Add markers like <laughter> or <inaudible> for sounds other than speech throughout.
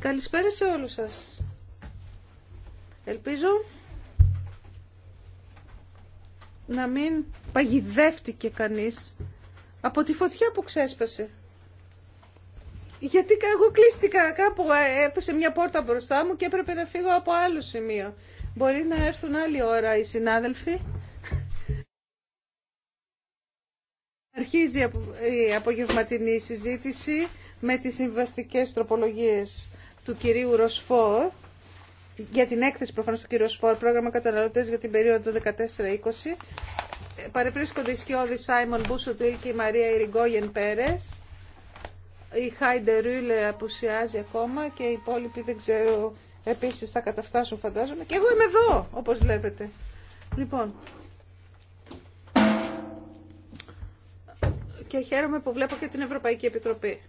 Καλησπέρα σε όλους σας. Ελπίζω να μην παγιδεύτηκε κανείς από τη φωτιά που ξέσπασε. Γιατί εγώ κλείστηκα κάπου, ε, έπεσε μια πόρτα μπροστά μου και έπρεπε να φύγω από άλλο σημείο. Μπορεί να έρθουν άλλη ώρα οι συνάδελφοι. Αρχίζει η απογευματινή συζήτηση με τις συμβαστικές τροπολογίες του κυρίου Ροσφόρ για την έκθεση προφανώς του κυρίου Ροσφόρ, πρόγραμμα καταναλωτές για την περίοδο 14-20. Παρευρίσκονται οι σκιώδη Σάιμον Μπούσουτλ και η Μαρία Ιριγκόγεν Πέρες. Η Χάιντε Ρούλε απουσιάζει ακόμα και οι υπόλοιποι δεν ξέρω επίσης θα καταφτάσουν φαντάζομαι. Και εγώ είμαι εδώ όπως βλέπετε. Λοιπόν, και χαίρομαι που βλέπω και την Ευρωπαϊκή Επιτροπή.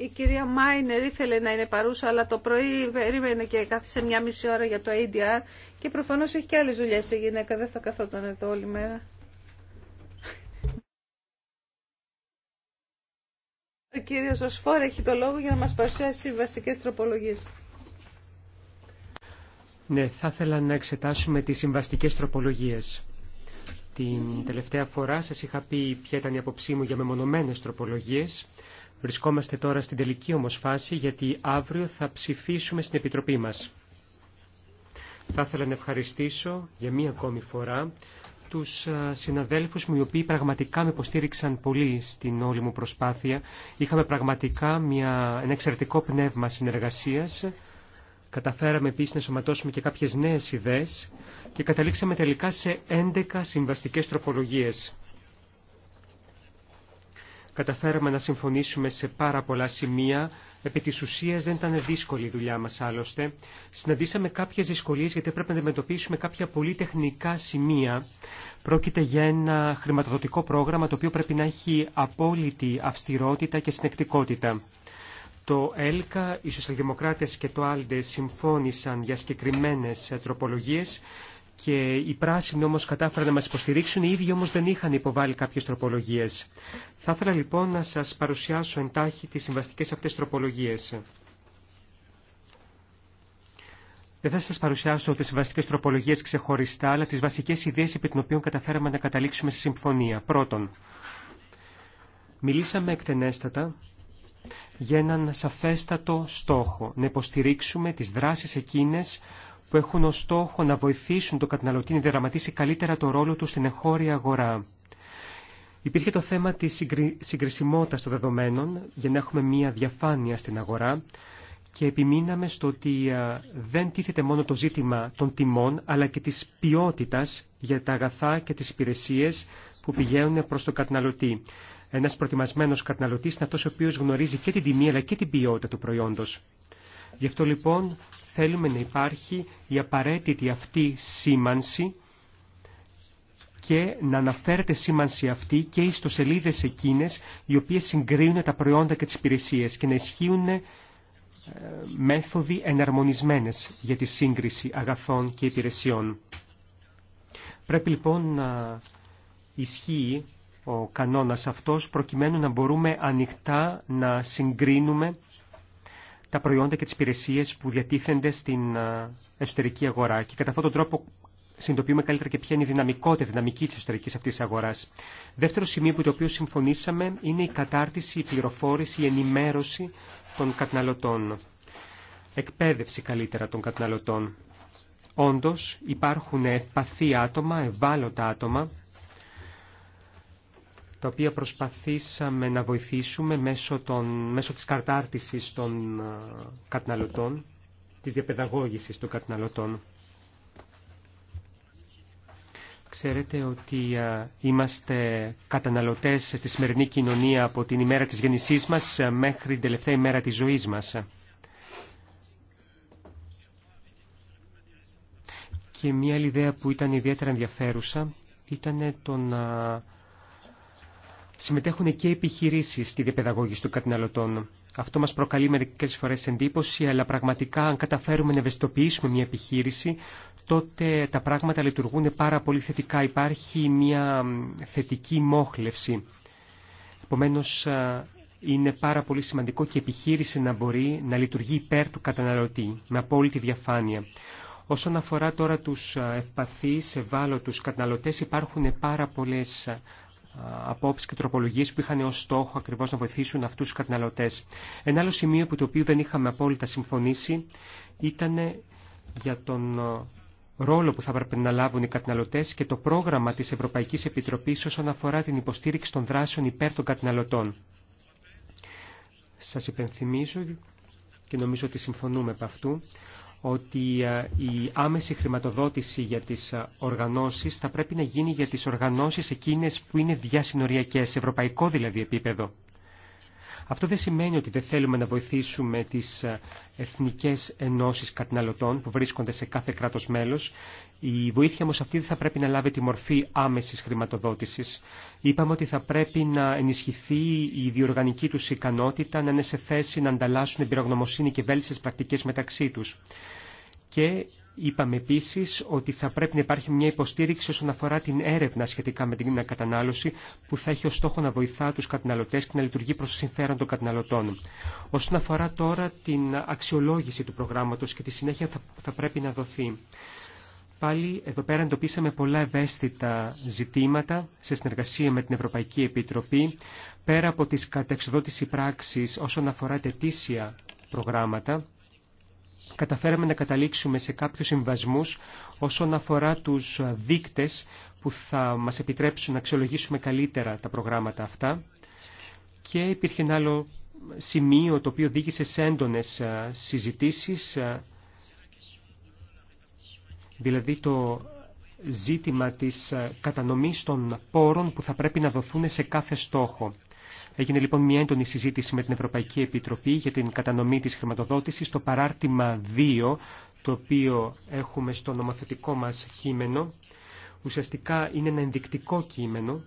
Η κυρία Μάινερ ήθελε να είναι παρούσα, αλλά το πρωί περίμενε και κάθισε μια μισή ώρα για το ADR και προφανώς έχει και άλλες δουλειές η γυναίκα, δεν θα καθόταν εδώ όλη μέρα. Ο κύριος Ζωσφόρ έχει το λόγο για να μας παρουσιάσει συμβαστικές τροπολογίες. Ναι, θα ήθελα να εξετάσουμε τις συμβαστικές τροπολογίες. Την τελευταία φορά σας είχα πει ποια ήταν η απόψή μου για μεμονωμένες τροπολογίες. Βρισκόμαστε τώρα στην τελική όμως φάση γιατί αύριο θα ψηφίσουμε στην Επιτροπή μας. Θα ήθελα να ευχαριστήσω για μία ακόμη φορά τους ε, συναδέλφους μου οι οποίοι πραγματικά με υποστήριξαν πολύ στην όλη μου προσπάθεια. Είχαμε πραγματικά μια, ένα εξαιρετικό πνεύμα συνεργασίας. Καταφέραμε επίσης να σωματώσουμε και κάποιες νέες ιδέες και καταλήξαμε τελικά σε 11 συμβαστικές τροπολογίες. Καταφέραμε να συμφωνήσουμε σε πάρα πολλά σημεία. Επί τη ουσία δεν ήταν δύσκολη η δουλειά μα άλλωστε. Συναντήσαμε κάποιε δυσκολίε γιατί πρέπει να αντιμετωπίσουμε κάποια πολύ τεχνικά σημεία. Πρόκειται για ένα χρηματοδοτικό πρόγραμμα το οποίο πρέπει να έχει απόλυτη αυστηρότητα και συνεκτικότητα. Το ΕΛΚΑ, οι Σοσιαλδημοκράτες και το ΑΛΔΕ συμφώνησαν για συγκεκριμένε τροπολογίες και οι πράσινοι όμως κατάφεραν να μας υποστηρίξουν, οι ίδιοι όμως δεν είχαν υποβάλει κάποιες τροπολογίες. Θα ήθελα λοιπόν να σας παρουσιάσω εντάχει τις συμβαστικές αυτές τροπολογίες. Δεν θα σας παρουσιάσω τις συμβαστικές τροπολογίες ξεχωριστά, αλλά τις βασικές ιδέες επί των οποίων καταφέραμε να καταλήξουμε σε συμφωνία. Πρώτον, μιλήσαμε εκτενέστατα για έναν σαφέστατο στόχο, να υποστηρίξουμε τις δράσεις εκείνες που έχουν ως στόχο να βοηθήσουν τον καταναλωτή να διαδραματίσει καλύτερα το ρόλο του στην εγχώρια αγορά. Υπήρχε το θέμα της συγκρισιμότητας των δεδομένων για να έχουμε μία διαφάνεια στην αγορά και επιμείναμε στο ότι δεν τίθεται μόνο το ζήτημα των τιμών αλλά και της ποιότητας για τα αγαθά και τις υπηρεσίες που πηγαίνουν προς τον καταναλωτή. Ένας προετοιμασμένος καταναλωτής είναι αυτός ο οποίος γνωρίζει και την τιμή αλλά και την ποιότητα του προϊόντος. Γι' αυτό λοιπόν θέλουμε να υπάρχει η απαραίτητη αυτή σήμανση και να αναφέρεται σήμανση αυτή και το σελίδε εκείνες οι οποίες συγκρίνουν τα προϊόντα και τις υπηρεσίες και να ισχύουν ε, μέθοδοι εναρμονισμένες για τη σύγκριση αγαθών και υπηρεσιών. Πρέπει λοιπόν να ισχύει ο κανόνας αυτός προκειμένου να μπορούμε ανοιχτά να συγκρίνουμε τα προϊόντα και τις υπηρεσίες που διατίθενται στην εσωτερική αγορά και κατά αυτόν τον τρόπο συνειδητοποιούμε καλύτερα και ποια είναι η δυναμικότητα, η δυναμική της εσωτερικής αυτής της αγοράς. Δεύτερο σημείο που το οποίο συμφωνήσαμε είναι η κατάρτιση, η πληροφόρηση, η ενημέρωση των καταναλωτών. Εκπαίδευση καλύτερα των καταναλωτών. Όντως υπάρχουν ευπαθή άτομα, ευάλωτα άτομα, τα οποία προσπαθήσαμε να βοηθήσουμε μέσω, των, μέσω της καρτάρτισης των ε, καταναλωτών, της διαπαιδαγώγησης των καταναλωτών. Ξέρετε ότι ε, είμαστε καταναλωτές στη σημερινή κοινωνία από την ημέρα της γεννησής μας ε, μέχρι την τελευταία ημέρα της ζωής μας. Και μια άλλη ιδέα που ήταν ιδιαίτερα ενδιαφέρουσα ήταν το να συμμετέχουν και επιχειρήσει στη διαπαιδαγώγηση των καταναλωτών. Αυτό μα προκαλεί μερικέ φορέ εντύπωση, αλλά πραγματικά αν καταφέρουμε να ευαισθητοποιήσουμε μια επιχείρηση, τότε τα πράγματα λειτουργούν πάρα πολύ θετικά. Υπάρχει μια θετική μόχλευση. Επομένω, είναι πάρα πολύ σημαντικό και η επιχείρηση να μπορεί να λειτουργεί υπέρ του καταναλωτή, με απόλυτη διαφάνεια. Όσον αφορά τώρα τους ευπαθείς, ευάλωτους καταναλωτές, υπάρχουν πάρα πολλές απόψεις και τροπολογίε που είχαν ω στόχο ακριβώ να βοηθήσουν αυτού του καταναλωτέ. Ένα άλλο σημείο που το οποίο δεν είχαμε απόλυτα συμφωνήσει ήταν για τον ε, ρόλο που θα έπρεπε να λάβουν οι καταναλωτέ και το πρόγραμμα τη Ευρωπαϊκή Επιτροπή όσον αφορά την υποστήριξη των δράσεων υπέρ των καταναλωτών. Σα υπενθυμίζω και νομίζω ότι συμφωνούμε από αυτού ότι ε, η άμεση χρηματοδότηση για τις ε, οργανώσεις θα πρέπει να γίνει για τις οργανώσεις εκείνες που είναι διασυνοριακές, ευρωπαϊκό δηλαδή επίπεδο. Αυτό δεν σημαίνει ότι δεν θέλουμε να βοηθήσουμε τις ε, εθνικές ενώσεις καταναλωτών που βρίσκονται σε κάθε κράτος μέλος. Η βοήθεια όμως αυτή δεν θα πρέπει να λάβει τη μορφή άμεσης χρηματοδότησης. Είπαμε ότι θα πρέπει να ενισχυθεί η διοργανική τους ικανότητα να είναι σε θέση να ανταλλάσσουν εμπειρογνωμοσύνη και βέλτιστες πρακτικές μεταξύ τους και είπαμε επίση ότι θα πρέπει να υπάρχει μια υποστήριξη όσον αφορά την έρευνα σχετικά με την κατανάλωση που θα έχει ως στόχο να βοηθά τους καταναλωτές και να λειτουργεί προς το συμφέρον των καταναλωτών. Όσον αφορά τώρα την αξιολόγηση του προγράμματος και τη συνέχεια θα, θα πρέπει να δοθεί. Πάλι εδώ πέρα εντοπίσαμε πολλά ευαίσθητα ζητήματα σε συνεργασία με την Ευρωπαϊκή Επιτροπή, πέρα από τις κατεξοδότηση πράξης όσον αφορά τετήσια προγράμματα, καταφέραμε να καταλήξουμε σε κάποιους συμβασμούς όσον αφορά τους δείκτες που θα μας επιτρέψουν να αξιολογήσουμε καλύτερα τα προγράμματα αυτά. Και υπήρχε ένα άλλο σημείο το οποίο οδήγησε σε έντονες συζητήσεις, δηλαδή το ζήτημα της κατανομής των πόρων που θα πρέπει να δοθούν σε κάθε στόχο. Έγινε λοιπόν μια έντονη συζήτηση με την Ευρωπαϊκή Επιτροπή για την κατανομή της χρηματοδότησης στο παράρτημα 2, το οποίο έχουμε στο νομοθετικό μας κείμενο. Ουσιαστικά είναι ένα ενδεικτικό κείμενο.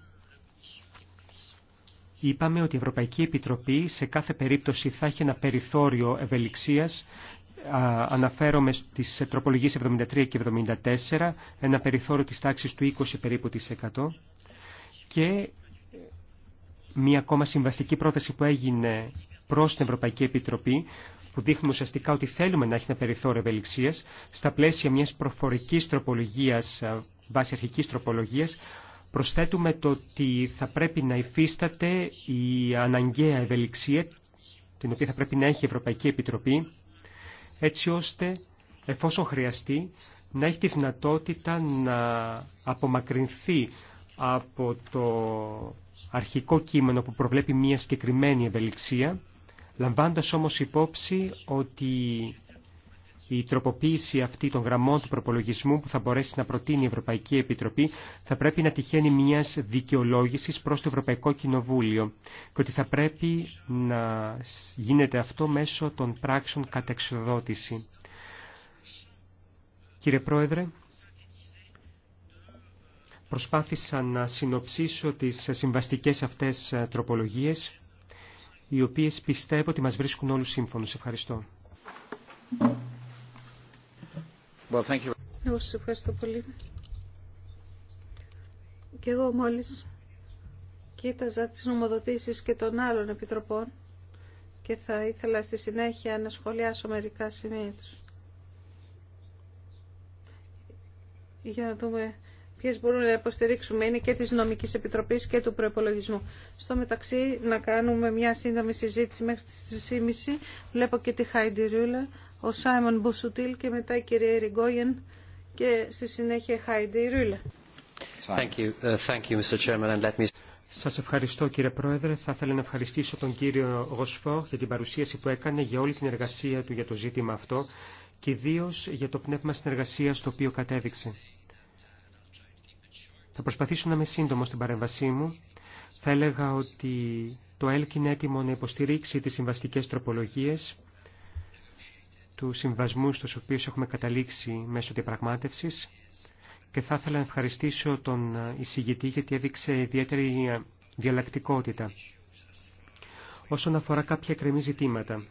Είπαμε ότι η Ευρωπαϊκή Επιτροπή σε κάθε περίπτωση θα έχει ένα περιθώριο ευελιξίας αναφέρομαι στις τροπολογίες 73 και 74, ένα περιθώριο της τάξης του 20 περίπου της 100 και μία ακόμα συμβαστική πρόταση που έγινε προς την Ευρωπαϊκή Επιτροπή, που δείχνουμε ουσιαστικά ότι θέλουμε να έχει ένα περιθώριο ευελιξία στα πλαίσια μια προφορική τροπολογία, βάση αρχική τροπολογία, προσθέτουμε το ότι θα πρέπει να υφίσταται η αναγκαία ευελιξία, την οποία θα πρέπει να έχει η Ευρωπαϊκή Επιτροπή, έτσι ώστε, εφόσον χρειαστεί, να έχει τη δυνατότητα να απομακρυνθεί από το αρχικό κείμενο που προβλέπει μια συγκεκριμένη ευελιξία, λαμβάνοντας όμως υπόψη ότι η τροποποίηση αυτή των γραμμών του προπολογισμού που θα μπορέσει να προτείνει η Ευρωπαϊκή Επιτροπή θα πρέπει να τυχαίνει μια δικαιολόγηση προ το Ευρωπαϊκό Κοινοβούλιο και ότι θα πρέπει να γίνεται αυτό μέσω των πράξεων κατεξοδότηση. Κύριε Πρόεδρε, προσπάθησα να συνοψίσω τις συμβαστικές αυτές ε, τροπολογίες, οι οποίες πιστεύω ότι μας βρίσκουν όλους σύμφωνους. Ευχαριστώ. Well, thank you. Εγώ σας ευχαριστώ πολύ. Και εγώ μόλις κοίταζα τις νομοδοτήσεις και των άλλων επιτροπών και θα ήθελα στη συνέχεια να σχολιάσω μερικά σημεία τους. Για να δούμε ποιες μπορούμε να υποστηρίξουμε είναι και της Νομικής Επιτροπής και του Προϋπολογισμού. Στο μεταξύ να κάνουμε μια σύντομη συζήτηση μέχρι τις 3.30. Βλέπω και τη Χάιντι Ρούλα, ο Σάιμον Μπουσουτήλ και μετά η κυρία Ριγκόγεν και στη συνέχεια η Χάιντι Ρούλα. Uh, Σα ευχαριστώ κύριε Πρόεδρε. Θα ήθελα να ευχαριστήσω τον κύριο Ροσφόρ για την παρουσίαση που έκανε, για όλη την εργασία του για το ζήτημα αυτό και ιδίω για το πνεύμα συνεργασία το οποίο κατέδειξε. Θα προσπαθήσω να είμαι σύντομο στην παρέμβασή μου. Θα έλεγα ότι το ΕΛΚ είναι έτοιμο να υποστηρίξει τις συμβαστικές τροπολογίες του συμβασμού στου οποίου έχουμε καταλήξει μέσω διαπραγματεύση, και θα ήθελα να ευχαριστήσω τον εισηγητή γιατί έδειξε ιδιαίτερη διαλλακτικότητα όσον αφορά κάποια εκκρεμή ζητήματα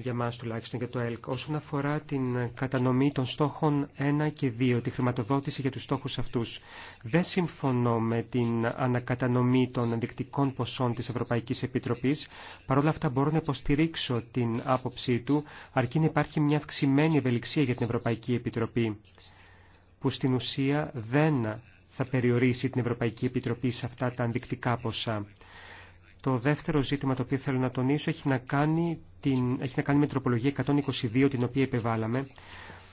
για μας τουλάχιστον για το ΕΛΚ, όσον αφορά την κατανομή των στόχων 1 και 2, τη χρηματοδότηση για τους στόχους αυτούς. Δεν συμφωνώ με την ανακατανομή των ενδεικτικών ποσών της Ευρωπαϊκής Επιτροπής. παρόλα αυτά μπορώ να υποστηρίξω την άποψή του, αρκεί να υπάρχει μια αυξημένη ευελιξία για την Ευρωπαϊκή Επιτροπή, που στην ουσία δεν θα περιορίσει την Ευρωπαϊκή Επιτροπή σε αυτά τα ενδεικτικά ποσά. Το δεύτερο ζήτημα το οποίο θέλω να τονίσω έχει να κάνει, την, έχει να κάνει με τροπολογία 122 την οποία υπεβάλαμε.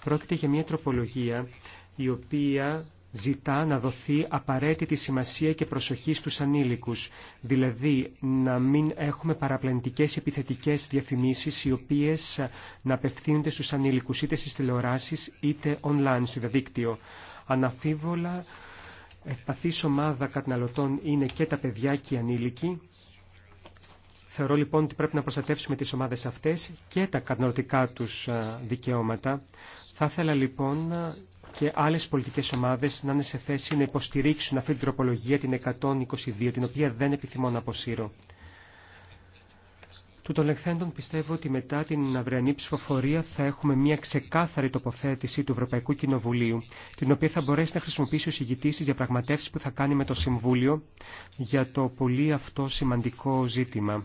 Πρόκειται για μια τροπολογία η οποία ζητά να δοθεί απαραίτητη σημασία και προσοχή στους ανήλικους, δηλαδή να μην έχουμε παραπλανητικές επιθετικές διαφημίσεις οι οποίες να απευθύνονται στους ανήλικους είτε στις τηλεοράσεις είτε online στο διαδίκτυο. Αναφίβολα ευπαθής ομάδα καταναλωτών είναι και τα παιδιά και οι ανήλικοι Θεωρώ λοιπόν ότι πρέπει να προστατεύσουμε τις ομάδες αυτές και τα καταναλωτικά τους δικαιώματα. Θα ήθελα λοιπόν και άλλες πολιτικές ομάδες να είναι σε θέση να υποστηρίξουν αυτή την τροπολογία την 122, την οποία δεν επιθυμώ να αποσύρω. Του των λεχθέντων πιστεύω ότι μετά την αυριανή ψηφοφορία θα έχουμε μια ξεκάθαρη τοποθέτηση του Ευρωπαϊκού Κοινοβουλίου, την οποία θα μπορέσει να χρησιμοποιήσει ο συγητή στι διαπραγματεύσει που θα κάνει με το Συμβούλιο για το πολύ αυτό σημαντικό ζήτημα.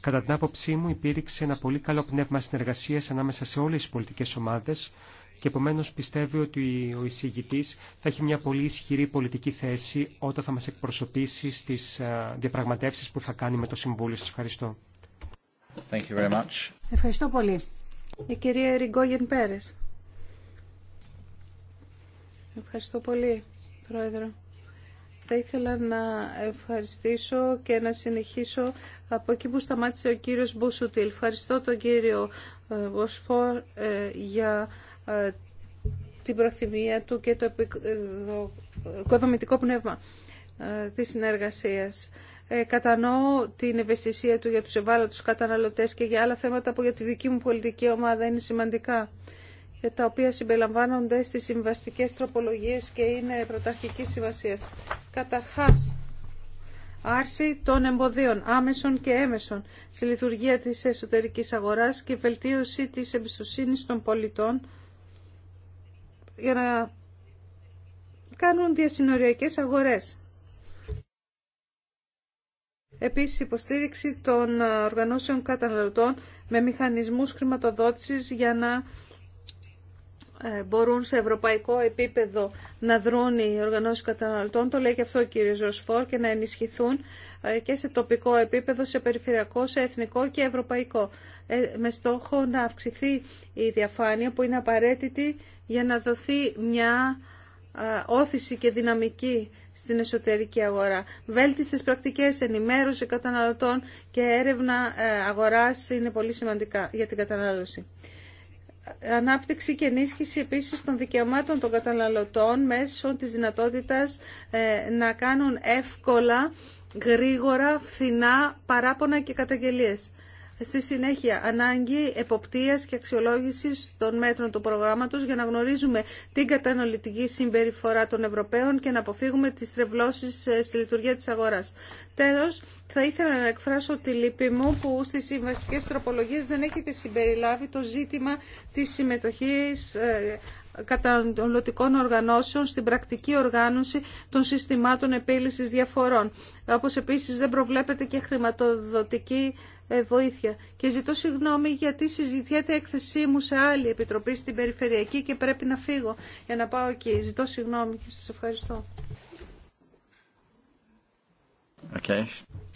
Κατά την άποψή μου υπήρξε ένα πολύ καλό πνεύμα συνεργασίας ανάμεσα σε όλες τις πολιτικές ομάδες και επομένω πιστεύω ότι ο εισηγητή θα έχει μια πολύ ισχυρή πολιτική θέση όταν θα μα εκπροσωπήσει στι διαπραγματεύσει που θα κάνει με το Συμβούλιο. Σα ευχαριστώ. Thank you very much. Ευχαριστώ πολύ. Η κυρία Ριγκόγεν Πέρε. Ευχαριστώ πολύ, Πρόεδρο. Θα ήθελα να ευχαριστήσω και να συνεχίσω από εκεί που σταμάτησε ο κύριος Μπούσουτιλ. Ευχαριστώ τον κύριο Βοσφόρ ε, ε, για ε, την προθυμία του και το οικοδομητικό πνεύμα της συνεργασίας. Κατανοώ την ευαισθησία του για τους ευάλωτους καταναλωτές και για άλλα θέματα που για τη δική μου πολιτική ομάδα είναι σημαντικά. Ε, τα οποία συμπεριλαμβάνονται στις συμβαστικές τροπολογίες και είναι πρωταρχικής σημασίας. Καταρχάς, άρση των εμποδίων άμεσων και έμεσων στη λειτουργία της εσωτερικής αγοράς και βελτίωση της εμπιστοσύνης των πολιτών για να κάνουν διασυνοριακές αγορές. Επίσης, υποστήριξη των ε, οργανώσεων καταναλωτών με μηχανισμούς χρηματοδότησης για να ε, μπορούν σε ευρωπαϊκό επίπεδο να δρούν οι οργανώσεις καταναλωτών, το λέει και αυτό ο κύριος Ροσφόρ, και να ενισχυθούν ε, και σε τοπικό επίπεδο, σε περιφερειακό, σε εθνικό και ευρωπαϊκό, ε, με στόχο να αυξηθεί η διαφάνεια που είναι απαραίτητη για να δοθεί μια όθηση και δυναμική στην εσωτερική αγορά. Βέλτιστες πρακτικές ενημέρωση καταναλωτών και έρευνα αγοράς είναι πολύ σημαντικά για την κατανάλωση ανάπτυξη και ενίσχυση επίσης των δικαιωμάτων των καταναλωτών μέσω της δυνατότητας ε, να κάνουν εύκολα, γρήγορα, φθηνά παράπονα και καταγγελίες. Στη συνέχεια, ανάγκη εποπτείας και αξιολόγησης των μέτρων του προγράμματος για να γνωρίζουμε την καταναλωτική συμπεριφορά των Ευρωπαίων και να αποφύγουμε τις τρευλώσεις ε, στη λειτουργία της αγοράς. Τέλος, θα ήθελα να εκφράσω τη λύπη μου που στις συμβαστικές τροπολογίες δεν έχετε συμπεριλάβει το ζήτημα της συμμετοχής ε, καταναλωτικών οργανώσεων στην πρακτική οργάνωση των συστημάτων επίλυσης διαφορών. Όπως επίσης δεν προβλέπεται και χρηματοδοτική ε, βοήθεια. Και ζητώ συγγνώμη γιατί συζητιέται έκθεσή μου σε άλλη επιτροπή στην Περιφερειακή και πρέπει να φύγω για να πάω εκεί. Ζητώ συγγνώμη και σας ευχαριστώ. Okay.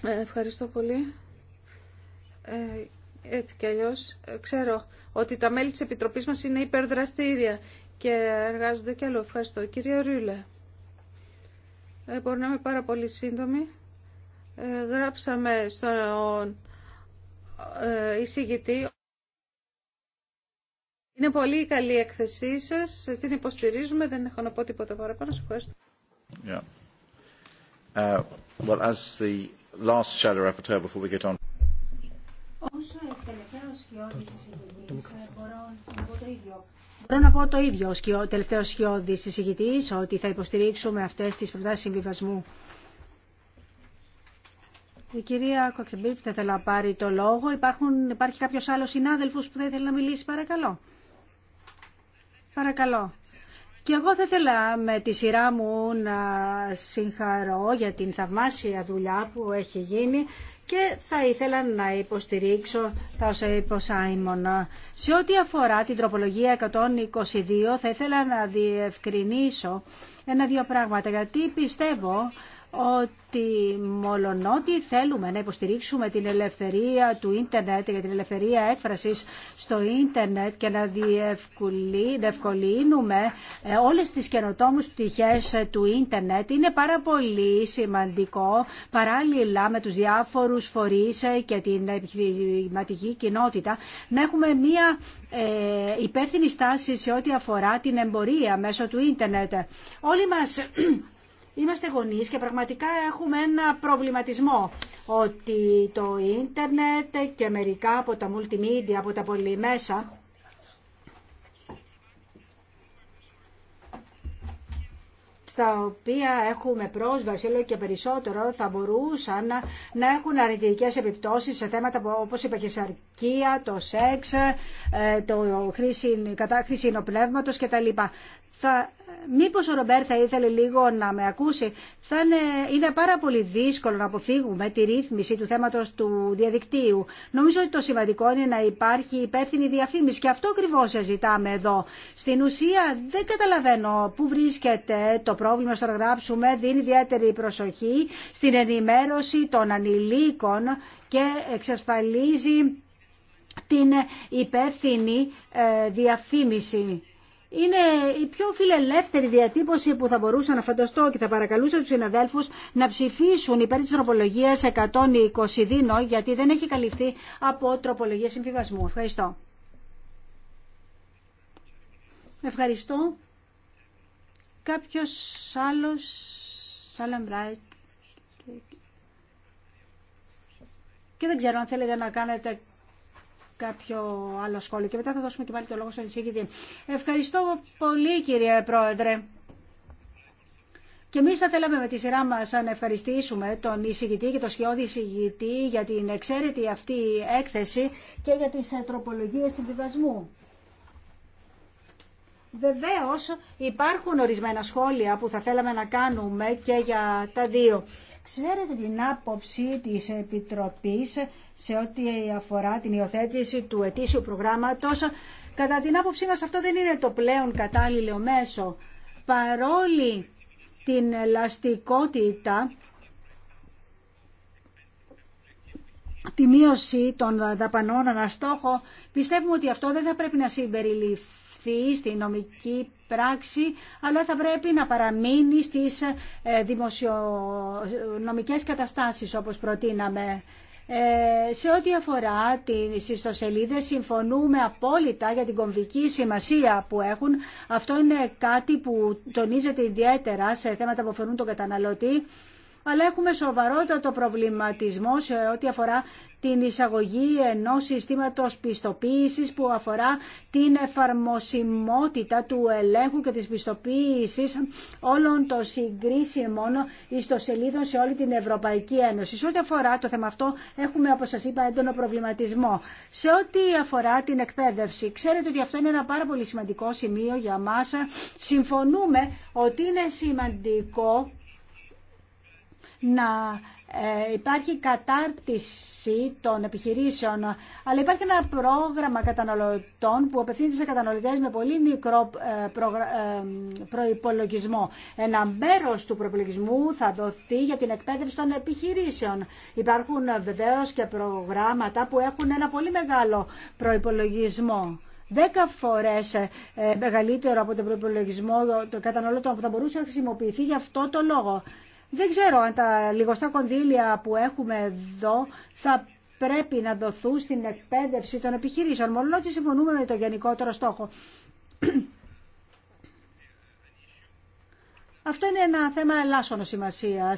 Ε, ευχαριστώ πολύ. Ε, έτσι κι αλλιώς ε, ξέρω ότι τα μέλη της Επιτροπής μας είναι υπερδραστήρια και εργάζονται κι άλλο. Ευχαριστώ. Κύριε Ρούλε, ε, μπορεί να είμαι πάρα πολύ σύντομη. Ε, γράψαμε στον ε, εισηγητή. Είναι πολύ καλή η έκθεσή σας. Την υποστηρίζουμε. Δεν έχω να πω τίποτα παραπάνω. ευχαριστώ. Yeah. Uh, well, as the last shadow rapporteur before we get on. τελευταίο μπορώ να πω το ίδιο. ως τελευταίο σκιώδη συζητητή, ότι θα υποστηρίξουμε αυτές τις προτάσει συμβιβασμού. Η κυρία Κοξεμπίπ θα ήθελα να πάρει το λόγο. Υπάρχουν, υπάρχει κάποιος άλλος συνάδελφος που θα ήθελε να μιλήσει, παρακαλώ. Παρακαλώ. Και εγώ θα ήθελα με τη σειρά μου να συγχαρώ για την θαυμάσια δουλειά που έχει γίνει και θα ήθελα να υποστηρίξω τα όσα είπε ο Σάιμον. Σε ό,τι αφορά την τροπολογία 122 θα ήθελα να διευκρινίσω ένα-δύο πράγματα γιατί πιστεύω ότι μολονότι θέλουμε να υποστηρίξουμε την ελευθερία του ίντερνετ για την ελευθερία έκφρασης στο ίντερνετ και να διευκολύνουμε ε, όλες τις καινοτόμους πτυχές ε, του ίντερνετ είναι πάρα πολύ σημαντικό παράλληλα με τους διάφορους φορείς ε, και την επιχειρηματική κοινότητα να έχουμε μία υπεύθυνη στάση σε ό,τι αφορά την εμπορία μέσω του ίντερνετ. Όλοι μας είμαστε γονείς και πραγματικά έχουμε ένα προβληματισμό ότι το ίντερνετ και μερικά από τα multimedia, από τα πολυμέσα στα οποία έχουμε πρόσβαση όλο και περισσότερο θα μπορούσαν να, έχουν αρνητικές επιπτώσεις σε θέματα όπως η παχυσαρκία, το σεξ, ε, το χρήση, κατάκτηση νοπνεύματος κτλ θα, μήπως ο Ρομπέρ θα ήθελε λίγο να με ακούσει. Θα είναι, είναι πάρα πολύ δύσκολο να αποφύγουμε τη ρύθμιση του θέματος του διαδικτύου. Νομίζω ότι το σημαντικό είναι να υπάρχει υπεύθυνη διαφήμιση και αυτό ακριβώ ζητάμε εδώ. Στην ουσία δεν καταλαβαίνω πού βρίσκεται το πρόβλημα στο να γράψουμε. Δίνει ιδιαίτερη προσοχή στην ενημέρωση των ανηλίκων και εξασφαλίζει την υπεύθυνη ε, διαφήμιση είναι η πιο φιλελεύθερη διατύπωση που θα μπορούσα να φανταστώ και θα παρακαλούσα τους συναδέλφους να ψηφίσουν υπέρ της 120 δίνω γιατί δεν έχει καλυφθεί από τροπολογία συμβιβασμού. Ευχαριστώ. Ευχαριστώ. Κάποιος άλλος, και δεν ξέρω αν θέλετε να κάνετε κάποιο άλλο σχόλιο και μετά θα δώσουμε και πάλι το λόγο στον εισηγητή. Ευχαριστώ πολύ κύριε Πρόεδρε. Και εμεί θα θέλαμε με τη σειρά μα να ευχαριστήσουμε τον εισηγητή και τον σκιώδη εισηγητή για την εξαίρετη αυτή έκθεση και για τι ε, τροπολογίε συμβιβασμού. Βεβαίως υπάρχουν ορισμένα σχόλια που θα θέλαμε να κάνουμε και για τα δύο. Ξέρετε την άποψη της Επιτροπής σε ό,τι αφορά την υιοθέτηση του ετήσιου προγράμματος. Κατά την άποψή μας αυτό δεν είναι το πλέον κατάλληλο μέσο. Παρόλη την ελαστικότητα, τη μείωση των δαπανών αναστόχο, πιστεύουμε ότι αυτό δεν θα πρέπει να συμπεριληφθεί στην στη νομική πράξη, αλλά θα πρέπει να παραμείνει στις ε, δημοσιονομικές καταστάσεις όπως προτείναμε. Ε, σε ό,τι αφορά τις ιστοσελίδες συμφωνούμε απόλυτα για την κομβική σημασία που έχουν. Αυτό είναι κάτι που τονίζεται ιδιαίτερα σε θέματα που αφορούν τον καταναλωτή αλλά έχουμε σοβαρότατο προβληματισμό σε ό,τι αφορά την εισαγωγή ενός συστήματος πιστοποίησης που αφορά την εφαρμοσιμότητα του ελέγχου και της πιστοποίησης όλων των συγκρίσιμων ιστοσελίδων σε όλη την Ευρωπαϊκή Ένωση. Σε ό,τι αφορά το θέμα αυτό έχουμε, όπως σας είπα, έντονο προβληματισμό. Σε ό,τι αφορά την εκπαίδευση, ξέρετε ότι αυτό είναι ένα πάρα πολύ σημαντικό σημείο για μας. Συμφωνούμε ότι είναι σημαντικό να ε, υπάρχει κατάρτιση των επιχειρήσεων, αλλά υπάρχει ένα πρόγραμμα καταναλωτών που απευθύνεται σε καταναλωτές με πολύ μικρό ε, ε, προϋπολογισμό. Ένα μέρος του προϋπολογισμού θα δοθεί για την εκπαίδευση των επιχειρήσεων. Υπάρχουν βεβαίως και προγράμματα που έχουν ένα πολύ μεγάλο προϋπολογισμό. Δέκα φορέ μεγαλύτερο από τον προπολογισμό των καταναλωτών που θα μπορούσε να χρησιμοποιηθεί για αυτό το λόγο. Δεν ξέρω αν τα λιγοστά κονδύλια που έχουμε εδώ θα πρέπει να δοθούν στην εκπαίδευση των επιχειρήσεων, μόνο ότι συμφωνούμε με το γενικότερο στόχο. <clears throat> Αυτό είναι ένα θέμα ελάσσονο σημασία.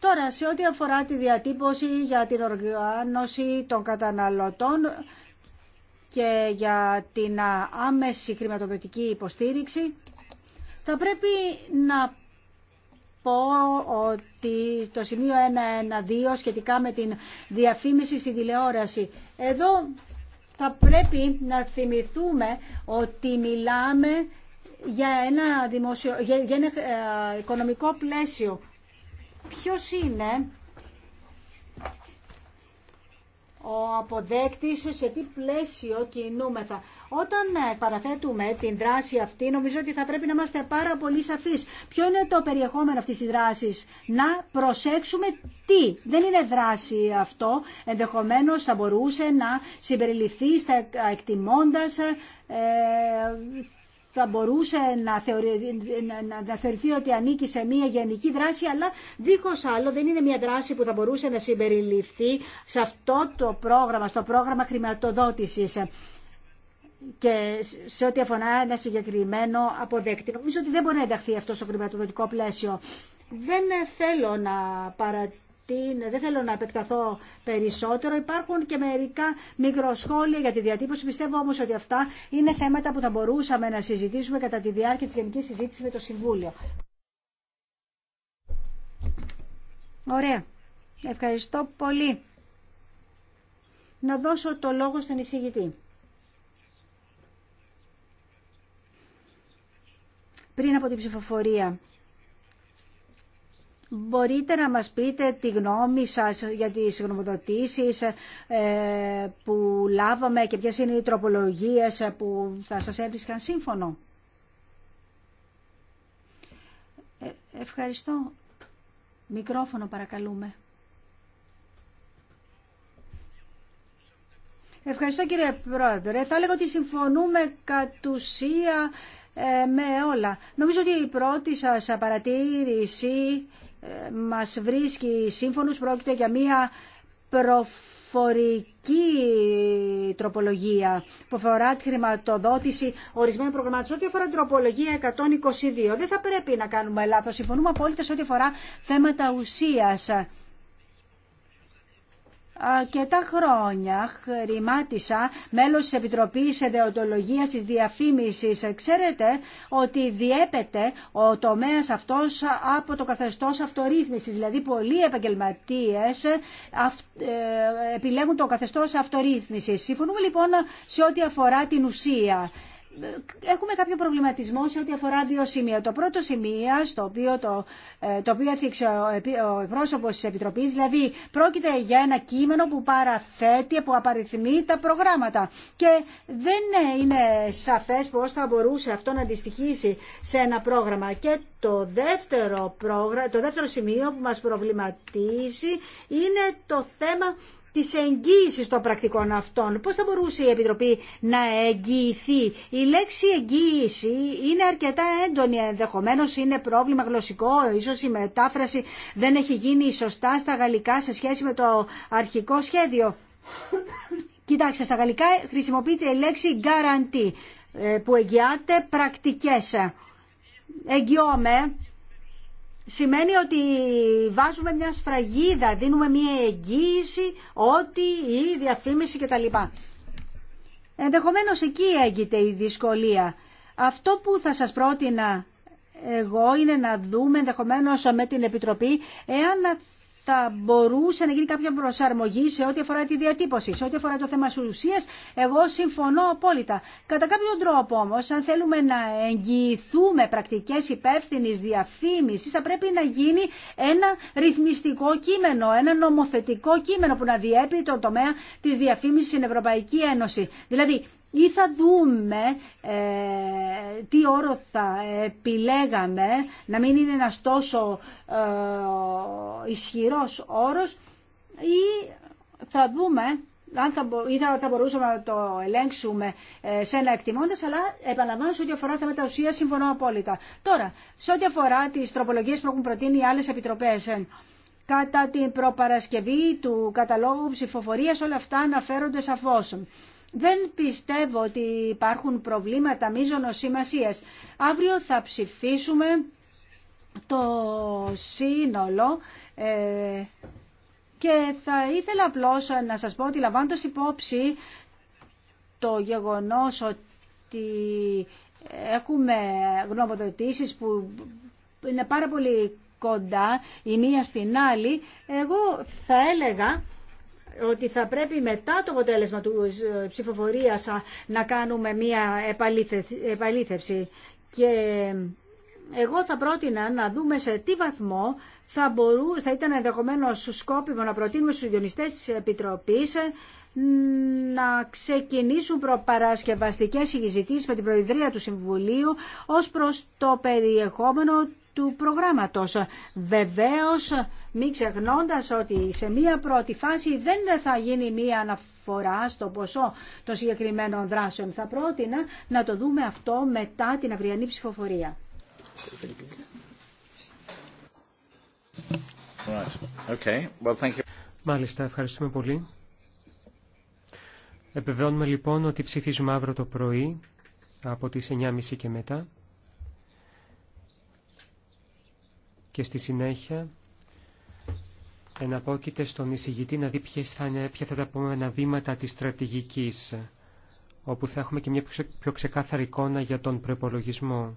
Τώρα, σε ό,τι αφορά τη διατύπωση για την οργάνωση των καταναλωτών και για την άμεση χρηματοδοτική υποστήριξη, θα πρέπει να πω ότι το σημείο 112 σχετικά με την διαφήμιση στη τηλεόραση. Εδώ θα πρέπει να θυμηθούμε ότι μιλάμε για ένα, δημοσιο... για ένα ε, οικονομικό πλαίσιο. Ποιος είναι ο αποδέκτης, σε τι πλαίσιο κινούμεθα. Όταν ε, παραθέτουμε την δράση αυτή, νομίζω ότι θα πρέπει να είμαστε πάρα πολύ σαφείς. Ποιο είναι το περιεχόμενο αυτής της δράσης. Να προσέξουμε τι. Δεν είναι δράση αυτό. Ενδεχομένως θα μπορούσε να συμπεριληφθεί στα εκτιμώντας ε, θα μπορούσε να, θεωρη, να, θεωρηθεί ότι ανήκει σε μια γενική δράση, αλλά δίχως άλλο δεν είναι μια δράση που θα μπορούσε να συμπεριληφθεί σε αυτό το πρόγραμμα, στο πρόγραμμα χρηματοδότησης και σε ό,τι αφορά ένα συγκεκριμένο αποδέκτη. Νομίζω ότι δεν μπορεί να ενταχθεί αυτό στο χρηματοδοτικό πλαίσιο. Δεν θέλω να παρατείνω, δεν θέλω να επεκταθώ περισσότερο. Υπάρχουν και μερικά μικροσχόλια για τη διατύπωση. Πιστεύω όμως ότι αυτά είναι θέματα που θα μπορούσαμε να συζητήσουμε κατά τη διάρκεια της γενικής συζήτησης με το Συμβούλιο. Ωραία. Ευχαριστώ πολύ. Να δώσω το λόγο στον εισηγητή. πριν από την ψηφοφορία. Μπορείτε να μας πείτε τη γνώμη σας για τις γνωμοδοτήσεις ε, που λάβαμε και ποιες είναι οι τροπολογίες που θα σας έβρισκαν σύμφωνο. Ε, ευχαριστώ. Μικρόφωνο παρακαλούμε. Ευχαριστώ κύριε Πρόεδρε. Θα λέγω ότι συμφωνούμε κατ' ουσία ε, με όλα. Νομίζω ότι η πρώτη σας παρατήρηση ε, μας βρίσκει σύμφωνος. Πρόκειται για μία προφορική τροπολογία που αφορά τη χρηματοδότηση ορισμένων προγραμμάτων. Ό,τι αφορά την τροπολογία 122 δεν θα πρέπει να κάνουμε λάθος. Συμφωνούμε απόλυτα σε ό,τι αφορά θέματα ουσίας αρκετά χρόνια χρημάτισα μέλος της Επιτροπής Εδεοντολογίας της Διαφήμισης. Ξέρετε ότι διέπεται ο τομέας αυτός από το καθεστώς αυτορύθμισης. Δηλαδή πολλοί επαγγελματίες ε, επιλέγουν το καθεστώς αυτορύθμισης. Συμφωνούμε λοιπόν σε ό,τι αφορά την ουσία έχουμε κάποιο προβληματισμό σε ό,τι αφορά δύο σημεία. Το πρώτο σημείο, στο οποίο το, ε, το οποίο έθιξε ο πρόσωπο τη Επιτροπή, δηλαδή πρόκειται για ένα κείμενο που παραθέτει, που απαριθμεί τα προγράμματα. Και δεν ε, είναι σαφέ πώ θα μπορούσε αυτό να αντιστοιχίσει σε ένα πρόγραμμα. Και το δεύτερο, το δεύτερο σημείο που μας προβληματίζει είναι το θέμα τη εγγύηση των πρακτικών αυτών. Πώς θα μπορούσε η Επιτροπή να εγγυηθεί. Η λέξη εγγύηση είναι αρκετά έντονη, ενδεχομένω, είναι πρόβλημα γλωσσικό, ίσως η μετάφραση δεν έχει γίνει σωστά στα γαλλικά σε σχέση με το αρχικό σχέδιο. Κοιτάξτε, στα γαλλικά χρησιμοποιείται η λέξη guarantee, ε, που εγγυάται πρακτικές. Εγγυώμαι σημαίνει ότι βάζουμε μια σφραγίδα, δίνουμε μια εγγύηση ότι η διαφήμιση κτλ. Ενδεχομένως εκεί εγινε η δυσκολία. Αυτό που θα σας πρότεινα εγώ είναι να δούμε ενδεχομένως με την Επιτροπή εάν θα μπορούσε να γίνει κάποια προσαρμογή σε ό,τι αφορά τη διατύπωση, σε ό,τι αφορά το θέμα ουσία. Εγώ συμφωνώ απόλυτα. Κατά κάποιον τρόπο όμω, αν θέλουμε να εγγυηθούμε πρακτικέ υπεύθυνη διαφήμιση, θα πρέπει να γίνει ένα ρυθμιστικό κείμενο, ένα νομοθετικό κείμενο που να διέπει τον τομέα τη διαφήμιση στην Ευρωπαϊκή Ένωση. Δηλαδή, ή θα δούμε ε, τι όρο θα επιλέγαμε, να μην είναι ένας τόσο ε, ισχυρός όρος ή θα δούμε αν θα, ή θα, μπορούσαμε να το ελέγξουμε ε, σε ένα εκτιμώντας, αλλά επαναλαμβάνω σε ό,τι αφορά θέματα ουσία συμφωνώ απόλυτα. Τώρα, σε ό,τι αφορά τις τροπολογίες που έχουν προτείνει οι άλλες επιτροπές, ε, κατά την προπαρασκευή του καταλόγου ψηφοφορίας όλα αυτά αναφέρονται σαφώς. Δεν πιστεύω ότι υπάρχουν προβλήματα μείζωνος σημασίας. Αύριο θα ψηφίσουμε το σύνολο ε, και θα ήθελα απλώς να σας πω ότι λαμβάνοντας υπόψη το γεγονός ότι έχουμε γνωμοδοτήσεις που είναι πάρα πολύ κοντά η μία στην άλλη, εγώ θα έλεγα ότι θα πρέπει μετά το αποτέλεσμα του ε, ψηφοφορίας να κάνουμε μία επαλήθευση. Και εγώ θα πρότεινα να δούμε σε τι βαθμό θα, μπορού, θα ήταν ενδεχομένω σκόπιμο να προτείνουμε στους διονυστές της Επιτροπής ε, να ξεκινήσουν προπαρασκευαστικές συζητήσεις με την Προεδρία του Συμβουλίου ως προς το περιεχόμενο του προγράμματος. Βεβαίως, μην ξεχνώντας ότι σε μία πρώτη φάση δεν θα γίνει μία αναφορά στο ποσό των συγκεκριμένων δράσεων. Θα πρότεινα να το δούμε αυτό μετά την αυριανή ψηφοφορία. Okay. Well, thank you. Μάλιστα, ευχαριστούμε πολύ. Επιβεβαιώνουμε λοιπόν ότι ψηφίζουμε αύριο το πρωί από τις 9.30 και μετά και στη συνέχεια εναπόκειται στον εισηγητή να δει ποιες θα είναι, ποια θα τα επόμενα βήματα της στρατηγικής, όπου θα έχουμε και μια πιο ξεκάθαρη εικόνα για τον προπολογισμό.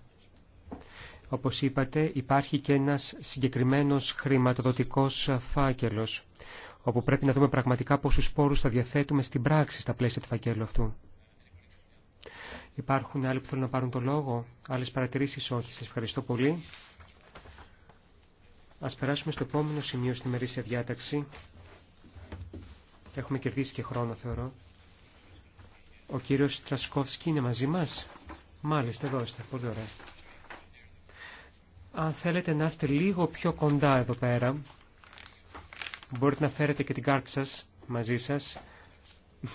Όπως είπατε, υπάρχει και ένας συγκεκριμένος χρηματοδοτικός φάκελος, όπου πρέπει να δούμε πραγματικά πόσους πόρους θα διαθέτουμε στην πράξη στα πλαίσια του φακέλου αυτού. Υπάρχουν άλλοι που θέλουν να πάρουν το λόγο, άλλες παρατηρήσεις όχι. Σας ευχαριστώ πολύ. Ας περάσουμε στο επόμενο σημείο στη μερίσια διάταξη. Έχουμε κερδίσει και χρόνο, θεωρώ. Ο κύριος Τρασκόφσκι είναι μαζί μας. Μάλιστα, εδώ είστε. Πολύ ωραία. Αν θέλετε να έρθετε λίγο πιο κοντά εδώ πέρα, μπορείτε να φέρετε και την κάρτα σας μαζί σας.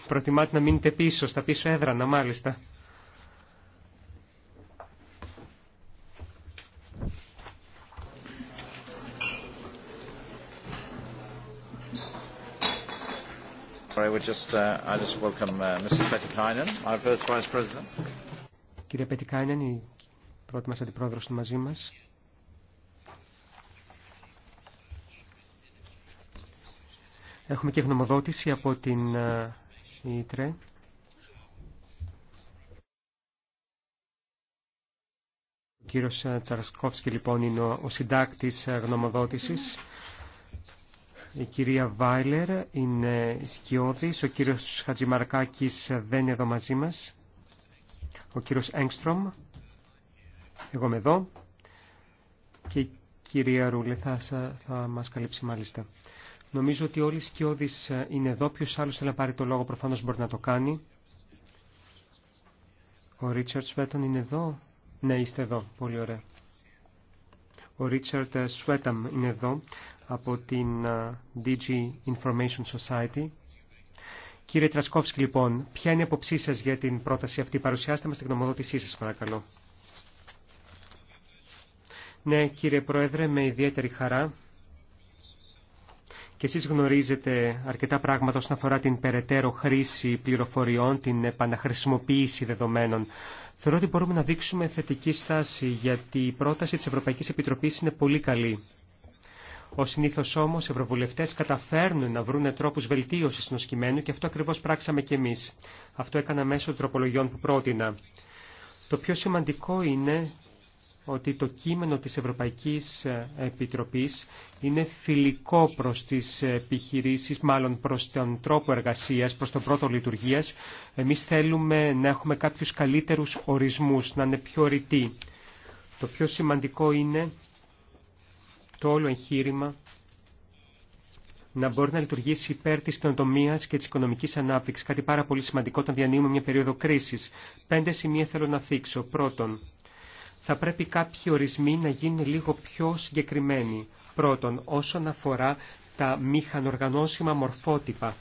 Προτιμάτε να μείνετε πίσω, στα πίσω έδρανα μάλιστα. sorry. would just, uh, I just welcome uh, Mrs. our first Vice President. Κύριε Πετικάινεν, η πρώτη μας αντιπρόεδρος είναι μαζί μας. Έχουμε και γνωμοδότηση από την ΙΤΡΕ. Ε, ο κύριος ε, Τσαρασκόφσκι λοιπόν είναι ο συντάκτης ε, γνωμοδότησης. Η κυρία Βάιλερ είναι σκιώδης, ο κύριος Χατζημαρκάκης δεν είναι εδώ μαζί μας. Ο κύριος Έγκστρομ, εγώ είμαι εδώ. Και η κυρία Ρούλε θα, θα μας καλύψει μάλιστα. Νομίζω ότι όλοι οι σκιώδεις ε, είναι εδώ. Ποιος άλλος θέλει να πάρει το λόγο προφανώς μπορεί να το κάνει. Ο Ρίτσαρτ Σβέτον είναι εδώ. Ναι, είστε εδώ. Πολύ ωραία. Ο Ρίτσαρτ ε, Σουέταμ είναι εδώ από την DG Information Society. Κύριε Τρασκόφσκι, λοιπόν, ποια είναι η αποψή σα για την πρόταση αυτή. Παρουσιάστε μας την γνωμοδότησή σας, παρακαλώ. Ναι, κύριε Πρόεδρε, με ιδιαίτερη χαρά. Και εσείς γνωρίζετε αρκετά πράγματα όσον αφορά την περαιτέρω χρήση πληροφοριών, την επαναχρησιμοποίηση δεδομένων. Θεωρώ ότι μπορούμε να δείξουμε θετική στάση, γιατί η πρόταση της Ευρωπαϊκής Επιτροπής είναι πολύ καλή. Ο συνήθω όμω, οι ευρωβουλευτέ καταφέρνουν να βρουν τρόπου βελτίωση του και αυτό ακριβώ πράξαμε κι εμεί. Αυτό έκανα μέσω τροπολογιών που πρότεινα. Το πιο σημαντικό είναι ότι το κείμενο της Ευρωπαϊκής ε, Επιτροπής είναι φιλικό προς τις επιχειρήσεις, μάλλον προς τον τρόπο εργασίας, προς τον πρώτο λειτουργίας. Εμείς θέλουμε να έχουμε κάποιους καλύτερους ορισμούς, να είναι πιο ρητοί. Το πιο σημαντικό είναι το όλο εγχείρημα να μπορεί να λειτουργήσει υπέρ τη καινοτομία και τη οικονομική ανάπτυξη. Κάτι πάρα πολύ σημαντικό όταν διανύουμε μια περίοδο κρίση. Πέντε σημεία θέλω να θίξω. Πρώτον, θα πρέπει κάποιοι ορισμοί να γίνουν λίγο πιο συγκεκριμένοι. Πρώτον, όσον αφορά τα μηχανοργανώσιμα μορφότυπα.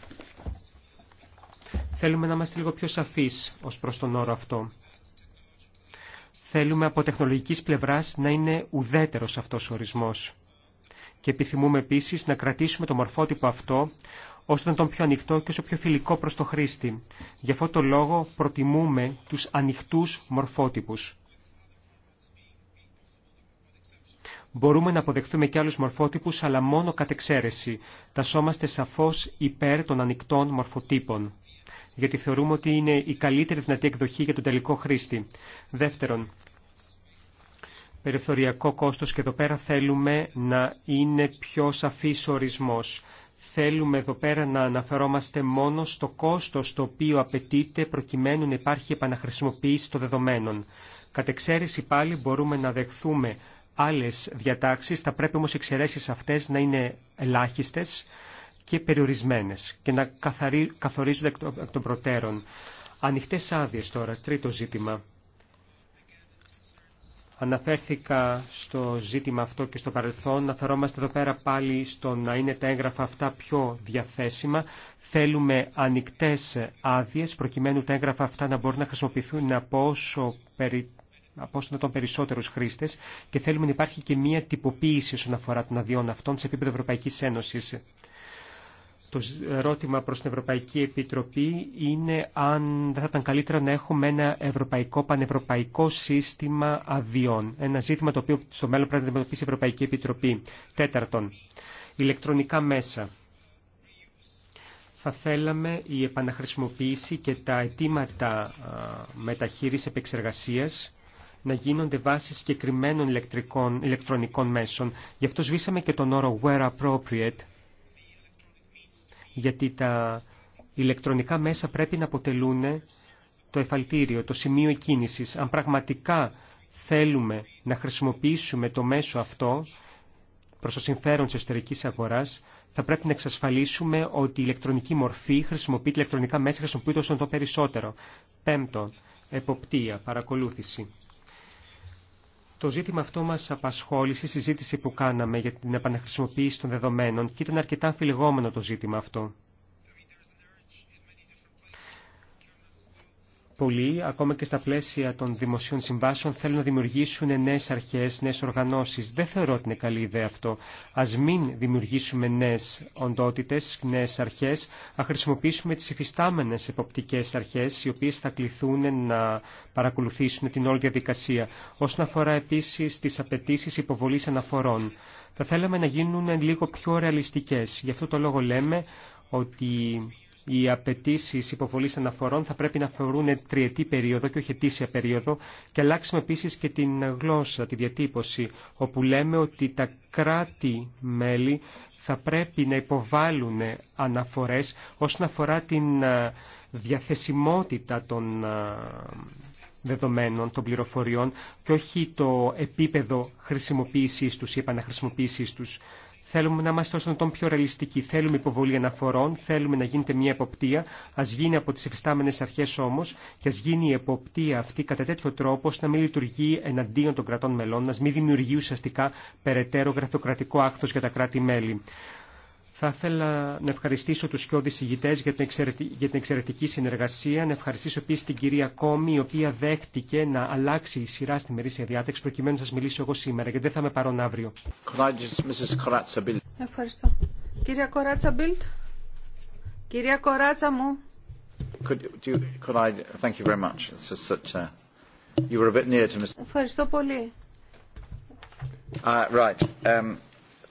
Θέλουμε να είμαστε λίγο πιο σαφείς ως προς τον όρο αυτό. Θέλουμε από τεχνολογικής πλευράς να είναι ουδέτερο αυτό ο ορισμό και επιθυμούμε επίση να κρατήσουμε το μορφότυπο αυτό ώστε να τον πιο ανοιχτό και όσο πιο φιλικό προς το χρήστη. Γι' αυτό το λόγο προτιμούμε τους ανοιχτού μορφότυπους. Μπορούμε να αποδεχτούμε και άλλους μορφότυπους, αλλά μόνο κατ' εξαίρεση. Τασόμαστε σαφώς υπέρ των ανοιχτών μορφοτύπων, γιατί θεωρούμε ότι είναι η καλύτερη δυνατή εκδοχή για τον τελικό χρήστη. Δεύτερον, περιφθοριακό κόστος και εδώ πέρα θέλουμε να είναι πιο σαφής ορισμός. Θέλουμε εδώ πέρα να αναφερόμαστε μόνο στο κόστος το οποίο απαιτείται προκειμένου να υπάρχει επαναχρησιμοποίηση των δεδομένων. Κατ' εξαίρεση πάλι μπορούμε να δεχθούμε άλλες διατάξεις, θα πρέπει όμως οι εξαιρέσεις αυτές να είναι ελάχιστες και περιορισμένες και να καθορίζονται εκ των προτέρων. Ανοιχτές άδειες τώρα, τρίτο ζήτημα. Αναφέρθηκα στο ζήτημα αυτό και στο παρελθόν. Αναφερόμαστε εδώ πέρα πάλι στο να είναι τα έγγραφα αυτά πιο διαθέσιμα. Θέλουμε ανοιχτέ άδειε προκειμένου τα έγγραφα αυτά να μπορούν να χρησιμοποιηθούν από όσο περι από τον περισσότερου χρήστε και θέλουμε να υπάρχει και μία τυποποίηση όσον αφορά των αδειών αυτών σε επίπεδο Ευρωπαϊκή Ένωση. Το ερώτημα προς την Ευρωπαϊκή Επιτροπή είναι αν θα ήταν καλύτερα να έχουμε ένα ευρωπαϊκό, πανευρωπαϊκό σύστημα αδειών. Ένα ζήτημα το οποίο στο μέλλον πρέπει να αντιμετωπίσει η Ευρωπαϊκή Επιτροπή. Τέταρτον, ηλεκτρονικά μέσα. Θα θέλαμε η επαναχρησιμοποίηση και τα αιτήματα μεταχείρισης επεξεργασίας να γίνονται βάσει συγκεκριμένων ηλεκτρονικών μέσων. Γι' αυτό σβήσαμε και τον όρο «where appropriate» γιατί τα ηλεκτρονικά μέσα πρέπει να αποτελούν το εφαλτήριο, το σημείο κίνησης. Αν πραγματικά θέλουμε να χρησιμοποιήσουμε το μέσο αυτό προς το συμφέρον της εσωτερικής αγοράς, θα πρέπει να εξασφαλίσουμε ότι η ηλεκτρονική μορφή χρησιμοποιείται, ηλεκτρονικά μέσα χρησιμοποιείται όσο το περισσότερο. Πέμπτο, εποπτεία, παρακολούθηση. Το ζήτημα αυτό μας απασχόλησε η συζήτηση που κάναμε για την επαναχρησιμοποίηση των δεδομένων και ήταν αρκετά αμφιλεγόμενο το ζήτημα αυτό. πολλοί, ακόμα και στα πλαίσια των δημοσίων συμβάσεων, θέλουν να δημιουργήσουν νέε αρχέ, νέε οργανώσει. Δεν θεωρώ ότι είναι καλή ιδέα αυτό. Α μην δημιουργήσουμε νέε οντότητε, νέε αρχέ, α χρησιμοποιήσουμε τι υφιστάμενε εποπτικέ αρχέ, οι οποίε θα κληθούν να παρακολουθήσουν την όλη διαδικασία. Όσον αφορά επίση τι απαιτήσει υποβολή αναφορών, θα θέλαμε να γίνουν λίγο πιο ρεαλιστικέ. Γι' αυτό το λόγο λέμε ότι οι απαιτήσει υποβολή αναφορών θα πρέπει να αφορούν τριετή περίοδο και όχι ετήσια περίοδο και αλλάξουμε επίση και την γλώσσα, τη διατύπωση, όπου λέμε ότι τα κράτη-μέλη θα πρέπει να υποβάλουν αναφορές όσον αφορά την ε, διαθεσιμότητα των ε, δεδομένων, των πληροφοριών και όχι το επίπεδο χρησιμοποίησής τους ή επαναχρησιμοποίησής τους. Θέλουμε να είμαστε όσο τον πιο ρεαλιστικοί. Θέλουμε υποβολή αναφορών, θέλουμε να γίνεται μια εποπτεία. Α γίνει από τι εφιστάμενε αρχέ όμω και α γίνει η εποπτεία αυτή κατά τέτοιο τρόπο ώστε να μην λειτουργεί εναντίον των κρατών μελών, να μην δημιουργεί ουσιαστικά περαιτέρω γραφειοκρατικό άκθο για τα κράτη-μέλη. Θα ήθελα να ευχαριστήσω τους σκιώδης ηγητές για την εξαιρετική συνεργασία, να ευχαριστήσω επίσης την κυρία Κόμη, η οποία δέχτηκε να αλλάξει η σειρά στη μερίσια διάταξη, προκειμένου να σας μιλήσω εγώ σήμερα, γιατί δεν θα είμαι παρόν αύριο. Ευχαριστώ. Κυρία Κοράτσα Μπίλτ. Κυρία Κοράτσα μου. Ευχαριστώ πολύ. Uh, right. Um...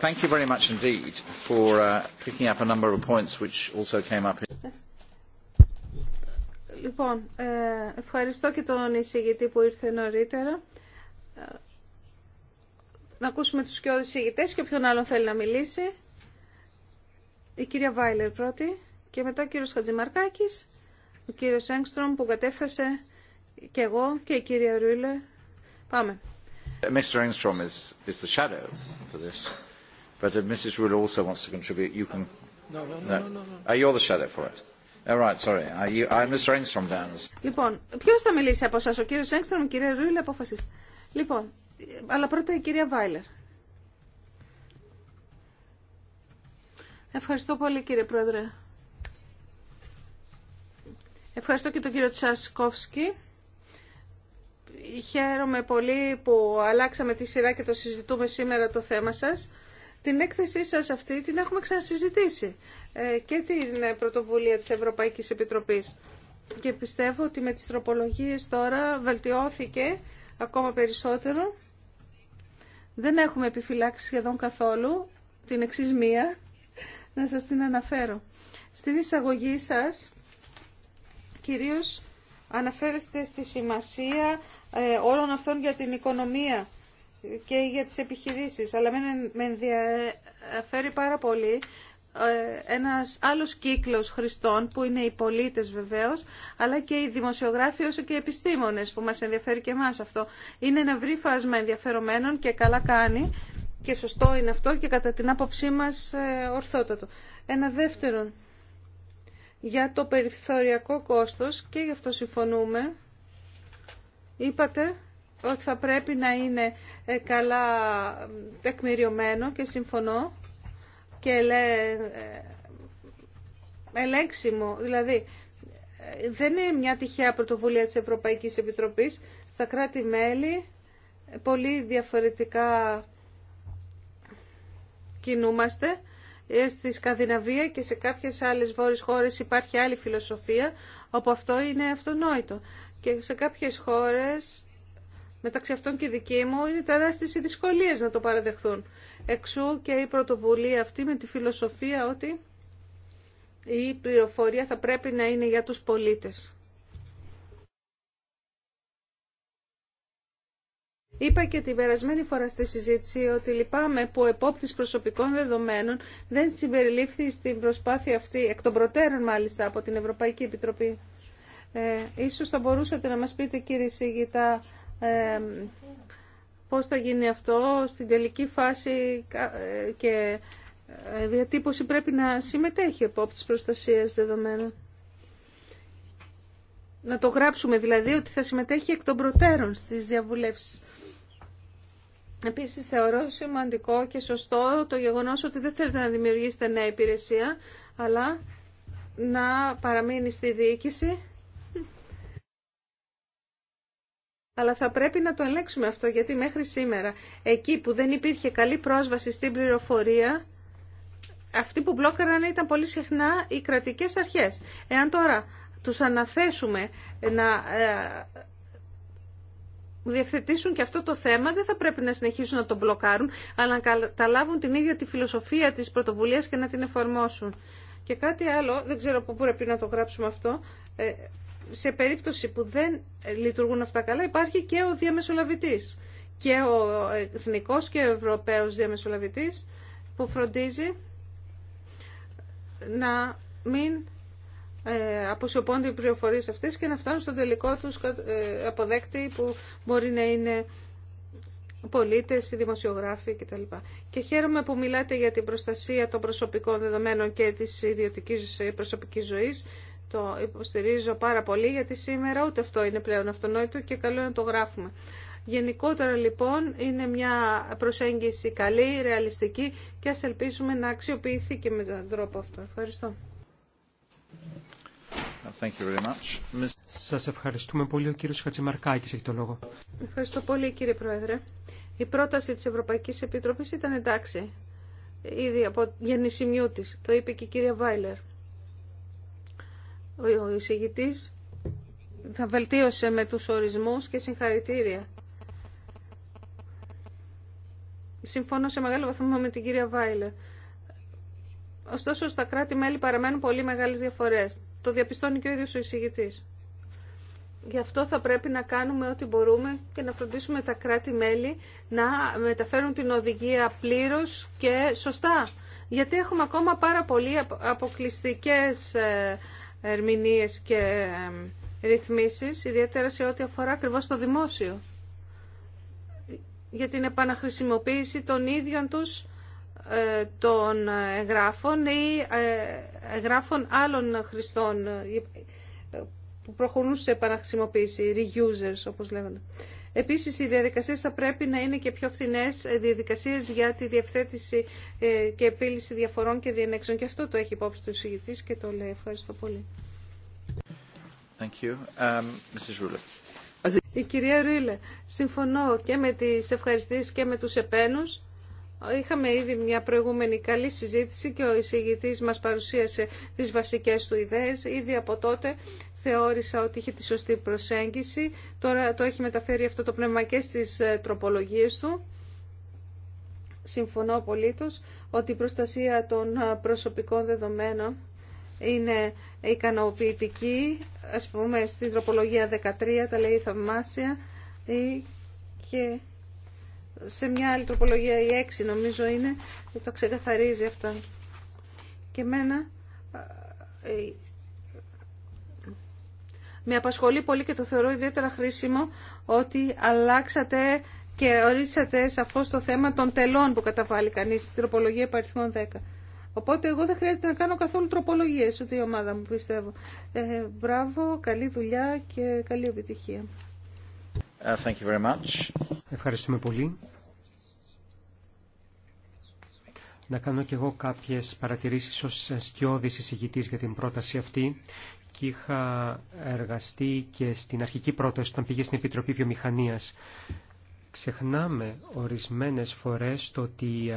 Thank you very much indeed for uh, picking up a number of points which also came up. Λοιπόν, ε, ευχαριστώ και τον εισηγητή που ήρθε νωρίτερα. Ε, να ακούσουμε τους και εισηγητές και όποιον άλλον θέλει να μιλήσει. Η κυρία Βάιλερ πρώτη και μετά ο κύριος Χατζημαρκάκης, ο κύριος Έγκστρομ που κατέφθασε και εγώ και η κυρία Ρούλε. Πάμε. Mr. Engstrom is, is the shadow for this. But if uh, Mrs. also wants to contribute, you can. No, no, no, no, no. Are oh, you the shadow for it? All right, sorry. Are uh, you, I'm uh, Mr. Engstrom Λοιπόν, ποιο θα μιλήσει από εσά, ο κύριο Engstrom, η κυρία Ρούλε, αποφασίστε. Λοιπόν, αλλά πρώτα η κυρία Βάιλερ. Ευχαριστώ πολύ κύριε Πρόεδρε. Ευχαριστώ και τον κύριο Τσασκόφσκι. Χαίρομαι πολύ που αλλάξαμε τη σειρά και το συζητούμε σήμερα το θέμα σας. Την έκθεσή σας αυτή την έχουμε ξανασυζητήσει ε, και την ε, πρωτοβουλία της Ευρωπαϊκής Επιτροπής. Και πιστεύω ότι με τις τροπολογίες τώρα βελτιώθηκε ακόμα περισσότερο. Δεν έχουμε επιφυλάξει σχεδόν καθόλου την εξισμία, μία, να σας την αναφέρω. Στην εισαγωγή σας, κυρίως αναφέρεστε στη σημασία ε, όλων αυτών για την οικονομία και για τις επιχειρήσεις. Αλλά με ενδιαφέρει πάρα πολύ ε, ένας άλλος κύκλος χρηστών που είναι οι πολίτες βεβαίως αλλά και οι δημοσιογράφοι όσο και οι επιστήμονες που μας ενδιαφέρει και εμάς αυτό είναι ένα βρύφασμα ενδιαφερομένων και καλά κάνει και σωστό είναι αυτό και κατά την άποψή μας ε, ορθότατο ένα δεύτερο για το περιθωριακό κόστος και γι' αυτό συμφωνούμε είπατε ότι θα πρέπει να είναι ε, καλά τεκμηριωμένο και συμφωνώ και ε, ελέγξιμο. Δηλαδή, ε, δεν είναι μια τυχαία πρωτοβουλία της Ευρωπαϊκής Επιτροπής. Στα κράτη-μέλη πολύ διαφορετικά κινούμαστε. Στη Σκανδιναβία και σε κάποιες άλλες βόρειες χώρες υπάρχει άλλη φιλοσοφία, όπου αυτό είναι αυτονόητο. Και σε κάποιες χώρες μεταξύ αυτών και δική μου, είναι τεράστιες οι δυσκολίες να το παραδεχθούν. Εξού και η πρωτοβουλία αυτή με τη φιλοσοφία ότι η πληροφορία θα πρέπει να είναι για τους πολίτες. Είπα και την περασμένη φορά στη συζήτηση ότι λυπάμαι που ο επόπτης προσωπικών δεδομένων δεν συμπεριλήφθη στην προσπάθεια αυτή, εκ των προτέρων μάλιστα, από την Ευρωπαϊκή Επιτροπή. Ε, ίσως θα μπορούσατε να μας πείτε κύριε Σίγητα ε, πώς θα γίνει αυτό στην τελική φάση ε, και ε, διατύπωση πρέπει να συμμετέχει από τις προστασίες δεδομένων. Να το γράψουμε δηλαδή ότι θα συμμετέχει εκ των προτέρων στις διαβουλεύσεις. Επίσης θεωρώ σημαντικό και σωστό το γεγονός ότι δεν θέλετε να δημιουργήσετε νέα υπηρεσία, αλλά να παραμείνει στη διοίκηση αλλά θα πρέπει να το ελέγξουμε αυτό γιατί μέχρι σήμερα εκεί που δεν υπήρχε καλή πρόσβαση στην πληροφορία αυτοί που μπλόκαραν ήταν πολύ συχνά οι κρατικές αρχές. Εάν τώρα τους αναθέσουμε να ε, διευθετήσουν και αυτό το θέμα, δεν θα πρέπει να συνεχίσουν να τον μπλοκάρουν, αλλά να καταλάβουν την ίδια τη φιλοσοφία της πρωτοβουλίας και να την εφαρμόσουν. Και κάτι άλλο, δεν ξέρω πού πρέπει να το γράψουμε αυτό, ε, σε περίπτωση που δεν λειτουργούν αυτά καλά υπάρχει και ο διαμεσολαβητής και ο εθνικός και ο ευρωπαίος διαμεσολαβητής που φροντίζει να μην ε, αποσιωπώνται οι πληροφορίες αυτές και να φτάνουν στον τελικό τους ε, αποδέκτη που μπορεί να είναι πολίτες, ή δημοσιογράφοι κτλ. Και χαίρομαι που μιλάτε για την προστασία των προσωπικών δεδομένων και της ιδιωτικής ε, προσωπικής ζωής. Το υποστηρίζω πάρα πολύ γιατί σήμερα ούτε αυτό είναι πλέον αυτονόητο και καλό να το γράφουμε. Γενικότερα λοιπόν είναι μια προσέγγιση καλή, ρεαλιστική και ας ελπίσουμε να αξιοποιηθεί και με τον τρόπο αυτό. Ευχαριστώ. Thank you very much. Σας ευχαριστούμε πολύ. Ο κύριος Χατζημαρκάκης έχει το λόγο. Ευχαριστώ πολύ κύριε Πρόεδρε. Η πρόταση της Ευρωπαϊκής Επιτροπής ήταν εντάξει. Ήδη από γεννησιμιού της. Το είπε και η κυρία Βάιλερ. Ο εισηγητής θα βελτίωσε με τους ορισμούς και συγχαρητήρια. Συμφωνώ σε μεγάλο βαθμό με την κυρία Βάιλε. Ωστόσο, στα κράτη-μέλη παραμένουν πολύ μεγάλες διαφορές. Το διαπιστώνει και ο ίδιος ο εισηγητής. Γι' αυτό θα πρέπει να κάνουμε ό,τι μπορούμε και να φροντίσουμε τα κράτη-μέλη να μεταφέρουν την οδηγία πλήρως και σωστά. Γιατί έχουμε ακόμα πάρα πολλοί αποκλειστικές ε, ερμηνείες και ρυθμίσεις, ιδιαίτερα σε ό,τι αφορά ακριβώς το δημόσιο, για την επαναχρησιμοποίηση των ίδιων τους ε, των εγγράφων ή ε, εγγράφων άλλων χρηστών ε, που προχωρούν σε επαναχρησιμοποίηση, reusers όπως λέγονται. Επίσης, οι διαδικασίες θα πρέπει να είναι και πιο φθηνές ε, διαδικασίες για τη διευθέτηση ε, και επίλυση διαφορών και διενέξεων. Και αυτό το έχει υπόψη του εισηγητής και το λέει. Ευχαριστώ πολύ. Thank you. Um, Mrs. Η κυρία Ρούλε, συμφωνώ και με τις ευχαριστήσεις και με τους επένους. Είχαμε ήδη μια προηγούμενη καλή συζήτηση και ο εισηγητής μας παρουσίασε τις βασικές του ιδέες. Ήδη από τότε θεώρησα ότι είχε τη σωστή προσέγγιση. Τώρα το έχει μεταφέρει αυτό το πνεύμα και στις ε, τροπολογίες του. Συμφωνώ απολύτως ότι η προστασία των ε, προσωπικών δεδομένων είναι ικανοποιητική, ας πούμε στην τροπολογία 13 τα λέει θαυμάσια ή και σε μια άλλη τροπολογία η 6 νομίζω είναι, τα ξεκαθαρίζει αυτά. Και μένα ε, με απασχολεί πολύ και το θεωρώ ιδιαίτερα χρήσιμο ότι αλλάξατε και ορίσατε σαφώς το θέμα των τελών που καταβάλει κανείς στην τροπολογία υπαριθμών 10. Οπότε εγώ δεν χρειάζεται να κάνω καθόλου τροπολογίες ούτε η ομάδα μου πιστεύω. Ε, μπράβο, καλή δουλειά και καλή επιτυχία. Uh, thank you very much. Ευχαριστούμε πολύ. Να κάνω κι εγώ κάποιες παρατηρήσεις ως σκιώδης εισηγητής για την πρόταση αυτή και είχα εργαστεί και στην αρχική πρόταση όταν πήγε στην Επιτροπή Βιομηχανίας. Ξεχνάμε ορισμένες φορές το ότι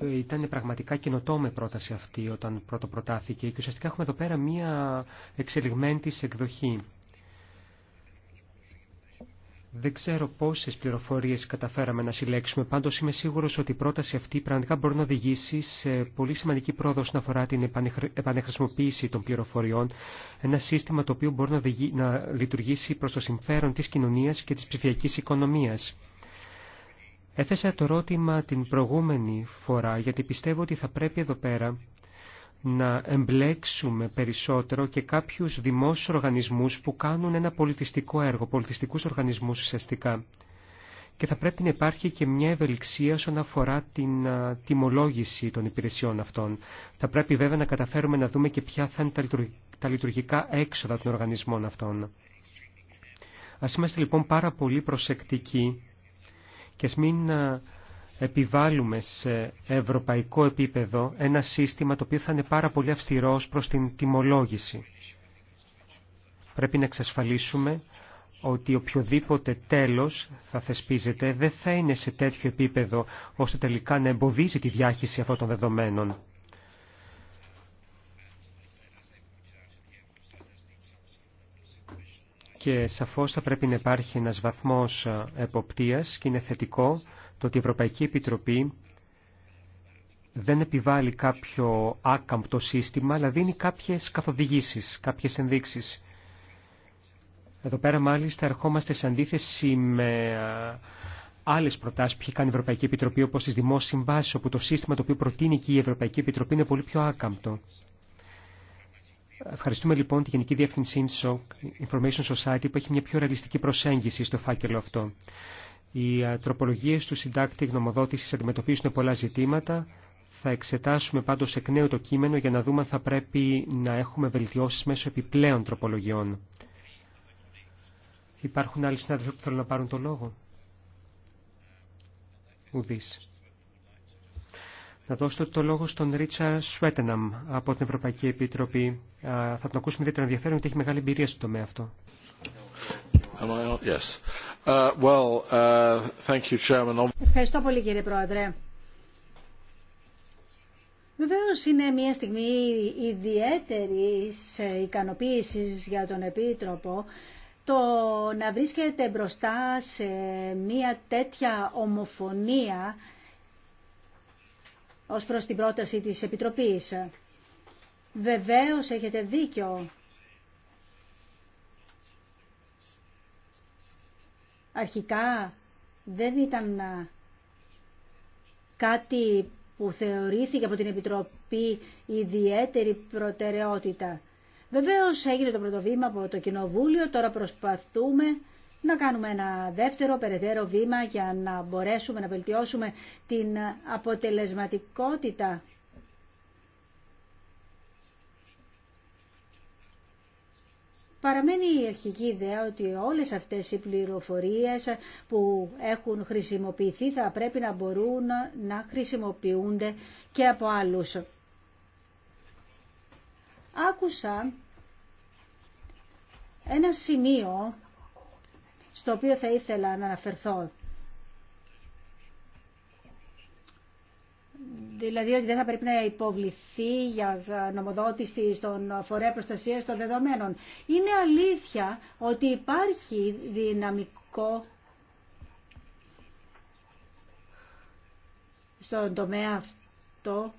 ήταν πραγματικά καινοτόμη πρόταση αυτή όταν πρώτο προτάθηκε και ουσιαστικά έχουμε εδώ πέρα μία εξελιγμένη της εκδοχή. Δεν ξέρω πόσες πληροφορίες καταφέραμε να συλλέξουμε, πάντως είμαι σίγουρος ότι η πρόταση αυτή πραγματικά μπορεί να οδηγήσει σε πολύ σημαντική πρόοδο να αφορά την επανεχρησιμοποίηση των πληροφοριών, ένα σύστημα το οποίο μπορεί να, οδηγεί, να λειτουργήσει προς το συμφέρον της κοινωνίας και της ψηφιακής οικονομίας. Έθεσα το ρώτημα την προηγούμενη φορά, γιατί πιστεύω ότι θα πρέπει εδώ πέρα να εμπλέξουμε περισσότερο και κάποιους δημόσιους οργανισμούς που κάνουν ένα πολιτιστικό έργο, πολιτιστικούς οργανισμούς ουσιαστικά. Και θα πρέπει να υπάρχει και μια ευελιξία όσον αφορά την τιμολόγηση των υπηρεσιών αυτών. Θα πρέπει βέβαια να καταφέρουμε να δούμε και ποια θα είναι τα λειτουργικά έξοδα των οργανισμών αυτών. Ας είμαστε λοιπόν πάρα πολύ προσεκτικοί και ας μην επιβάλλουμε σε ευρωπαϊκό επίπεδο ένα σύστημα το οποίο θα είναι πάρα πολύ αυστηρό προς την τιμολόγηση. Πρέπει να εξασφαλίσουμε ότι οποιοδήποτε τέλος θα θεσπίζεται δεν θα είναι σε τέτοιο επίπεδο ώστε τελικά να εμποδίζει τη διάχυση αυτών των δεδομένων. Και σαφώς θα πρέπει να υπάρχει ένας βαθμός ε, εποπτείας και είναι θετικό το ότι η Ευρωπαϊκή Επιτροπή δεν επιβάλλει κάποιο άκαμπτο σύστημα, αλλά δίνει κάποιες καθοδηγήσεις, κάποιες ενδείξεις. Εδώ πέρα μάλιστα ερχόμαστε σε αντίθεση με άλλες προτάσεις που έχει κάνει η Ευρωπαϊκή Επιτροπή, όπως τις δημόσιες συμβάσεις, όπου το σύστημα το οποίο προτείνει και η Ευρωπαϊκή Επιτροπή είναι πολύ πιο άκαμπτο. Ευχαριστούμε λοιπόν τη Γενική Διεύθυνση Information Society που έχει μια πιο ρεαλιστική προσέγγιση στο φάκελο αυτό. Οι ε, τροπολογίες του συντάκτη γνωμοδότησης αντιμετωπίζουν πολλά ζητήματα. Θα εξετάσουμε πάντως εκ νέου το κείμενο για να δούμε αν θα πρέπει να έχουμε βελτιώσεις μέσω επιπλέον τροπολογιών. Υπάρχουν άλλοι συνάδελφοι που θέλουν να πάρουν το λόγο. Ουδής. Να δώσω το λόγο στον Ρίτσα Σουέτεναμ από την Ευρωπαϊκή Επιτροπή. Θα τον ακούσουμε ιδιαίτερα ενδιαφέρον γιατί έχει μεγάλη εμπειρία στο τομέα αυτό. Ευχαριστώ πολύ κύριε Πρόεδρε. Βεβαίω είναι μια στιγμή ιδιαίτερη ε, ικανοποίηση για τον Επίτροπο το να βρίσκεται μπροστά σε μια τέτοια ομοφωνία ως προς την πρόταση της Επιτροπής. Βεβαίως έχετε δίκιο αρχικά δεν ήταν κάτι που θεωρήθηκε από την Επιτροπή ιδιαίτερη προτεραιότητα. Βεβαίως έγινε το πρώτο βήμα από το Κοινοβούλιο, τώρα προσπαθούμε να κάνουμε ένα δεύτερο περαιτέρω βήμα για να μπορέσουμε να βελτιώσουμε την αποτελεσματικότητα Παραμένει η αρχική ιδέα ότι όλες αυτές οι πληροφορίες που έχουν χρησιμοποιηθεί θα πρέπει να μπορούν να χρησιμοποιούνται και από άλλους. Άκουσα ένα σημείο στο οποίο θα ήθελα να αναφερθώ. Δηλαδή ότι δεν θα πρέπει να υποβληθεί για νομοδότηση στον φορέα προστασία των δεδομένων. Είναι αλήθεια ότι υπάρχει δυναμικό στον τομέα αυτό.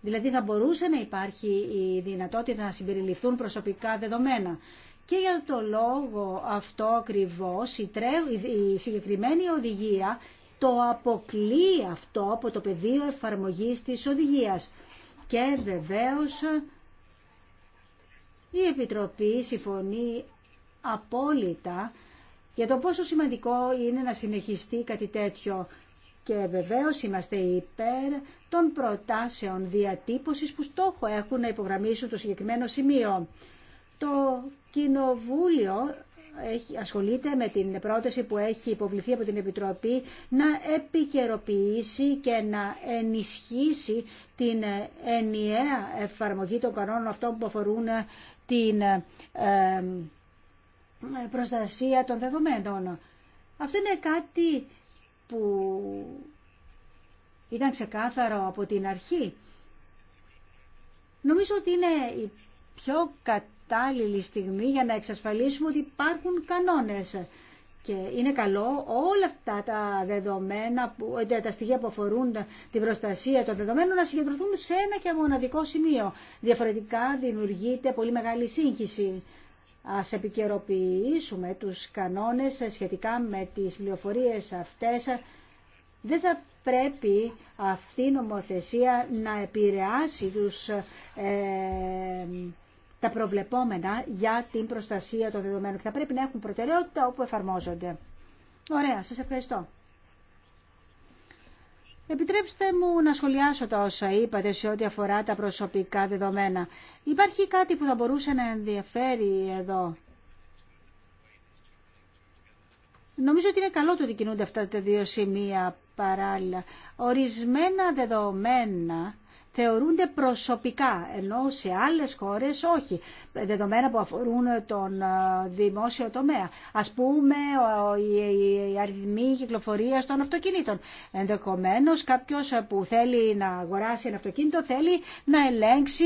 Δηλαδή θα μπορούσε να υπάρχει η δυνατότητα να συμπεριληφθούν προσωπικά δεδομένα. Και για το λόγο αυτό ακριβώς η, συγκεκριμένη οδηγία το αποκλεί αυτό από το πεδίο εφαρμογής της οδηγίας. Και βεβαίως η Επιτροπή συμφωνεί απόλυτα για το πόσο σημαντικό είναι να συνεχιστεί κάτι τέτοιο. Και βεβαίως είμαστε υπέρ των προτάσεων διατύπωσης που στόχο έχουν να υπογραμμίσουν το συγκεκριμένο σημείο. Το Κοινοβούλιο έχει, ασχολείται με την πρόταση που έχει υποβληθεί από την Επιτροπή να επικαιροποιήσει και να ενισχύσει την ενιαία εφαρμογή των κανόνων αυτών που αφορούν την προστασία των δεδομένων. Αυτό είναι κάτι που ήταν ξεκάθαρο από την αρχή. Νομίζω ότι είναι η πιο κατ κατάλληλη στιγμή για να εξασφαλίσουμε ότι υπάρχουν κανόνες. Και είναι καλό όλα αυτά τα δεδομένα, που, ε, τα στοιχεία που αφορούν την προστασία των δεδομένων να συγκεντρωθούν σε ένα και μοναδικό σημείο. Διαφορετικά δημιουργείται πολύ μεγάλη σύγχυση. Ας επικαιροποιήσουμε τους κανόνες σχετικά με τις πληροφορίες αυτές. Δεν θα πρέπει αυτή η νομοθεσία να επηρεάσει τους ε, τα προβλεπόμενα για την προστασία των δεδομένων και θα πρέπει να έχουν προτεραιότητα όπου εφαρμόζονται. Ωραία, σας ευχαριστώ. Επιτρέψτε μου να σχολιάσω τα όσα είπατε σε ό,τι αφορά τα προσωπικά δεδομένα. Υπάρχει κάτι που θα μπορούσε να ενδιαφέρει εδώ. Νομίζω ότι είναι καλό το ότι κινούνται αυτά τα δύο σημεία παράλληλα. Ορισμένα δεδομένα θεωρούνται προσωπικά, ενώ σε άλλες χώρες όχι, δεδομένα που αφορούν τον ε, δημόσιο τομέα. Ας πούμε, οι αριθμοί κυκλοφορία των αυτοκινήτων. Ενδεχομένως, κάποιος που θέλει να αγοράσει ένα αυτοκίνητο θέλει να ελέγξει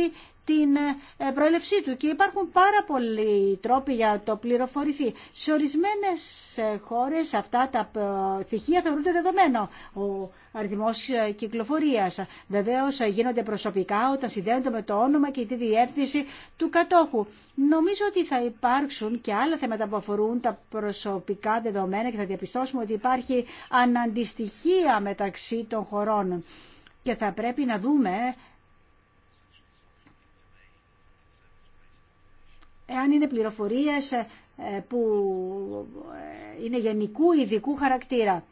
την ε, προέλευσή του και υπάρχουν πάρα πολλοί τρόποι για το πληροφορηθεί. Σε ορισμένες ε, χώρες αυτά τα ε, στοιχεία θεωρούνται δεδομένο ο αριθμός κυκλοφορίας. Βεβαίως γίνονται προσωπικά όταν συνδέονται με το όνομα και τη διεύθυνση του κατόχου. Νομίζω ότι θα υπάρξουν και άλλα θέματα που αφορούν τα προσωπικά δεδομένα και θα διαπιστώσουμε ότι υπάρχει αναντιστοιχία μεταξύ των χωρών. Και θα πρέπει να δούμε εάν είναι πληροφορίες ε, ε, που ε, είναι γενικού ειδικού χαρακτήρα.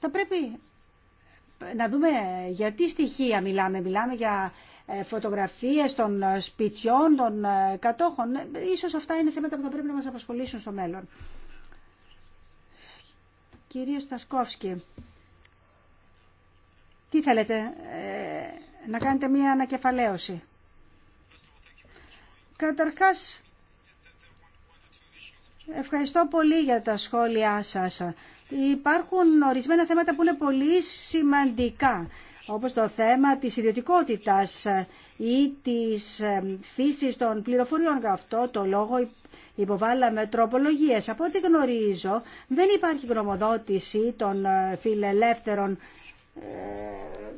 Θα πρέπει να δούμε για τι στοιχεία μιλάμε. Μιλάμε για φωτογραφίες των σπιτιών, των κατόχων. Ίσως αυτά είναι θέματα που θα πρέπει να μας απασχολήσουν στο μέλλον. Κύριε Στασκόφσκι, τι θέλετε, ε, να κάνετε μία ανακεφαλαίωση. Καταρχάς, ευχαριστώ πολύ για τα σχόλιά σας. Υπάρχουν ορισμένα θέματα που είναι πολύ σημαντικά, όπως το θέμα της ιδιωτικότητας ή της ε, φύσης των πληροφοριών. Γι' αυτό το λόγο υποβάλαμε τροπολογίες. Από ό,τι γνωρίζω, δεν υπάρχει γνωμοδότηση των ε, φιλελεύθερων ε,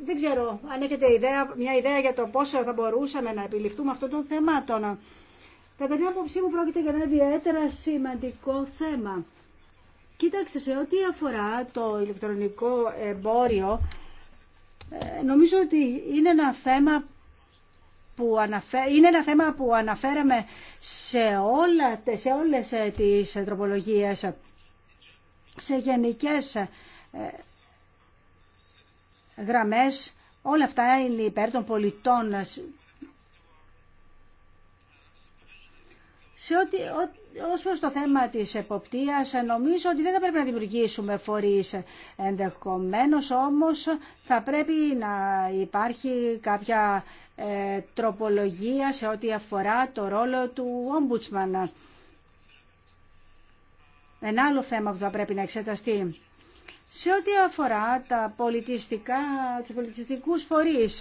δεν ξέρω αν έχετε ιδέα, μια ιδέα για το πόσο θα μπορούσαμε να επιληφθούμε αυτών των θεμάτων. Κατά την άποψή μου πρόκειται για ένα ιδιαίτερα σημαντικό θέμα. Κοίταξτε, σε ό,τι αφορά το ηλεκτρονικό εμπόριο, ε, νομίζω ότι είναι ένα θέμα που είναι ένα θέμα που αναφέραμε σε, όλα, σε όλες ε, τις τροπολογίες, σε γενικές γραμμές, όλα αυτά είναι υπέρ των πολιτών. Σε ό,τι, Ω προς το θέμα της εποπτείας, νομίζω ότι δεν θα πρέπει να δημιουργήσουμε φορείς ενδεχομένως, όμως θα πρέπει να υπάρχει κάποια ε, τροπολογία σε ό,τι αφορά το ρόλο του ομπούτσμανα. Ένα άλλο θέμα που θα πρέπει να εξεταστεί. Σε ό,τι αφορά τα πολιτιστικά, τους πολιτιστικούς φορείς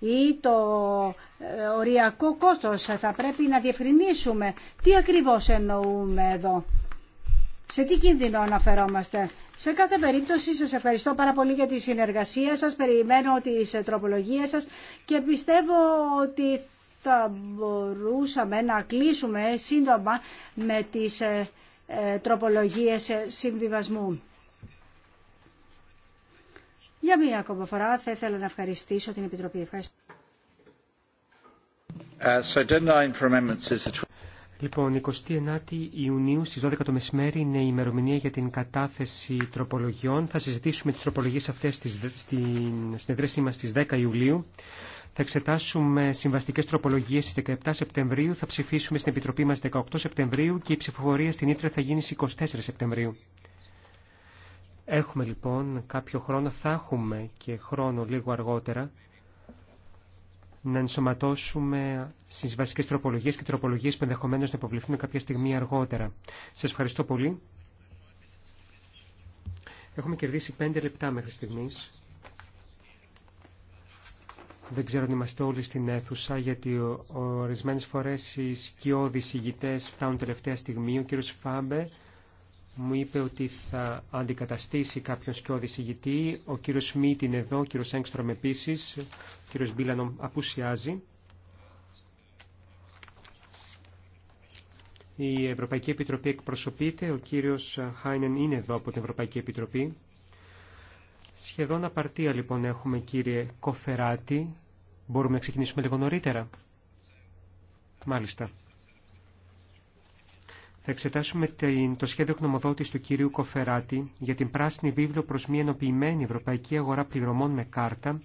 ή το ε, οριακό κόστος, θα πρέπει να διευκρινίσουμε τι ακριβώς εννοούμε εδώ. Σε τι κίνδυνο αναφερόμαστε. Σε κάθε περίπτωση σας ευχαριστώ πάρα πολύ για τη συνεργασία σας, περιμένω τις ε, τροπολογίες σας και πιστεύω ότι θα μπορούσαμε να κλείσουμε σύντομα με τις ε, τροπολογίες συμβιβασμού. Για μία ακόμα φορά θα ήθελα να ευχαριστήσω την Επιτροπή. Ευχαριστώ. Uh, λοιπόν, 29 Ιουνίου στις 12 το μεσημέρι είναι η ημερομηνία για την κατάθεση τροπολογιών. Θα συζητήσουμε τις τροπολογίες αυτές στην συνεδρίαση μας στις 10 Ιουλίου. Θα εξετάσουμε συμβαστικές τροπολογίες στις 17 Σεπτεμβρίου, θα ψηφίσουμε στην Επιτροπή μας 18 Σεπτεμβρίου και η ψηφοφορία στην Ήτρα θα γίνει στις 24 Σεπτεμβρίου. Έχουμε λοιπόν κάποιο χρόνο, θα έχουμε και χρόνο λίγο αργότερα να ενσωματώσουμε στι βασικέ τροπολογίε και τροπολογίε που ενδεχομένω να υποβληθούν κάποια στιγμή αργότερα. Σα ευχαριστώ πολύ. Έχουμε κερδίσει πέντε λεπτά μέχρι στιγμή. Δεν ξέρω αν είμαστε όλοι στην αίθουσα, γιατί ορισμένε φορέ οι σκιώδει ηγητέ φτάνουν τελευταία στιγμή. Ο κύριο Φάμπε μου είπε ότι θα αντικαταστήσει κάποιον σκιώδη ηγητή. Ο κύριος Σμίτ είναι εδώ, ο κύριος Έγκστρομ επίσης, ο κύριος Μπίλανο απουσιάζει. Η Ευρωπαϊκή Επιτροπή εκπροσωπείται, ο κύριος Χάινεν είναι εδώ από την Ευρωπαϊκή Επιτροπή. Σχεδόν απαρτία λοιπόν έχουμε κύριε Κοφεράτη. Μπορούμε να ξεκινήσουμε λίγο νωρίτερα. Μάλιστα θα εξετάσουμε το σχέδιο γνωμοδότης του κυρίου Κοφεράτη για την πράσινη βίβλο προς μια ενοποιημένη ευρωπαϊκή αγορά πληρωμών με κάρτα.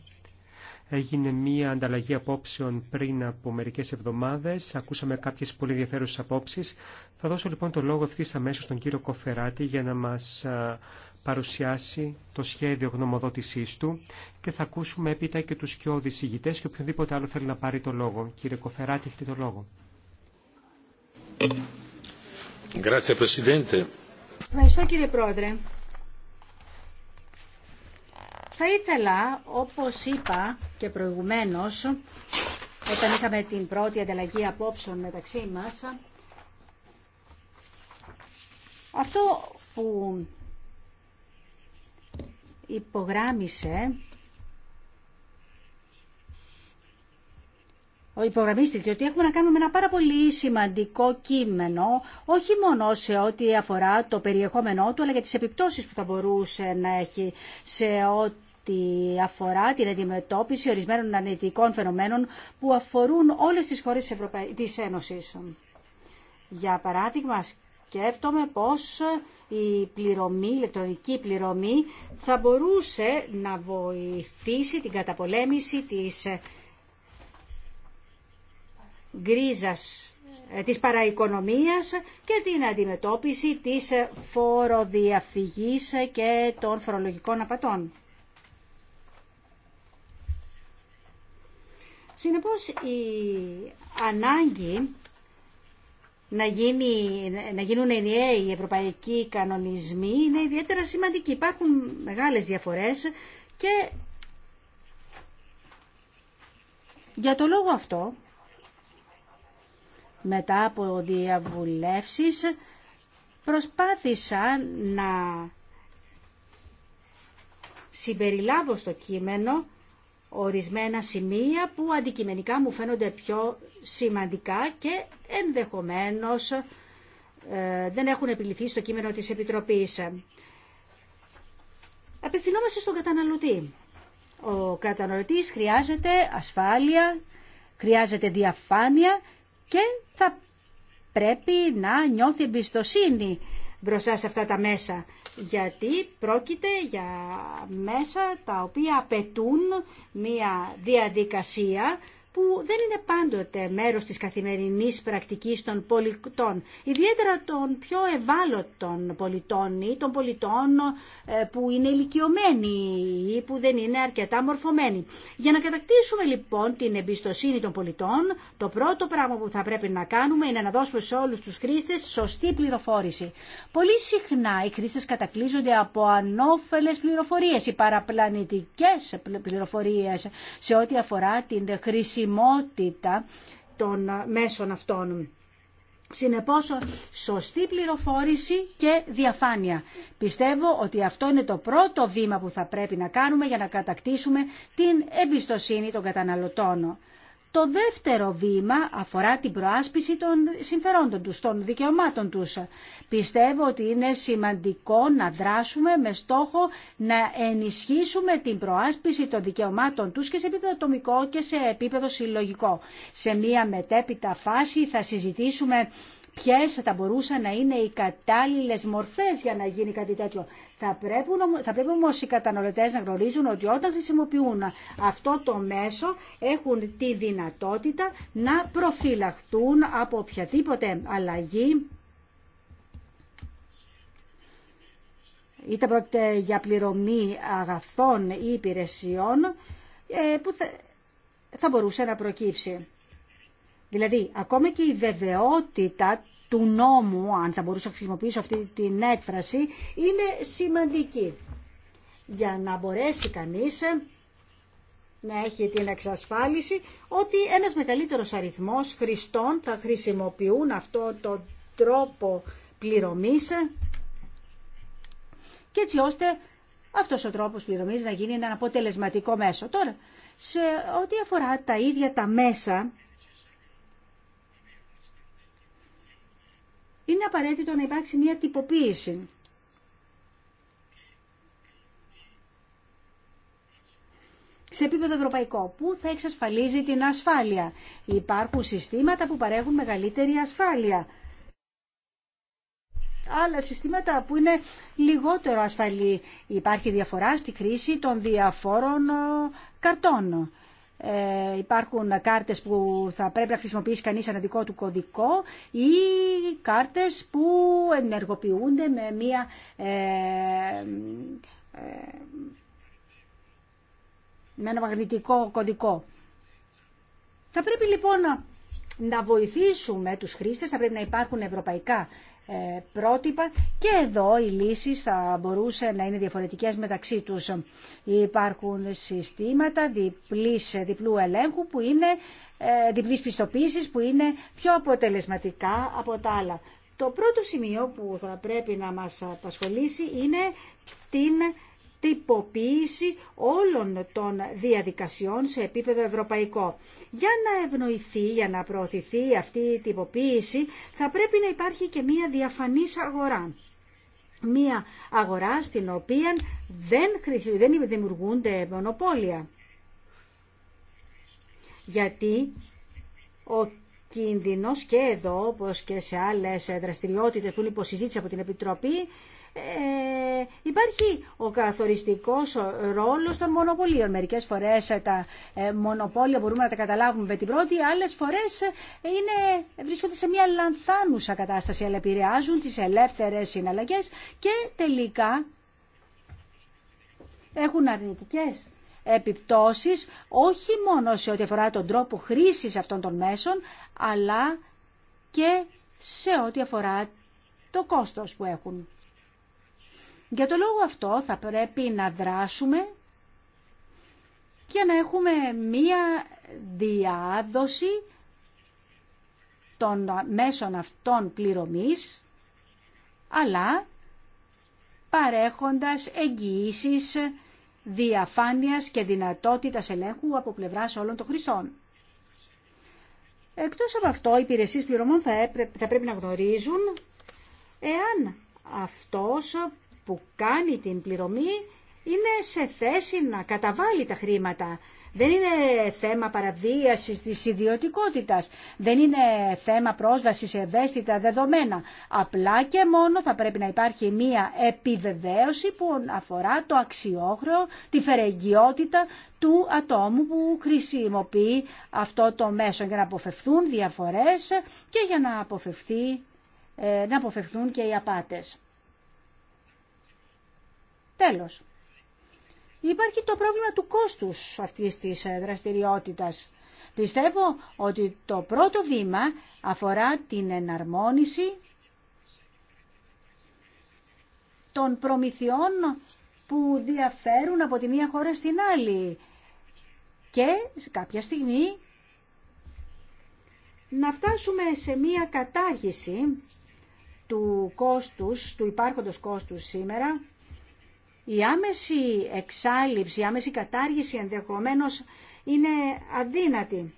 Έγινε μια ανταλλαγή απόψεων πριν από μερικές εβδομάδες. Ακούσαμε κάποιες πολύ ενδιαφέρουσες απόψεις. Θα δώσω λοιπόν το λόγο ευθύ αμέσω στον κύριο Κοφεράτη για να μας παρουσιάσει το σχέδιο γνωμοδότησή του και θα ακούσουμε έπειτα και τους πιο ηγητές και οποιονδήποτε άλλο θέλει να πάρει το λόγο. Κύριε Κοφεράτη, έχετε το λόγο. Ευχαριστώ κύριε Πρόεδρε. Θα ήθελα, όπως είπα και προηγουμένως, όταν είχαμε την πρώτη ανταλλαγή απόψεων μεταξύ μας, αυτό που υπογράμισε υπογραμμίστηκε ότι έχουμε να κάνουμε με ένα πάρα πολύ σημαντικό κείμενο, όχι μόνο σε ό,τι αφορά το περιεχόμενό του, αλλά και τις επιπτώσεις που θα μπορούσε να έχει σε ό,τι αφορά την αντιμετώπιση ορισμένων ανετικών φαινομένων που αφορούν όλες τις χώρες της, Ευρωπα... της Ένωσης. Για παράδειγμα, σκέφτομαι πως η πληρωμή, η ηλεκτρονική πληρωμή θα μπορούσε να βοηθήσει την καταπολέμηση της γκρίζας ε, της παραοικονομίας και την αντιμετώπιση της φοροδιαφυγής και των φορολογικών απατών. Συνεπώς η ανάγκη να, να γίνουν ενιαίοι οι ευρωπαϊκοί κανονισμοί είναι ιδιαίτερα σημαντική. Υπάρχουν μεγάλες διαφορές και για το λόγο αυτό μετά από διαβουλεύσεις προσπάθησα να συμπεριλάβω στο κείμενο ορισμένα σημεία που αντικειμενικά μου φαίνονται πιο σημαντικά και ενδεχομένως ε, δεν έχουν επιληθεί στο κείμενο της Επιτροπής. Απευθυνόμαστε στον καταναλωτή. Ο καταναλωτής χρειάζεται ασφάλεια, χρειάζεται διαφάνεια και θα πρέπει να νιώθει εμπιστοσύνη μπροστά σε αυτά τα μέσα. Γιατί πρόκειται για μέσα τα οποία απαιτούν μία διαδικασία που δεν είναι πάντοτε μέρος της καθημερινής πρακτικής των πολιτών, ιδιαίτερα των πιο ευάλωτων πολιτών ή των πολιτών ε, που είναι ηλικιωμένοι ή που δεν είναι αρκετά μορφωμένοι. Για να κατακτήσουμε λοιπόν την εμπιστοσύνη των πολιτών, το πρώτο πράγμα που θα πρέπει να κάνουμε είναι να δώσουμε σε όλους τους χρήστες σωστή πληροφόρηση. Πολύ συχνά οι χρήστες κατακλείζονται από ανώφελες πληροφορίες ή παραπλανητικές πληροφορίες σε ό,τι αφορά την χρήση χρησιμότητα των ε, μέσων αυτών. Συνεπώς, σωστή πληροφόρηση και διαφάνεια. Πιστεύω ότι αυτό είναι το πρώτο βήμα που θα πρέπει να κάνουμε για να κατακτήσουμε την εμπιστοσύνη των καταναλωτών. Το δεύτερο βήμα αφορά την προάσπιση των συμφερόντων τους, των δικαιωμάτων τους. Πιστεύω ότι είναι σημαντικό να δράσουμε με στόχο να ενισχύσουμε την προάσπιση των δικαιωμάτων τους και σε επίπεδο τομικό και σε επίπεδο συλλογικό. Σε μία μετέπειτα φάση θα συζητήσουμε Ποιε θα μπορούσαν να είναι οι κατάλληλες μορφές για να γίνει κάτι τέτοιο. Θα πρέπει, θα πρέπει οι καταναλωτές να γνωρίζουν ότι όταν χρησιμοποιούν αυτό το μέσο έχουν τη δυνατότητα να προφυλαχτούν από οποιαδήποτε αλλαγή είτε πρόκειται για πληρωμή αγαθών ή υπηρεσιών ε, που θα μπορούσε να προκύψει. Δηλαδή, ακόμα και η βεβαιότητα του νόμου, αν θα μπορούσα να χρησιμοποιήσω αυτή την έκφραση, είναι σημαντική για να μπορέσει κανείς να έχει την εξασφάλιση ότι ένας μεγαλύτερος αριθμός χρηστών θα χρησιμοποιούν αυτό τον τρόπο πληρωμής και έτσι ώστε αυτός ο τρόπος πληρωμής να γίνει ένα αποτελεσματικό μέσο. Τώρα, σε ό,τι αφορά τα ίδια τα μέσα, είναι απαραίτητο να υπάρξει μια τυποποίηση. σε επίπεδο ευρωπαϊκό, που θα εξασφαλίζει την ασφάλεια. Υπάρχουν συστήματα που παρέχουν μεγαλύτερη ασφάλεια. Άλλα συστήματα που είναι λιγότερο ασφαλή. Υπάρχει διαφορά στη χρήση των διαφόρων ε, καρτών ε, υπάρχουν κάρτες που θα πρέπει να χρησιμοποιήσει κανείς ένα δικό του κωδικό ή κάρτες που ενεργοποιούνται με μία ε, ε ένα μαγνητικό κωδικό. Θα πρέπει λοιπόν να βοηθήσουμε τους χρήστες, θα πρέπει να υπάρχουν ευρωπαϊκά ε, πρότυπα και εδώ οι λύσεις θα μπορούσε να είναι διαφορετικές μεταξύ τους. Υπάρχουν συστήματα διπλής, διπλού ελέγχου που είναι ε, διπλής πιστοποίησης που είναι πιο αποτελεσματικά από τα άλλα. Το πρώτο σημείο που θα πρέπει να μας απασχολήσει είναι την τυποποίηση όλων των διαδικασιών σε επίπεδο ευρωπαϊκό. Για να ευνοηθεί, για να προωθηθεί αυτή η τυποποίηση θα πρέπει να υπάρχει και μία διαφανής αγορά. Μία αγορά στην οποία δεν, δεν δημιουργούνται μονοπόλια. Γιατί ο κίνδυνος και εδώ, όπως και σε άλλες δραστηριότητες που είναι από την Επιτροπή, ε, υπάρχει ο καθοριστικός ρόλος των μονοπωλίων. Μερικές φορές ε, τα ε, μονοπόλια μπορούμε να τα καταλάβουμε με την πρώτη, άλλες φορές ε, είναι, βρίσκονται σε μια λανθάνουσα κατάσταση, αλλά επηρεάζουν τις ελεύθερες συναλλαγές και τελικά έχουν αρνητικές επιπτώσεις, όχι μόνο σε ό,τι αφορά τον τρόπο χρήσης αυτών των μέσων, αλλά και σε ό,τι αφορά το κόστος που έχουν. Για το λόγο αυτό θα πρέπει να δράσουμε και να έχουμε μία διάδοση των μέσων αυτών πληρωμής, αλλά παρέχοντας εγγυήσεις διαφάνειας και δυνατότητας ελέγχου από πλευράς όλων των χρηστών. Εκτός από αυτό, οι υπηρεσίες πληρωμών θα, θα πρέπει να γνωρίζουν εάν αυτός που κάνει την πληρωμή είναι σε θέση να καταβάλει τα χρήματα. Δεν είναι θέμα παραβίασης της ιδιωτικότητας, δεν είναι θέμα πρόσβασης σε ευαίσθητα δεδομένα. Απλά και μόνο θα πρέπει να υπάρχει μία επιβεβαίωση που αφορά το αξιόχρεο, τη φερεγγιότητα του ατόμου που χρησιμοποιεί αυτό το μέσο για να αποφευθούν διαφορές και για να, αποφευθεί, ε, να αποφευθούν και οι απάτες. Τέλος, υπάρχει το πρόβλημα του κόστους αυτής της ε, δραστηριότητας. Πιστεύω ότι το πρώτο βήμα αφορά την εναρμόνιση των προμηθειών που διαφέρουν από τη μία χώρα στην άλλη και σε κάποια στιγμή να φτάσουμε σε μία κατάργηση του κόστους, του υπάρχοντος κόστους σήμερα η άμεση εξάλληψη, η άμεση κατάργηση ενδεχομένως είναι αδύνατη.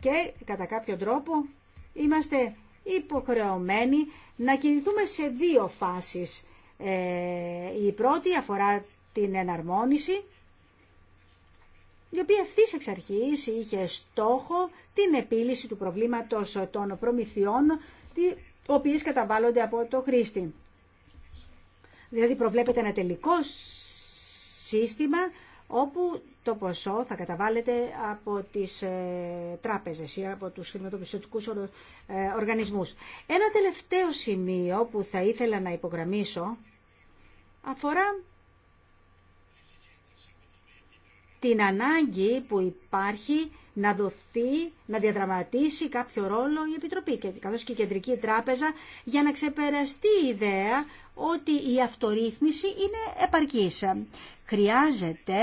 Και κατά κάποιο τρόπο είμαστε υποχρεωμένοι να κινηθούμε σε δύο φάσεις. Ε, η πρώτη αφορά την εναρμόνιση, η οποία ευθύ εξ αρχής είχε στόχο την επίλυση του προβλήματος των προμηθειών, οι οποίες καταβάλλονται από το χρήστη. Δηλαδή προβλέπεται ένα τελικό σύστημα όπου το ποσό θα καταβάλλεται από τις ε, τράπεζες ή από τους χρηματοπιστωτικούς ε, οργανισμούς. Ένα τελευταίο σημείο που θα ήθελα να υπογραμμίσω αφορά την ανάγκη που υπάρχει να δοθεί, να διαδραματίσει κάποιο ρόλο η Επιτροπή και καθώς και η Κεντρική Τράπεζα για να ξεπεραστεί η ιδέα ότι η αυτορύθμιση είναι επαρκής. Χρειάζεται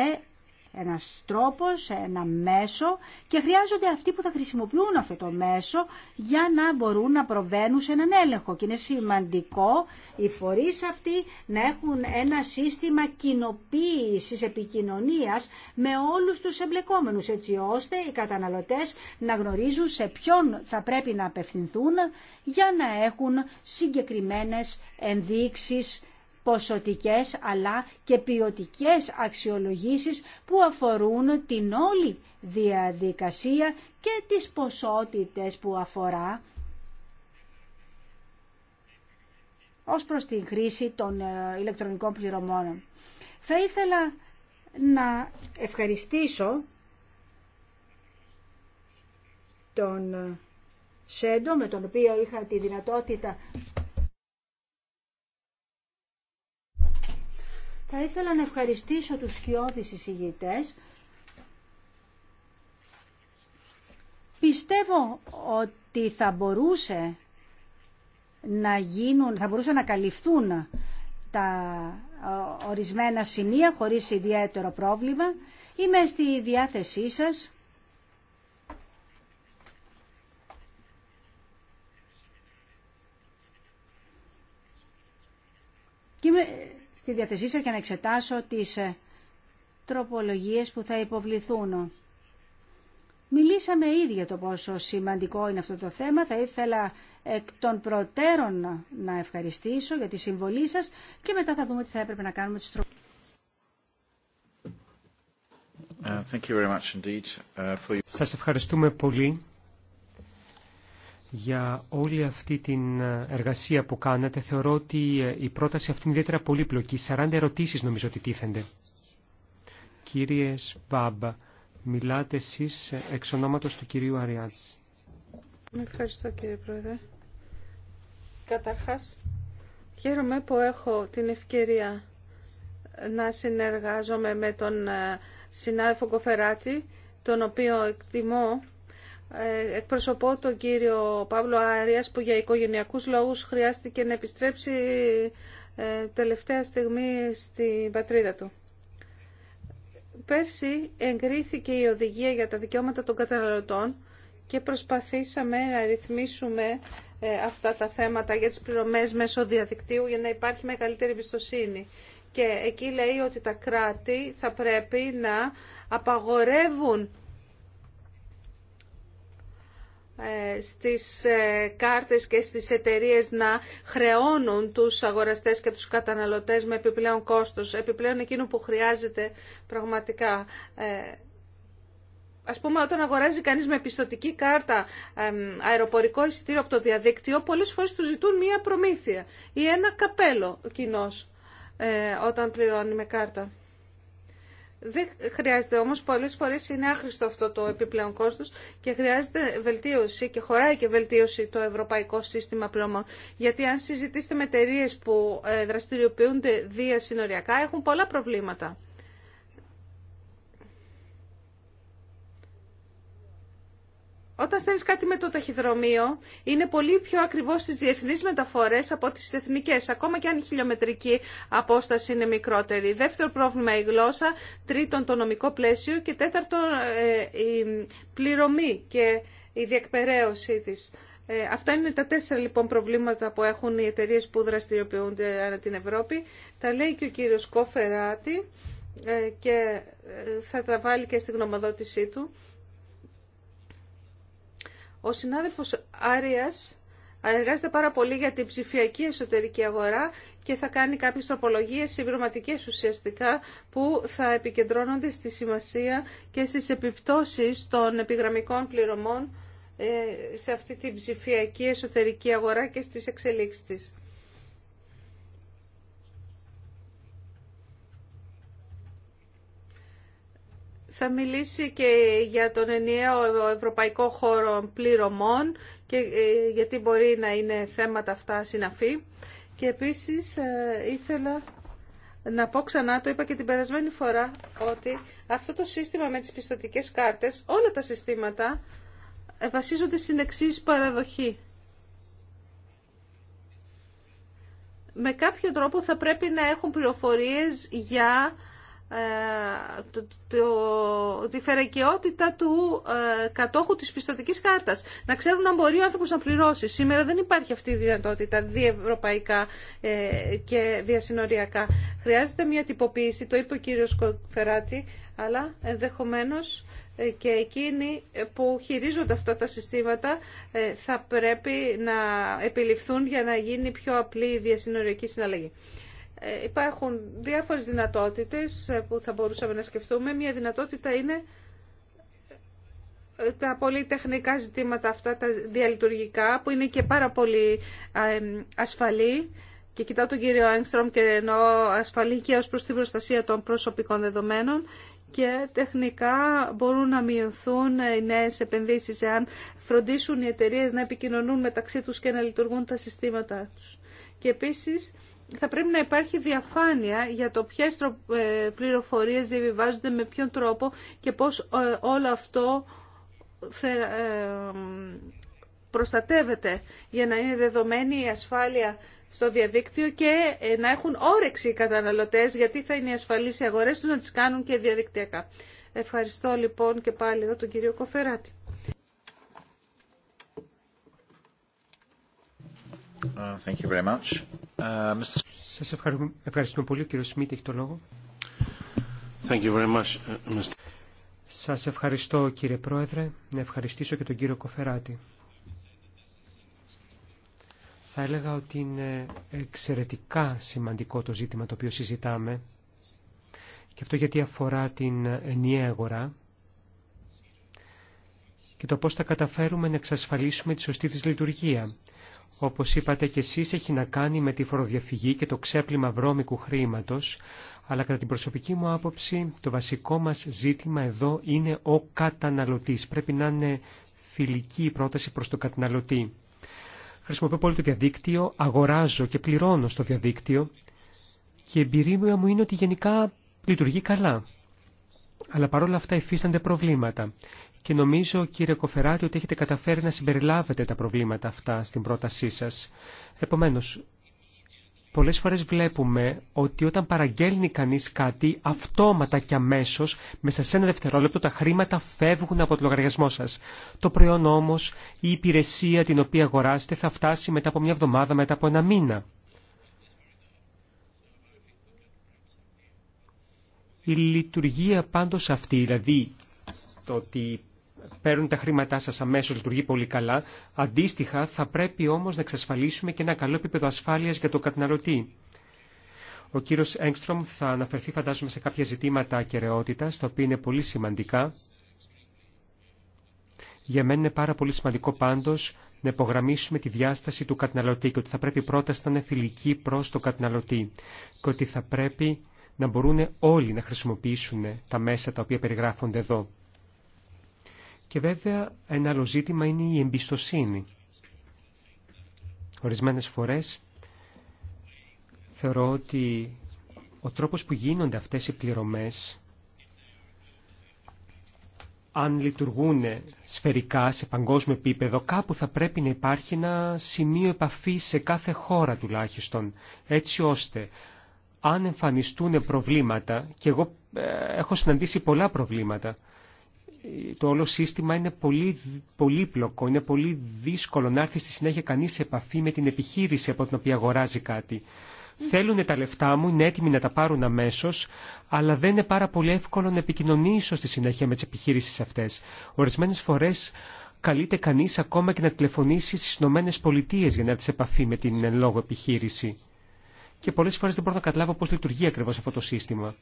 ένας τρόπος, ένα μέσο και χρειάζονται αυτοί που θα χρησιμοποιούν αυτό το μέσο για να μπορούν να προβαίνουν σε έναν έλεγχο. Και είναι σημαντικό οι φορείς αυτοί να έχουν ένα σύστημα κοινοποίησης επικοινωνίας με όλους τους εμπλεκόμενους έτσι ώστε οι καταναλωτές να γνωρίζουν σε ποιον θα πρέπει να απευθυνθούν για να έχουν συγκεκριμένες ενδείξεις ποσοτικές αλλά και ποιοτικές αξιολογήσεις που αφορούν την όλη διαδικασία και τις ποσότητες που αφορά ως προς την χρήση των ε, ηλεκτρονικών πληρωμών. Θα ήθελα να ευχαριστήσω τον ε, Σέντο με τον οποίο είχα τη δυνατότητα Θα ήθελα να ευχαριστήσω τους σκιώδεις εισηγητές. Πιστεύω ότι θα μπορούσε να γίνουν, θα μπορούσαν να καλυφθούν τα ορισμένα σημεία χωρίς ιδιαίτερο πρόβλημα. Είμαι στη διάθεσή σας στη διαθεσή σας για να εξετάσω τις ε, τροπολογίες που θα υποβληθούν. Μιλήσαμε ήδη για το πόσο σημαντικό είναι αυτό το θέμα. Θα ήθελα εκ των προτέρων να ευχαριστήσω για τη συμβολή σας και μετά θα δούμε τι θα έπρεπε να κάνουμε τις τροπολογίες. Uh, uh, σας ευχαριστούμε πολύ για όλη αυτή την ε, εργασία που κάνατε. Θεωρώ ότι ε, η πρόταση αυτή είναι ιδιαίτερα πολύπλοκη. 40 ερωτήσεις νομίζω ότι τίθενται. Κύριε Σβάμπ, μιλάτε εσείς ε, εξ ονόματος του κυρίου Αριάτς. Ευχαριστώ κύριε Πρόεδρε. Καταρχάς, χαίρομαι που έχω την ευκαιρία να συνεργάζομαι με τον συνάδελφο Κοφεράτη, τον οποίο εκτιμώ εκπροσωπώ τον κύριο Παύλο Άριας που για οικογενειακούς λόγους χρειάστηκε να επιστρέψει ε, τελευταία στιγμή στην πατρίδα του. Πέρσι εγκρίθηκε η οδηγία για τα δικαιώματα των καταναλωτών και προσπαθήσαμε να ρυθμίσουμε ε, αυτά τα θέματα για τις πληρωμές μέσω διαδικτύου για να υπάρχει μεγαλύτερη εμπιστοσύνη. Και εκεί λέει ότι τα κράτη θα πρέπει να απαγορεύουν ε, στις ε, κάρτες και στις εταιρείες να χρεώνουν τους αγοραστές και τους καταναλωτές με επιπλέον κόστος, επιπλέον εκείνο που χρειάζεται πραγματικά. Ε, ας πούμε, όταν αγοράζει κανείς με πιστοτική κάρτα αεροπορικό εισιτήριο από το διαδίκτυο, πολλές φορές του ζητούν μία προμήθεια ή ένα καπέλο κοινός όταν πληρώνει με κάρτα. Δεν χρειάζεται όμως, πολλές φορές είναι άχρηστο αυτό το επιπλέον κόστο και χρειάζεται βελτίωση και χωράει και βελτίωση το ευρωπαϊκό σύστημα πλώμων. Γιατί αν συζητήσετε με εταιρείε που ε, δραστηριοποιούνται διασυνοριακά έχουν πολλά προβλήματα. όταν στέλνει κάτι με το ταχυδρομείο, είναι πολύ πιο ακριβώς στι διεθνεί μεταφορέ από τις εθνικέ, ακόμα και αν η χιλιομετρική απόσταση είναι μικρότερη. Δεύτερο πρόβλημα η γλώσσα, τρίτον το νομικό πλαίσιο και τέταρτον ε, η πληρωμή και η διεκπαιρέωσή της. Ε, αυτά είναι τα τέσσερα λοιπόν προβλήματα που έχουν οι εταιρείε που δραστηριοποιούνται ανά την Ευρώπη. Τα λέει και ο κύριος Κόφεράτη ε, και θα τα βάλει και στη γνωμοδότησή του. Ο συνάδελφος Άριας εργάζεται πάρα πολύ για την ψηφιακή εσωτερική αγορά και θα κάνει κάποιες τροπολογίες συμπληρωματικές ουσιαστικά που θα επικεντρώνονται στη σημασία και στις επιπτώσεις των επιγραμμικών πληρωμών ε, σε αυτή την ψηφιακή εσωτερική αγορά και στις εξελίξεις της. θα μιλήσει και για τον ενιαίο ευρωπαϊκό χώρο πληρωμών και ε, γιατί μπορεί να είναι θέματα αυτά συναφή. Και επίσης ε, ήθελα να πω ξανά, το είπα και την περασμένη φορά, ότι αυτό το σύστημα με τις πιστοτικές κάρτες, όλα τα συστήματα ε, βασίζονται στην εξή παραδοχή. Με κάποιο τρόπο θα πρέπει να έχουν πληροφορίες για ε, το, το, τη του ε, κατόχου της πιστοτικής κάρτας. Να ξέρουν αν μπορεί ο άνθρωπος να πληρώσει. Σήμερα δεν υπάρχει αυτή η δυνατότητα διευρωπαϊκά ε, και διασυνοριακά. Χρειάζεται μια τυποποίηση, το είπε ο κύριος Κοφεράτη, αλλά ενδεχομένως και εκείνοι που χειρίζονται αυτά τα συστήματα θα πρέπει να επιληφθούν για να γίνει πιο απλή η διασυνοριακή συναλλαγή. Ε, υπάρχουν διάφορες δυνατότητες ε, που θα μπορούσαμε να σκεφτούμε. Μια δυνατότητα είναι ε, τα πολύ τεχνικά ζητήματα αυτά, τα διαλειτουργικά, που είναι και πάρα πολύ ασφαλή. Και κοιτάω τον κύριο Άγκστρομ και εννοώ ασφαλή και ως προς την προστασία των προσωπικών δεδομένων και τεχνικά μπορούν να μειωθούν οι νέες επενδύσεις εάν φροντίσουν οι εταιρείες να επικοινωνούν μεταξύ τους και να λειτουργούν τα συστήματα τους. Και επίσης θα πρέπει να υπάρχει διαφάνεια για το ποιες ε, πληροφορίες διαβιβάζονται με ποιον τρόπο και πώς ε, όλο αυτό ε, προστατεύεται για να είναι δεδομένη η ασφάλεια στο διαδίκτυο και να έχουν όρεξη οι καταναλωτές γιατί θα είναι ασφαλείς οι αγορές τους να τις κάνουν και διαδικτυακά. Ευχαριστώ λοιπόν και πάλι εδώ τον κύριο Κοφεράτη. Uh, thank uh, Σας ευχαριστούμε, πολύ. Ο κύριος Σμίτ έχει το λόγο. Thank uh, ευχαριστώ κύριε Πρόεδρε. Να ευχαριστήσω και τον κύριο Κοφεράτη. Θα έλεγα ότι είναι εξαιρετικά σημαντικό το ζήτημα το οποίο συζητάμε και αυτό γιατί αφορά την ενιαία αγορά και το πώς θα καταφέρουμε να εξασφαλίσουμε τη σωστή της λειτουργία όπως είπατε και εσείς, έχει να κάνει με τη φοροδιαφυγή και το ξέπλυμα βρώμικου χρήματος, αλλά κατά την προσωπική μου άποψη το βασικό μας ζήτημα εδώ είναι ο καταναλωτής. Πρέπει να είναι φιλική η πρόταση προς τον καταναλωτή. Χρησιμοποιώ πολύ το διαδίκτυο, αγοράζω και πληρώνω στο διαδίκτυο και η εμπειρία μου είναι ότι γενικά λειτουργεί καλά αλλά παρόλα αυτά υφίστανται προβλήματα. Και νομίζω, κύριε Κοφεράτη, ότι έχετε καταφέρει να συμπεριλάβετε τα προβλήματα αυτά στην πρότασή σας. Επομένως, πολλές φορές βλέπουμε ότι όταν παραγγέλνει κανείς κάτι, αυτόματα και αμέσως, μέσα σε ένα δευτερόλεπτο, τα χρήματα φεύγουν από το λογαριασμό σας. Το προϊόν όμως, η υπηρεσία την οποία αγοράσετε, θα φτάσει μετά από μια εβδομάδα, μετά από ένα μήνα. Η λειτουργία πάντως αυτή, δηλαδή το ότι παίρνουν τα χρήματά σας αμέσως λειτουργεί πολύ καλά, αντίστοιχα θα πρέπει όμως να εξασφαλίσουμε και ένα καλό επίπεδο ασφάλειας για τον καταναλωτή. Ο κύριος Έγκστρομ θα αναφερθεί φαντάζομαι σε κάποια ζητήματα ακεραιότητα, τα οποία είναι πολύ σημαντικά. Για μένα είναι πάρα πολύ σημαντικό πάντως να υπογραμμίσουμε τη διάσταση του καταναλωτή και ότι θα πρέπει πρώτα να είναι φιλική προς τον καταναλωτή και ότι θα πρέπει να μπορούν όλοι να χρησιμοποιήσουν τα μέσα τα οποία περιγράφονται εδώ. Και βέβαια ένα άλλο ζήτημα είναι η εμπιστοσύνη. Ορισμένες φορές θεωρώ ότι ο τρόπος που γίνονται αυτές οι πληρωμές αν λειτουργούν σφαιρικά σε παγκόσμιο επίπεδο, κάπου θα πρέπει να υπάρχει ένα σημείο επαφής... σε κάθε χώρα τουλάχιστον, έτσι ώστε αν εμφανιστούν προβλήματα, και εγώ ε, έχω συναντήσει πολλά προβλήματα, το όλο σύστημα είναι πολύ πολύπλοκο, είναι πολύ δύσκολο να έρθει στη συνέχεια κανείς σε επαφή με την επιχείρηση από την οποία αγοράζει κάτι. Θέλουν τα λεφτά μου, είναι έτοιμοι να τα πάρουν αμέσω, αλλά δεν είναι πάρα πολύ εύκολο να επικοινωνήσω στη συνέχεια με τι επιχείρησει αυτέ. Ορισμένε φορέ καλείται κανεί ακόμα και να τηλεφωνήσει στι Ηνωμένε Πολιτείε για να έρθει σε επαφή με την εν λόγω επιχείρηση και πολλέ φορέ δεν μπορώ να καταλάβω πώ λειτουργεί ακριβώ αυτό το σύστημα.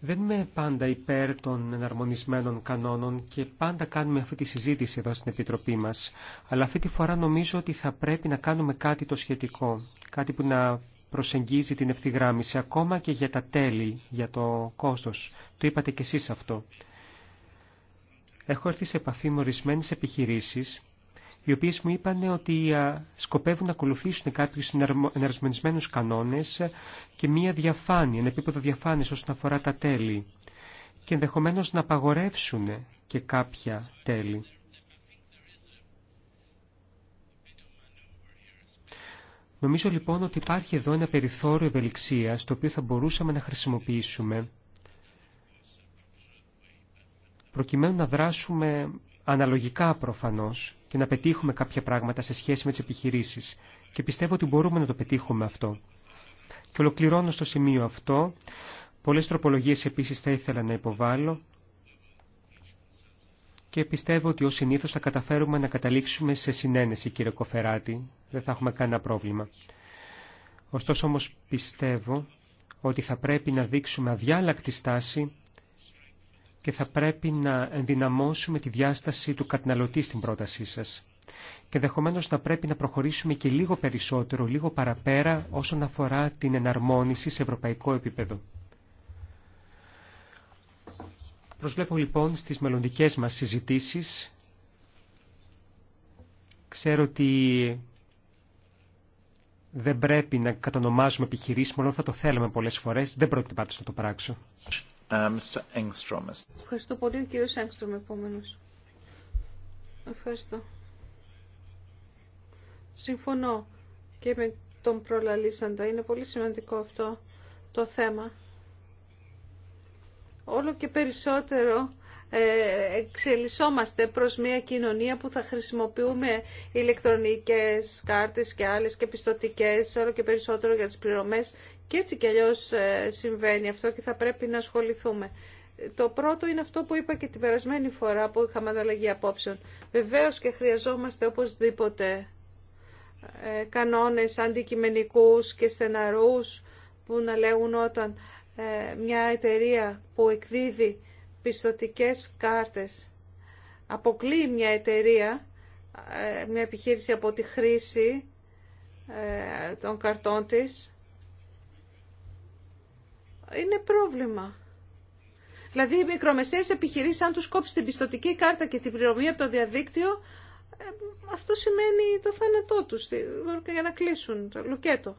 Δεν είμαι πάντα υπέρ των εναρμονισμένων κανόνων και πάντα κάνουμε αυτή τη συζήτηση εδώ στην Επιτροπή μας. Αλλά αυτή τη φορά νομίζω ότι θα πρέπει να κάνουμε κάτι το σχετικό. Κάτι που να προσεγγίζει την ευθυγράμμιση ακόμα και για τα τέλη, για το κόστος. Το είπατε κι εσείς αυτό. Έχω έρθει σε επαφή με ορισμένε επιχειρήσεις οι οποίες μου είπαν ότι σκοπεύουν να ακολουθήσουν κάποιους εναρμονισμένους κανόνες και μία διαφάνεια, ένα επίπεδο διαφάνειας όσον αφορά τα τέλη και ενδεχομένως να απαγορεύσουν και κάποια τέλη. Νομίζω λοιπόν ότι υπάρχει εδώ ένα περιθώριο ευελιξία το οποίο θα μπορούσαμε να χρησιμοποιήσουμε προκειμένου να δράσουμε αναλογικά προφανώς και να πετύχουμε κάποια πράγματα σε σχέση με τις επιχειρήσεις. Και πιστεύω ότι μπορούμε να το πετύχουμε αυτό. Και ολοκληρώνω στο σημείο αυτό. Πολλές τροπολογίες επίσης θα ήθελα να υποβάλω και πιστεύω ότι ως συνήθως θα καταφέρουμε να καταλήξουμε σε συνένεση, κύριε Κοφεράτη. Δεν θα έχουμε κανένα πρόβλημα. Ωστόσο όμως πιστεύω ότι θα πρέπει να δείξουμε αδιάλακτη στάση και θα πρέπει να ενδυναμώσουμε τη διάσταση του καταναλωτή στην πρότασή σας. Και δεχομένως θα πρέπει να προχωρήσουμε και λίγο περισσότερο, λίγο παραπέρα όσον αφορά την εναρμόνιση σε ευρωπαϊκό επίπεδο. Προσβλέπω λοιπόν στις μελλοντικέ μας συζητήσεις. Ξέρω ότι δεν πρέπει να κατανομάζουμε επιχειρήσεις, μόνο θα το θέλαμε πολλές φορές. Δεν πρόκειται πάντως να το πράξω. Uh, Ευχαριστώ πολύ. Ο κύριος Έγκστρομ επόμενος. Ευχαριστώ. Συμφωνώ και με τον προλαλήσαντα. Είναι πολύ σημαντικό αυτό το θέμα. Όλο και περισσότερο ε, εξελισσόμαστε προς μια κοινωνία που θα χρησιμοποιούμε ηλεκτρονικές κάρτες και άλλες και πιστοτικές όλο και περισσότερο για τις πληρωμές και έτσι κι αλλιώς ε, συμβαίνει αυτό και θα πρέπει να ασχοληθούμε. Το πρώτο είναι αυτό που είπα και την περασμένη φορά που είχαμε ανταλλαγή απόψεων. Βεβαίω και χρειαζόμαστε οπωσδήποτε ε, κανόνες αντικειμενικού και στεναρού που να λέγουν όταν ε, μια εταιρεία που εκδίδει πιστοτικές κάρτες αποκλείει μια εταιρεία, μια επιχείρηση από τη χρήση των καρτών της είναι πρόβλημα. Δηλαδή οι μικρομεσαίες επιχειρήσεις, αν τους κόψει την πιστοτική κάρτα και την πληρωμή από το διαδίκτυο, ε, αυτό σημαίνει το θάνατό τους για να κλείσουν το λουκέτο.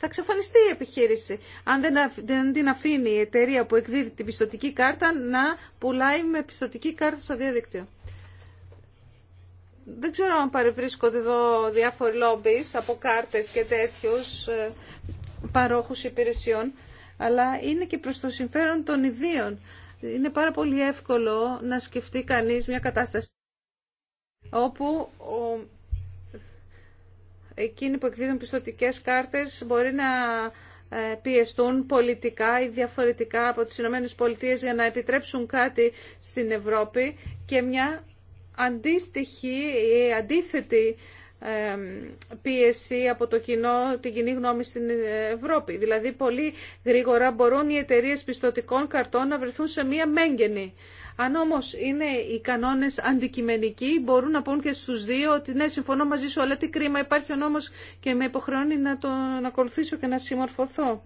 Θα εξαφανιστεί η επιχείρηση αν δεν την αφήνει η εταιρεία που εκδίδει την πιστοτική κάρτα να πουλάει με πιστοτική κάρτα στο διαδίκτυο. Δεν ξέρω αν παρευρίσκονται εδώ διάφοροι λόμπις από κάρτες και τέτοιους ε, παρόχους υπηρεσιών, αλλά είναι και προς το συμφέρον των ιδίων. Είναι πάρα πολύ εύκολο να σκεφτεί κανείς μια κατάσταση όπου εκείνοι που εκδίδουν πιστοτικές κάρτες μπορεί να ε, πιεστούν πολιτικά ή διαφορετικά από τις Ηνωμένες Πολιτείες για να επιτρέψουν κάτι στην Ευρώπη και μια αντίστοιχη ή αντίθετη πίεση από το κοινό, την κοινή γνώμη στην Ευρώπη. Δηλαδή πολύ γρήγορα μπορούν οι εταιρείε πιστοτικών καρτών να βρεθούν σε μία μέγενη. Αν όμως είναι οι κανόνες αντικειμενικοί, μπορούν να πούν και στους δύο ότι ναι, συμφωνώ μαζί σου, αλλά τι κρίμα, υπάρχει ο νόμος και με υποχρεώνει να τον ακολουθήσω και να συμμορφωθώ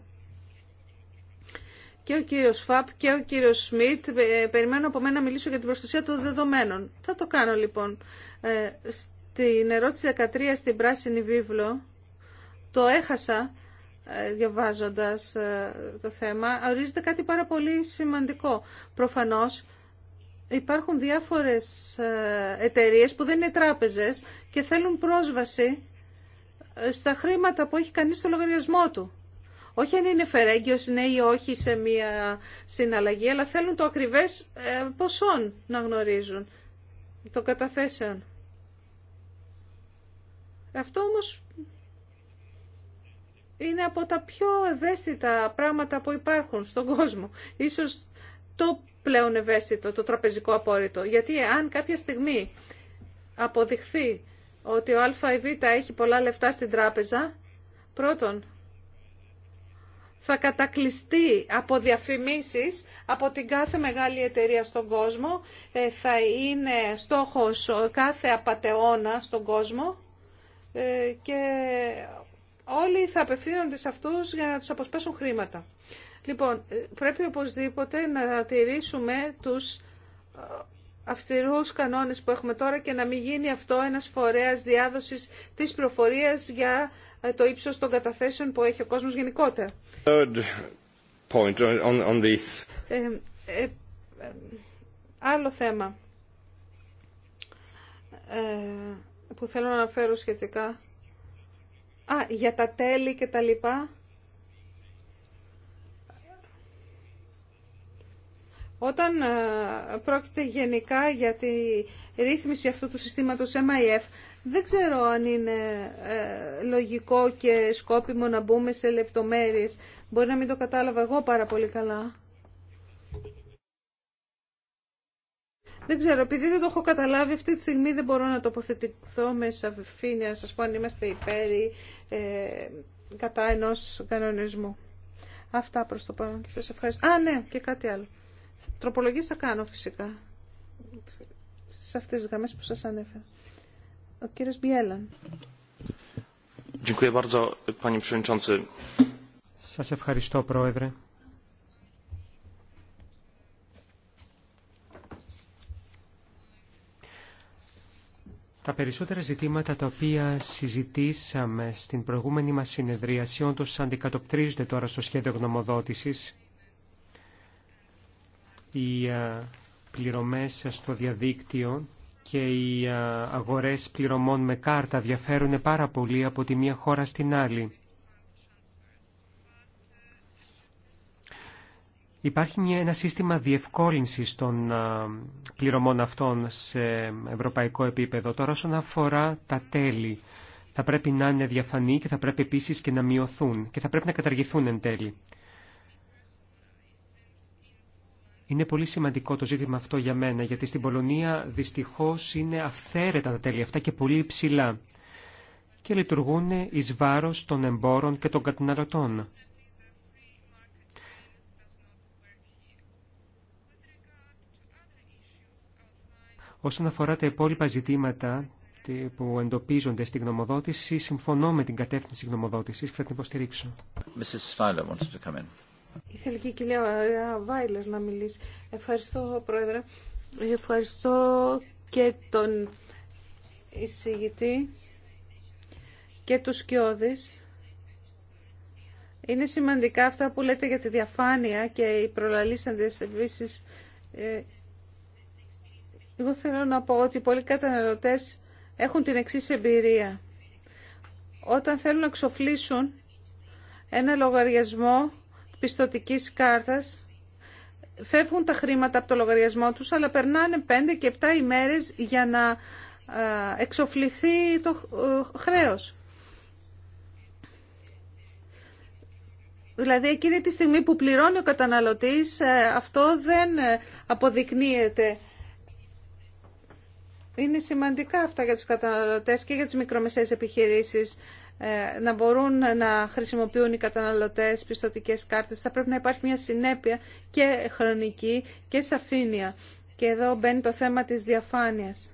και ο κύριος Φαπ και ο κύριος Σμιτ ε, περιμένω από μένα να μιλήσω για την προστασία των δεδομένων. Θα το κάνω λοιπόν. Ε, στην ερώτηση 13 στην πράσινη βίβλο το έχασα ε, διαβάζοντας το θέμα. Ορίζεται κάτι πάρα πολύ σημαντικό. Προφανώς υπάρχουν διάφορες εταιρείες που δεν είναι τράπεζες και θέλουν πρόσβαση στα χρήματα που έχει κανείς στο λογαριασμό του όχι αν είναι φερέγγιος ναι ή όχι σε μία συναλλαγή, αλλά θέλουν το ακριβές ε, ποσόν να γνωρίζουν το καταθέσεων. Αυτό όμως είναι από τα πιο ευαίσθητα πράγματα που υπάρχουν στον κόσμο. Ίσως το πλέον ευαίσθητο, το τραπεζικό απόρριτο. Γιατί αν κάποια στιγμή αποδειχθεί ότι ο Α ή Β έχει πολλά λεφτά στην τράπεζα, πρώτον, θα κατακλειστεί από διαφημίσεις από την κάθε μεγάλη εταιρεία στον κόσμο, ε, θα είναι στόχος κάθε απατεώνα στον κόσμο ε, και όλοι θα απευθύνονται σε αυτούς για να τους αποσπάσουν χρήματα. Λοιπόν, ε, πρέπει οπωσδήποτε να τηρήσουμε τους αυστηρούς κανόνες που έχουμε τώρα και να μην γίνει αυτό ένας φορέας διάδοσης της προφορίας για ε, το ύψος των καταθέσεων που έχει ο κόσμος γενικότερα. point on, on this. Ε, ε, άλλο θέμα που θέλω να αναφέρω σχετικά. Α, για τα τέλη και τα λοιπά. Όταν ε, πρόκειται γενικά για τη ρύθμιση αυτού του συστήματος MIF, δεν ξέρω αν είναι ε, λογικό και σκόπιμο να μπούμε σε λεπτομέρειες. Μπορεί να μην το κατάλαβα εγώ πάρα πολύ καλά. Δεν ξέρω, επειδή δεν το έχω καταλάβει αυτή τη στιγμή δεν μπορώ να τοποθετηθώ με σαφήνεια να σας πω αν είμαστε υπέρ ε, κατά ενός κανονισμού. Αυτά προς το παρόν σας ευχαριστώ. Α, ναι, και κάτι άλλο. Τροπολογίες θα κάνω φυσικά. Σε αυτές τις γραμμές που σας ανέφερα. Ο κύριος Μπιέλλαν. Σας ευχαριστώ, Πρόεδρε. Τα περισσότερα ζητήματα τα οποία συζητήσαμε στην προηγούμενη μας συνεδρίαση όντως αντικατοπτρίζονται τώρα στο σχέδιο γνωμοδότησης οι πληρωμές στο διαδίκτυο και οι αγορές πληρωμών με κάρτα διαφέρουν πάρα πολύ από τη μία χώρα στην άλλη. Υπάρχει μια, ένα υπαρχει ενα διευκόλυνσης των πληρωμών αυτών σε ευρωπαϊκό επίπεδο. Τώρα όσον αφορά τα τέλη, θα πρέπει να είναι διαφανή και θα πρέπει επίσης και να μειωθούν και θα πρέπει να καταργηθούν εν τέλει. Είναι πολύ σημαντικό το ζήτημα αυτό για μένα, γιατί στην Πολωνία δυστυχώς είναι αυθαίρετα τα τέλη αυτά και πολύ υψηλά και λειτουργούν εις βάρος των εμπόρων και των καταναλωτών. Όσον αφορά τα υπόλοιπα ζητήματα που εντοπίζονται στην γνωμοδότηση, συμφωνώ με την κατεύθυνση γνωμοδότησης και θα την υποστηρίξω. Ήθελε και η κυρία Βάιλερ να μιλήσει. Ευχαριστώ, Πρόεδρε. Ευχαριστώ και τον εισηγητή και τους σκιώδης. Είναι σημαντικά αυτά που λέτε για τη διαφάνεια και οι προλαλήσαντες επίσης. Εγώ θέλω να πω ότι πολλοί καταναλωτές έχουν την εξής εμπειρία. Όταν θέλουν να εξοφλήσουν ένα λογαριασμό πιστοτικής κάρτας φεύγουν τα χρήματα από το λογαριασμό τους, αλλά περνάνε 5 και 7 ημέρες για να εξοφληθεί το ε, χρέος. Δηλαδή εκείνη τη στιγμή που πληρώνει ο καταναλωτής ε, αυτό δεν ε, αποδεικνύεται. Είναι σημαντικά αυτά για τους καταναλωτές και για τις μικρομεσαίες επιχειρήσεις ε, να μπορούν να χρησιμοποιούν οι καταναλωτές πιστοτικές κάρτες. Θα πρέπει να υπάρχει μια συνέπεια και χρονική και σαφήνεια. Και εδώ μπαίνει το θέμα της διαφάνειας.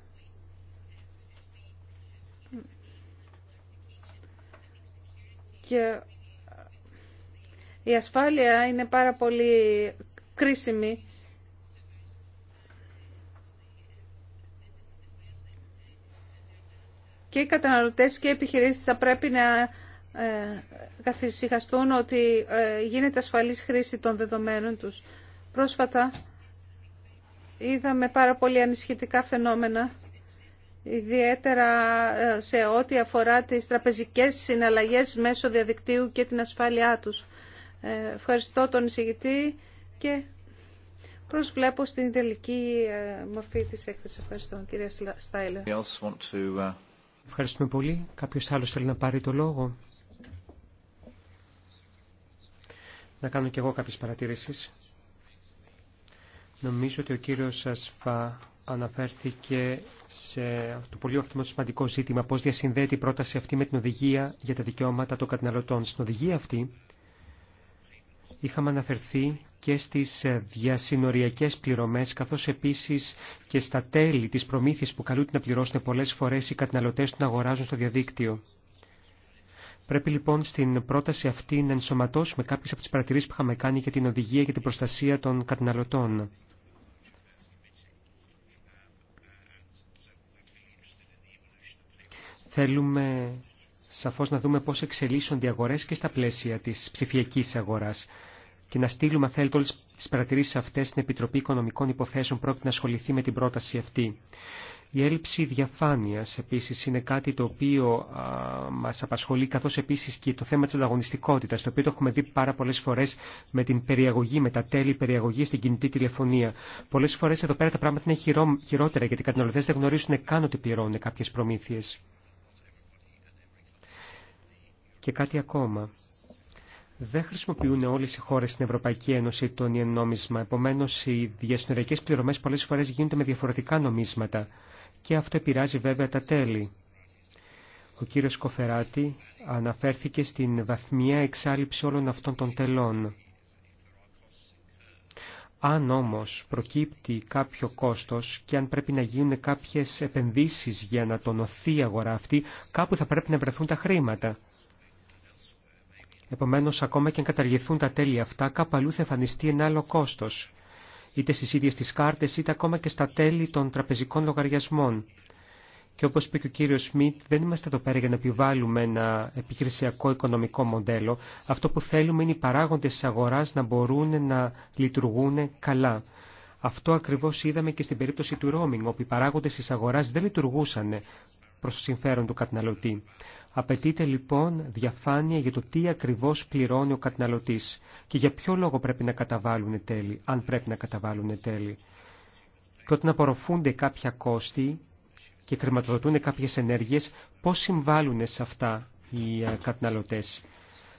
Και η ασφάλεια είναι πάρα πολύ κρίσιμη και οι καταναλωτές και οι επιχειρήσεις θα πρέπει να ε, καθησυχαστούν ότι ε, γίνεται ασφαλής χρήση των δεδομένων τους. Πρόσφατα είδαμε πάρα πολύ ανησυχητικά φαινόμενα, ιδιαίτερα ε, σε ό,τι αφορά τις τραπεζικές συναλλαγές μέσω διαδικτύου και την ασφάλειά τους. Ευχαριστώ τον εισηγητή και προσβλέπω στην τελική μορφή της έκθεσης. Ευχαριστώ, κυρία Στάιλερ. Ευχαριστούμε πολύ. Κάποιος άλλος θέλει να πάρει το λόγο. Να κάνω κι εγώ κάποιες παρατηρήσεις. Νομίζω ότι ο κύριος Ασφα αναφέρθηκε σε το πολύ αυτό σημαντικό ζήτημα πώς διασυνδέεται η πρόταση αυτή με την οδηγία για τα δικαιώματα των καταναλωτών. Στην οδηγία αυτή είχαμε αναφερθεί και στις ε, διασυνοριακές πληρωμές, καθώς επίσης και στα τέλη της προμήθειας που καλούνται να πληρώσουν πολλές φορές οι καταναλωτές που να αγοράζουν στο διαδίκτυο. Πρέπει λοιπόν στην πρόταση αυτή να ενσωματώσουμε κάποιες από τις παρατηρήσεις που είχαμε κάνει για την οδηγία και την προστασία των καταναλωτών. Θέλουμε σαφώς να δούμε πώς εξελίσσονται οι αγορές και στα πλαίσια της ψηφιακής αγοράς και να στείλουμε, αν θέλετε, όλες τις παρατηρήσεις αυτές στην Επιτροπή Οικονομικών Υποθέσεων πρόκειται να ασχοληθεί με την πρόταση αυτή. Η έλλειψη διαφάνεια επίση είναι κάτι το οποίο μα απασχολεί καθώ επίση και το θέμα τη ανταγωνιστικότητα, το οποίο το έχουμε δει πάρα πολλέ φορέ με την περιαγωγή, με τα τέλη περιαγωγή στην κινητή τηλεφωνία. Πολλέ φορέ εδώ πέρα τα πράγματα είναι χειρό, χειρότερα γιατί οι καταναλωτέ δεν γνωρίζουν καν ότι πληρώνουν κάποιε προμήθειε. Και κάτι ακόμα. Δεν χρησιμοποιούν όλε οι χώρε στην Ευρωπαϊκή Ένωση το νόμισμα. Επομένω, οι διασυνοριακέ πληρωμέ πολλέ φορέ γίνονται με διαφορετικά νομίσματα. Και αυτό επηρεάζει βέβαια τα τέλη. Ο κύριος Κοφεράτη αναφέρθηκε στην βαθμία εξάλληψη όλων αυτών των τελών. Αν όμως προκύπτει κάποιο κόστος και αν πρέπει να γίνουν κάποιες επενδύσεις για να τονωθεί η αγορά αυτή, κάπου θα πρέπει να βρεθούν τα χρήματα. Επομένω, ακόμα και αν καταργηθούν τα τέλη αυτά, κάπου αλλού θα εμφανιστεί ένα άλλο κόστο. είτε στι ίδιε τι κάρτε, είτε ακόμα και στα τέλη των τραπεζικών λογαριασμών. Και όπω είπε και ο κύριο Σμιτ, δεν είμαστε εδώ πέρα για να επιβάλλουμε ένα επιχειρησιακό οικονομικό μοντέλο. Αυτό που θέλουμε είναι οι παράγοντε τη αγορά να μπορούν να λειτουργούν καλά. Αυτό ακριβώ είδαμε και στην περίπτωση του Ρόμινγκ, όπου οι παράγοντε τη αγορά δεν λειτουργούσαν προ το συμφέρον του καταναλωτή. Απαιτείται λοιπόν διαφάνεια για το τι ακριβώς πληρώνει ο καταναλωτής και για ποιο λόγο πρέπει να καταβάλουν τέλη, αν πρέπει να καταβάλουν τέλη. Και όταν απορροφούνται κάποια κόστη και κρηματοδοτούν κάποιες ενέργειες, πώς συμβάλλουν σε αυτά οι ε, καταναλωτές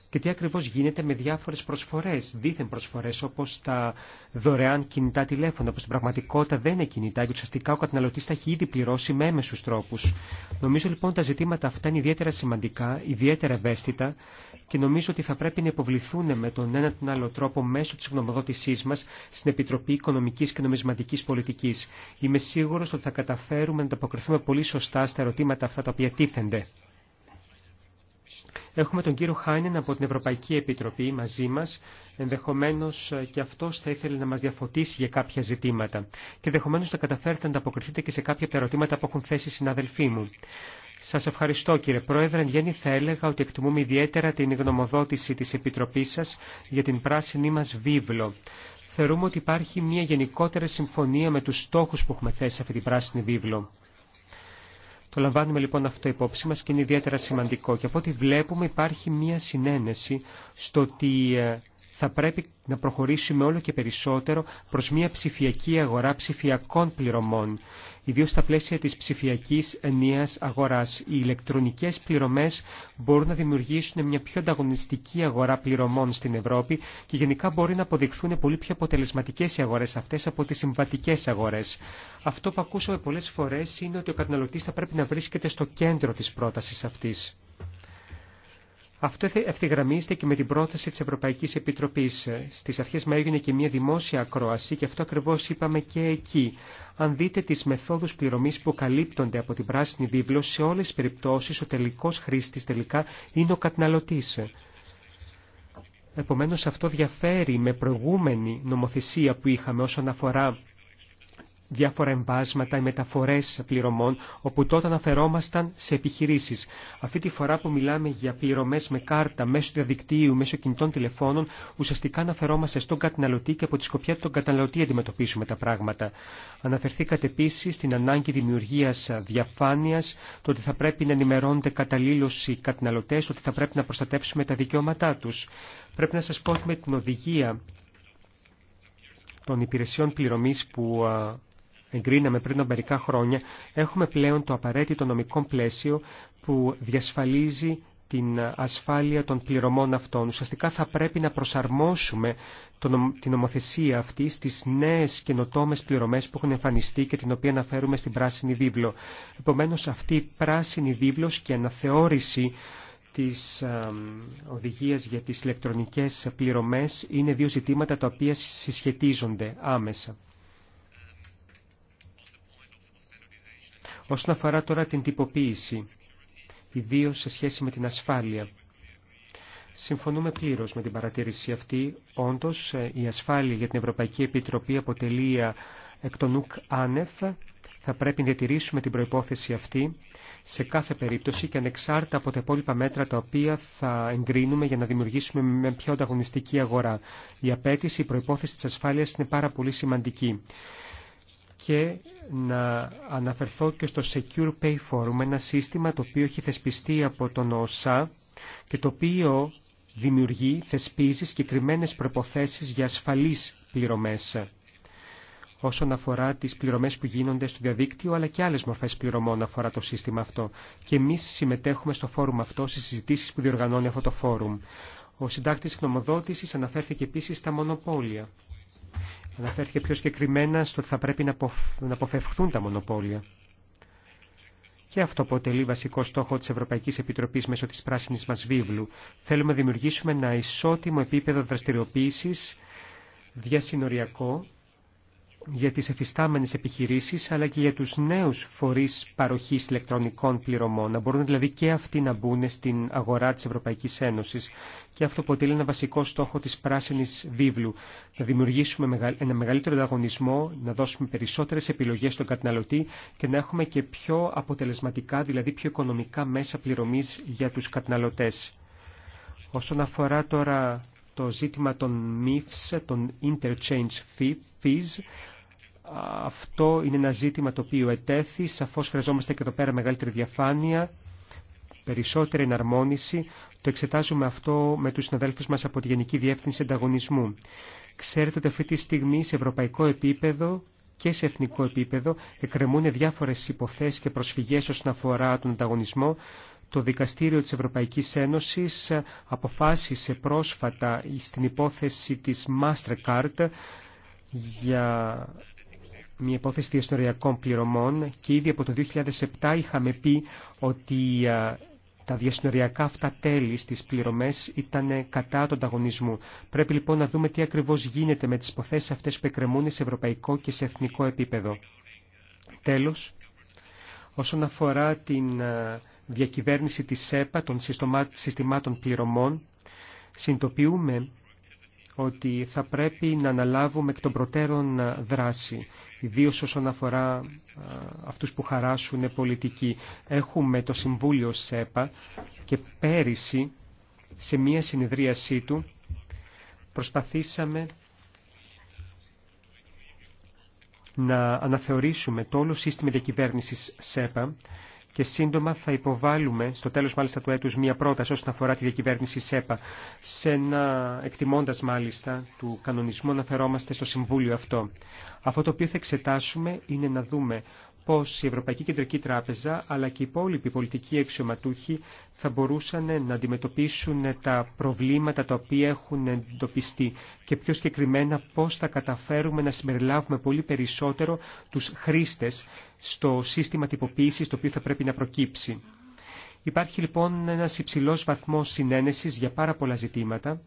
και τι ακριβώς γίνεται με διάφορες προσφορές, δίθεν προσφορές όπως τα δωρεάν κινητά τηλέφωνα, που στην πραγματικότητα δεν είναι κινητά και ουσιαστικά ο καταναλωτής τα έχει ήδη πληρώσει με έμεσους τρόπους. Νομίζω λοιπόν τα ζητήματα αυτά είναι ιδιαίτερα σημαντικά, ιδιαίτερα ευαίσθητα και νομίζω ότι θα πρέπει να υποβληθούν με τον ένα τον άλλο τρόπο μέσω της γνωμοδότησής μας στην Επιτροπή Οικονομικής και Νομισματικής Πολιτικής. Είμαι σίγουρος ότι θα καταφέρουμε να ανταποκριθούμε πολύ σωστά στα ερωτήματα αυτά τα οποία τίθενται. Έχουμε τον κύριο Χάινεν από την Ευρωπαϊκή Επιτροπή μαζί μας. Ενδεχομένως ε, και αυτός θα ήθελε να μας διαφωτίσει για κάποια ζητήματα. Και ενδεχομένω θα καταφέρετε να ανταποκριθείτε και σε κάποια από τα ερωτήματα που έχουν θέσει οι συναδελφοί μου. Σας ευχαριστώ κύριε Πρόεδρε. Εν γέννη θα έλεγα ότι εκτιμούμε ιδιαίτερα την γνωμοδότηση της Επιτροπής σας για την πράσινή μας βίβλο. Θεωρούμε ότι υπάρχει μια γενικότερη συμφωνία με τους στόχους που έχουμε θέσει σε αυτή την πράσινη βίβλο. Το λαμβάνουμε λοιπόν αυτό υπόψη μας και είναι ιδιαίτερα σημαντικό. Και από ό,τι βλέπουμε υπάρχει μία συνένεση στο ότι ε, θα πρέπει να προχωρήσουμε όλο και περισσότερο προς μια ψηφιακή αγορά ψηφιακών πληρωμών, ιδίω στα πλαίσια της ψηφιακής ενίας αγοράς. Οι ηλεκτρονικές πληρωμές μπορούν να δημιουργήσουν μια πιο ανταγωνιστική αγορά πληρωμών στην Ευρώπη και γενικά μπορεί να αποδειχθούν πολύ πιο αποτελεσματικές οι αγορές αυτές από τις συμβατικές αγορές. Αυτό που ακούσαμε πολλές φορές είναι ότι ο καταναλωτής θα πρέπει να βρίσκεται στο κέντρο της πρότασης αυτής. Αυτό ευθυγραμμίζεται και με την πρόταση της Ευρωπαϊκής Επιτροπής. Στις αρχές μα έγινε και μια δημόσια ακρόαση και αυτό ακριβώς είπαμε και εκεί. Αν δείτε τις μεθόδους πληρωμή που καλύπτονται από την πράσινη βίβλο, σε όλες τις περιπτώσεις ο τελικός χρήστη τελικά είναι ο καταναλωτή. επομένω αυτό διαφέρει με προηγούμενη νομοθεσία που είχαμε όσον αφορά διάφορα εμβάσματα, ή μεταφορές πληρωμών, όπου τότε αναφερόμασταν σε επιχειρήσεις. Αυτή τη φορά που μιλάμε για πληρωμές με κάρτα, μέσω διαδικτύου, μέσω κινητών τηλεφώνων, ουσιαστικά αναφερόμαστε στον καταναλωτή και από τη σκοπιά του τον καταναλωτή αντιμετωπίζουμε τα πράγματα. Αναφερθήκατε επίσης στην ανάγκη δημιουργίας διαφάνειας, το ότι θα πρέπει να ενημερώνονται καταλήλως οι καταναλωτές, ότι θα πρέπει να προστατεύσουμε τα δικαιώματά τους. Πρέπει να σας πω ότι με την οδηγία των υπηρεσιών πληρωμής που εγκρίναμε πριν από μερικά χρόνια, έχουμε πλέον το απαραίτητο νομικό πλαίσιο που διασφαλίζει την ασφάλεια των πληρωμών αυτών. Ουσιαστικά θα πρέπει να προσαρμόσουμε την νομοθεσία αυτή στις νέες καινοτόμε πληρωμές που έχουν εμφανιστεί και την οποία αναφέρουμε στην Πράσινη Βίβλο. Επομένως αυτή η Πράσινη δίβλος και αναθεώρηση της οδηγίας για τις ηλεκτρονικές πληρωμές είναι δύο ζητήματα τα οποία συσχετίζονται άμεσα. Όσον αφορά τώρα την τυποποίηση, ιδίως σε σχέση με την ασφάλεια. Συμφωνούμε πλήρω με την παρατήρηση αυτή. όντω, ε, η ασφάλεια για την Ευρωπαϊκή Επιτροπή αποτελεί ε, εκ των ουκ Θα πρέπει να διατηρήσουμε την προπόθεση αυτή σε κάθε περίπτωση και ανεξάρτητα από τα υπόλοιπα μέτρα τα οποία θα εγκρίνουμε για να δημιουργήσουμε μια πιο ανταγωνιστική αγορά. Η απέτηση, η προπόθεση τη ασφάλεια είναι πάρα πολύ σημαντική και να αναφερθώ και στο Secure Pay Forum, ένα σύστημα το οποίο έχει θεσπιστεί από τον ΟΣΑ και το οποίο δημιουργεί, θεσπίζει συγκεκριμένε προποθέσεις για ασφαλείς πληρωμές όσον αφορά τις πληρωμές που γίνονται στο διαδίκτυο, αλλά και άλλες μορφές πληρωμών αφορά το σύστημα αυτό. Και εμείς συμμετέχουμε στο φόρουμ αυτό, στις συζητήσεις που διοργανώνει αυτό το φόρουμ. Ο συντάκτης γνωμοδότησης αναφέρθηκε επίσης στα μονοπόλια. Αναφέρθηκε πιο συγκεκριμένα στο ότι θα πρέπει να αποφευχθούν τα μονοπόλια. Και αυτό αποτελεί βασικό στόχο τη Ευρωπαϊκή Επιτροπή μέσω τη πράσινη μας βίβλου. Θέλουμε να δημιουργήσουμε ένα ισότιμο επίπεδο δραστηριοποίηση διασυνοριακό για τις εφιστάμενες επιχειρήσεις αλλά και για τους νέους φορείς παροχής ηλεκτρονικών πληρωμών. Να μπορούν δηλαδή και αυτοί να μπουν στην αγορά της Ευρωπαϊκής Ένωσης. Και αυτό αποτελεί ένα βασικό στόχο της πράσινης βίβλου. Να δημιουργήσουμε ένα μεγαλύτερο ανταγωνισμό, να δώσουμε περισσότερες επιλογές στον καταναλωτή και να έχουμε και πιο αποτελεσματικά, δηλαδή πιο οικονομικά μέσα πληρωμής για τους καταναλωτές. Όσον αφορά τώρα το ζήτημα των MIFs, των Interchange Fees, αυτό είναι ένα ζήτημα το οποίο ετέθη. Σαφώς χρειαζόμαστε και εδώ πέρα μεγαλύτερη διαφάνεια, περισσότερη εναρμόνιση. Το εξετάζουμε αυτό με τους συναδέλφους μας από τη Γενική Διεύθυνση Ανταγωνισμού. Ξέρετε ότι αυτή τη στιγμή σε ευρωπαϊκό επίπεδο και σε εθνικό επίπεδο εκκρεμούν διάφορες υποθέσεις και προσφυγές όσον αφορά τον ανταγωνισμό. Το Δικαστήριο της Ευρωπαϊκής Ένωσης αποφάσισε πρόσφατα στην υπόθεση της Mastercard για μια υπόθεση διαστοριακών πληρωμών και ήδη από το 2007 είχαμε πει ότι τα διασυνοριακά αυτά τέλη στις πληρωμές ήταν κατά τον ανταγωνισμού. Πρέπει λοιπόν να δούμε τι ακριβώς γίνεται με τις υποθέσεις αυτές που εκκρεμούν σε ευρωπαϊκό και σε εθνικό επίπεδο. Τέλος, όσον αφορά την διακυβέρνηση της ΕΠΑ των συστημάτων πληρωμών, συνειδητοποιούμε ότι θα πρέπει να αναλάβουμε εκ των προτέρων δράση ιδίως όσον αφορά αυτούς που χαράσουν πολιτική. Έχουμε το Συμβούλιο ΣΕΠΑ και πέρυσι σε μία συνεδρίασή του προσπαθήσαμε να αναθεωρήσουμε το όλο σύστημα διακυβέρνησης ΣΕΠΑ και σύντομα θα υποβάλουμε, στο τέλος μάλιστα του έτους, μία πρόταση όσον αφορά τη διακυβέρνηση ΣΕΠΑ. Σε ένα εκτιμώντας μάλιστα του κανονισμού να φερόμαστε στο Συμβούλιο αυτό. Αυτό το οποίο θα εξετάσουμε είναι να δούμε πώς η Ευρωπαϊκή Κεντρική Τράπεζα αλλά και οι υπόλοιποι πολιτικοί αξιωματούχοι θα μπορούσαν να αντιμετωπίσουν τα προβλήματα τα οποία έχουν εντοπιστεί και πιο συγκεκριμένα πώς θα καταφέρουμε να συμπεριλάβουμε πολύ περισσότερο τους χρήστες στο σύστημα τυποποίηση το οποίο θα πρέπει να προκύψει. Υπάρχει λοιπόν ένας υψηλό βαθμός συνένεση για πάρα πολλά ζητήματα.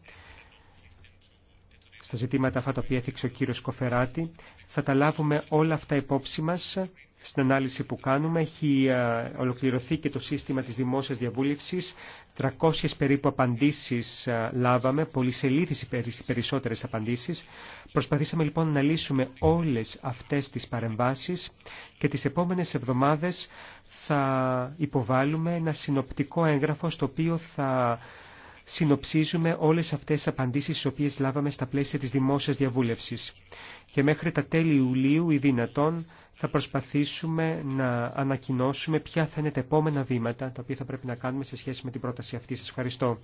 Στα ζητήματα αυτά τα οποία έθιξε ο κύριος Κοφεράτη θα τα λάβουμε όλα αυτά υπόψη μα στην ανάλυση που κάνουμε. Έχει ε, ολοκληρωθεί και το σύστημα της δημόσιας διαβούλευσης. 300 περίπου απαντήσεις ε, λάβαμε, οι περισσότερες απαντήσεις. Προσπαθήσαμε λοιπόν να λύσουμε όλες αυτές τις παρεμβάσεις και τις επόμενες εβδομάδες θα υποβάλουμε ένα συνοπτικό έγγραφο στο οποίο θα συνοψίζουμε όλες αυτές τις απαντήσεις τις οποίες λάβαμε στα πλαίσια της δημόσιας διαβούλευσης. Και μέχρι τα τέλη Ιουλίου ή δυνατόν θα προσπαθήσουμε να ανακοινώσουμε ποια θα είναι τα επόμενα βήματα τα οποία θα πρέπει να κάνουμε σε σχέση με την πρόταση αυτή. Σας ευχαριστώ.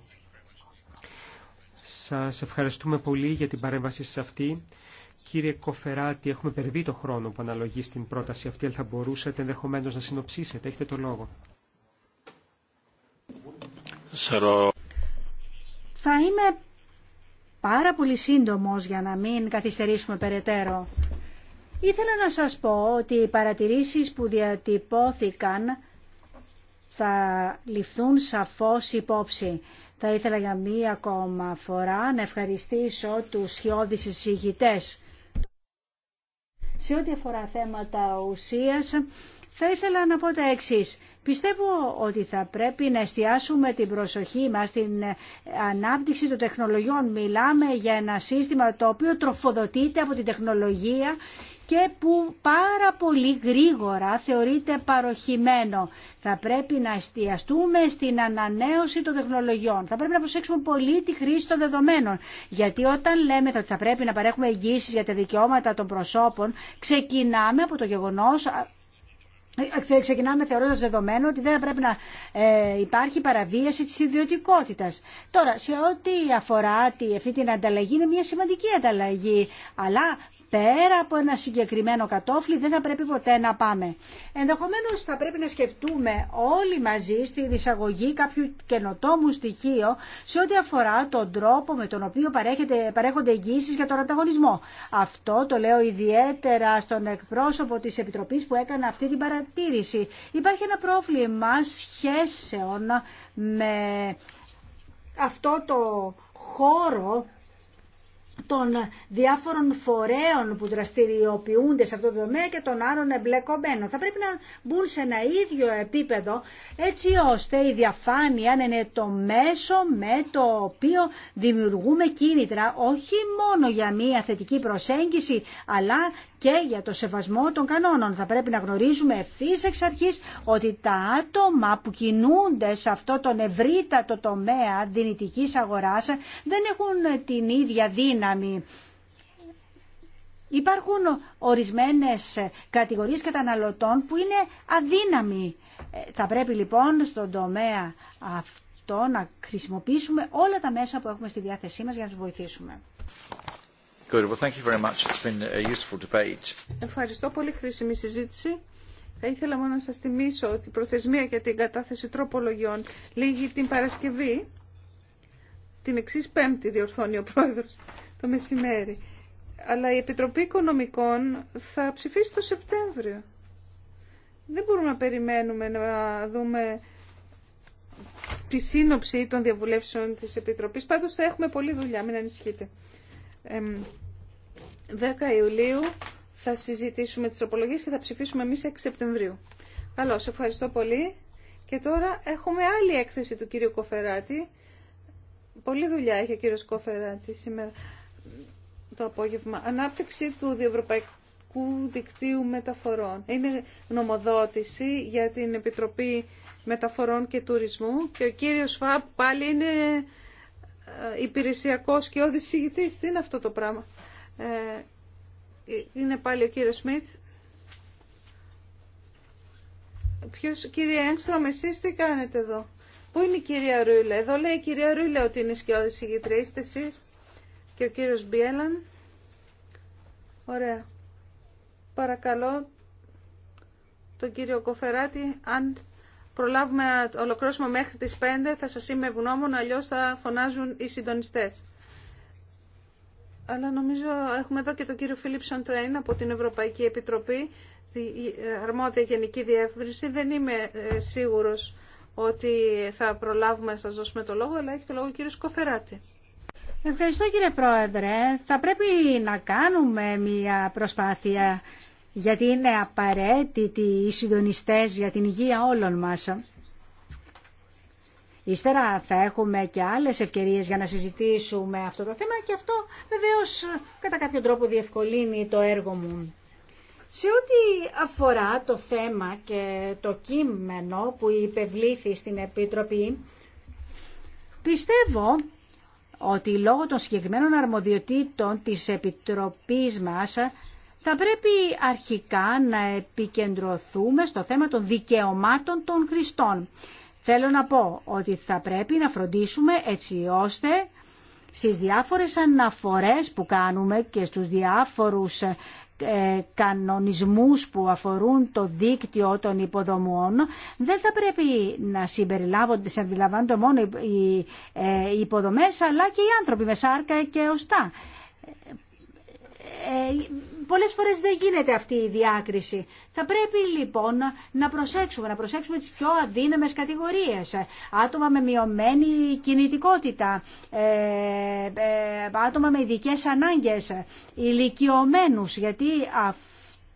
Σας ευχαριστούμε πολύ για την παρέμβασή σας αυτή. Κύριε Κοφεράτη, έχουμε περβεί το χρόνο που αναλογεί στην πρόταση αυτή, αλλά θα μπορούσατε ενδεχομένω να συνοψίσετε. Έχετε το λόγο. Θα είμαι πάρα πολύ σύντομος για να μην καθυστερήσουμε περαιτέρω. Ήθελα να σας πω ότι οι παρατηρήσεις που διατυπώθηκαν θα ληφθούν σαφώς υπόψη. Θα ήθελα για μία ακόμα φορά να ευχαριστήσω τους σιώδεις εισηγητές. Σε ό,τι αφορά θέματα ουσίας, θα ήθελα να πω τα εξής. Πιστεύω ότι θα πρέπει να εστιάσουμε την προσοχή μας στην ανάπτυξη των τεχνολογιών. Μιλάμε για ένα σύστημα το οποίο τροφοδοτείται από την τεχνολογία και που πάρα πολύ γρήγορα θεωρείται παροχημένο. Θα πρέπει να εστιαστούμε στην ανανέωση των τεχνολογιών. Θα πρέπει να προσέξουμε πολύ τη χρήση των δεδομένων. Γιατί όταν λέμε ότι θα πρέπει να παρέχουμε εγγύσει για τα δικαιώματα των προσώπων, ξεκινάμε από το γεγονός ε, ξεκινάμε θεωρώντα δεδομένο ότι δεν πρέπει να ε, υπάρχει παραβίαση τη ιδιωτικότητα. Τώρα, σε ό,τι αφορά αυτή την ανταλλαγή, είναι μια σημαντική ανταλλαγή, αλλά πέρα από ένα συγκεκριμένο κατόφλι δεν θα πρέπει ποτέ να πάμε. Ενδεχομένω θα πρέπει να σκεφτούμε όλοι μαζί στην εισαγωγή κάποιου καινοτόμου στοιχείου σε ό,τι αφορά τον τρόπο με τον οποίο παρέχονται εγγύσει για τον ανταγωνισμό. Αυτό το λέω ιδιαίτερα στον εκπρόσωπο τη επιτροπή που έκανε αυτή την παρατήρηση Υπάρχει ένα πρόβλημα σχέσεων με αυτό το χώρο των διάφορων φορέων που δραστηριοποιούνται σε αυτό το τομέα και των άλλων εμπλεκομένων. Θα πρέπει να μπουν σε ένα ίδιο επίπεδο έτσι ώστε η διαφάνεια να είναι το μέσο με το οποίο δημιουργούμε κίνητρα όχι μόνο για μια θετική προσέγγιση αλλά και για το σεβασμό των κανόνων. Θα πρέπει να γνωρίζουμε ευθύ εξ αρχή ότι τα άτομα που κινούνται σε αυτό τον ευρύτατο τομέα δυνητικής αγορά δεν έχουν την ίδια δύναμη. Υπάρχουν ορισμένες κατηγορίες καταναλωτών που είναι αδύναμοι. Ε, θα πρέπει λοιπόν στον τομέα αυτό να χρησιμοποιήσουμε όλα τα μέσα που έχουμε στη διάθεσή μας για να τους βοηθήσουμε. Good. thank you very much. It's been a useful debate. Ευχαριστώ πολύ χρήσιμη συζήτηση. Θα ήθελα μόνο να σας θυμίσω ότι η προθεσμία για την κατάθεση τροπολογιών λήγει την Παρασκευή, την εξής πέμπτη διορθώνει ο Πρόεδρος, το μεσημέρι. Αλλά η Επιτροπή Οικονομικών θα ψηφίσει το Σεπτέμβριο. Δεν μπορούμε να περιμένουμε να δούμε τη σύνοψη των διαβουλεύσεων της Επιτροπής. Πάντως θα έχουμε πολλή δουλειά, μην ανησυχείτε. 10 Ιουλίου θα συζητήσουμε τις τροπολογίες και θα ψηφίσουμε εμείς 6 Σεπτεμβρίου. Καλώς, ευχαριστώ πολύ. Και τώρα έχουμε άλλη έκθεση του κύριου Κοφεράτη. Πολύ δουλειά έχει ο κύριος Κοφεράτη σήμερα το απόγευμα. Ανάπτυξη του διευρωπαϊκού δικτύου μεταφορών. Είναι νομοδότηση για την Επιτροπή Μεταφορών και Τουρισμού και ο κύριος Φαπ πάλι είναι ε, υπηρεσιακός και οδησηγητής. Τι είναι αυτό το πράγμα. Ε, είναι πάλι ο κύριος Σμιτ. Ποιος, κύριε Έγκστρομ, εσείς τι κάνετε εδώ. Πού είναι η κυρία Ρούιλε. Εδώ λέει η κυρία Ρούιλε ότι είναι σκιώδης γητρή. Είστε εσείς και ο κύριος Μπιέλαν. Ωραία. Παρακαλώ τον κύριο Κοφεράτη, αν προλάβουμε να ολοκληρώσουμε μέχρι τις 5, θα σας είμαι ευγνώμων, αλλιώς θα φωνάζουν οι συντονιστές αλλά νομίζω έχουμε εδώ και τον κύριο Φίλιπ Σοντρέιν από την Ευρωπαϊκή Επιτροπή, η αρμόδια γενική Διεύρυνση. Δεν είμαι ε, σίγουρος ότι θα προλάβουμε να σας δώσουμε το λόγο, αλλά έχει το λόγο ο κύριος Κοφεράτη. Ευχαριστώ κύριε Πρόεδρε. Θα πρέπει να κάνουμε μια προσπάθεια γιατί είναι απαραίτητοι οι συντονιστές για την υγεία όλων μας. Ύστερα θα έχουμε και άλλες ευκαιρίες για να συζητήσουμε αυτό το θέμα και αυτό βεβαίως κατά κάποιο τρόπο διευκολύνει το έργο μου. Σε ό,τι αφορά το θέμα και το κείμενο που υπευλήθη στην Επίτροπη, πιστεύω ότι λόγω των συγκεκριμένων αρμοδιοτήτων της Επιτροπής μας θα πρέπει αρχικά να επικεντρωθούμε στο θέμα των δικαιωμάτων των χρηστών. Θέλω να πω ότι θα πρέπει να φροντίσουμε έτσι ώστε στις διάφορες αναφορές που κάνουμε και στους διάφορους ε, κανονισμούς που αφορούν το δίκτυο των υποδομών δεν θα πρέπει να συμπεριλάβονται, συμπεριλαμβάνονται μόνο οι ε, υποδομές αλλά και οι άνθρωποι με σάρκα και οστά. Ε, πολλές φορές δεν γίνεται αυτή η διάκριση. Θα πρέπει λοιπόν να προσέξουμε, να προσέξουμε τις πιο αδύναμες κατηγορίες. Άτομα με μειωμένη κινητικότητα, ε, ε άτομα με ειδικές ανάγκες, ηλικιωμένους, γιατί αυτό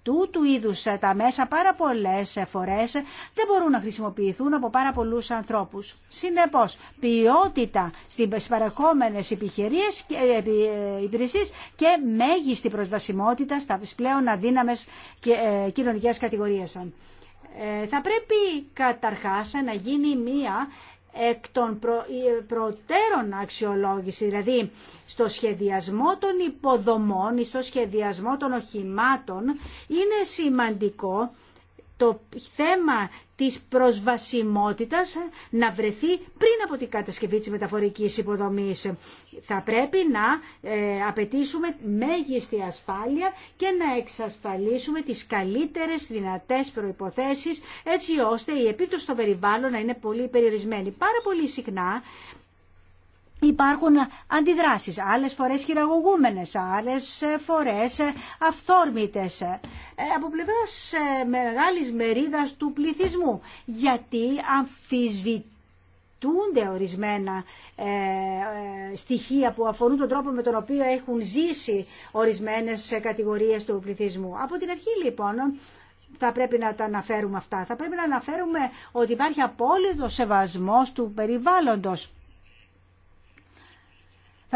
Τούτου του είδους ε, τα μέσα πάρα πολλές ε, φορές ε, δεν μπορούν να χρησιμοποιηθούν από πάρα πολλούς ανθρώπους. Συνεπώς, ποιότητα στις παρεχόμενες επιχειρίες και υπηρεσίες και μέγιστη προσβασιμότητα στα πλέον αδύναμες κοινωνικές κατηγορίες. Θα πρέπει καταρχάς να γίνει μία εκ των προτέρων αξιολόγηση, δηλαδή στο σχεδιασμό των υποδομών ή στο σχεδιασμό των οχημάτων, είναι σημαντικό το θέμα της προσβασιμότητας να βρεθεί πριν από την κατασκευή της μεταφορικής υποδομής. Θα πρέπει να ε, απαιτήσουμε μέγιστη ασφάλεια και να εξασφαλίσουμε τις καλύτερες δυνατές προϋποθέσεις έτσι ώστε η επίπτωση στο περιβάλλον να είναι πολύ περιορισμένη. Πάρα πολύ συχνά υπάρχουν αντιδράσεις, άλλες φορές χειραγωγούμενες, άλλες φορές αυθόρμητες ε, από πλευράς ε, μεγάλης μερίδας του πληθυσμού γιατί αμφισβητούνται ορισμένα ε, στοιχεία που αφορούν τον τρόπο με τον οποίο έχουν ζήσει ορισμένες κατηγορίες του πληθυσμού. Από την αρχή λοιπόν θα πρέπει να τα αναφέρουμε αυτά. Θα πρέπει να αναφέρουμε ότι υπάρχει απόλυτο σεβασμός του περιβάλλοντος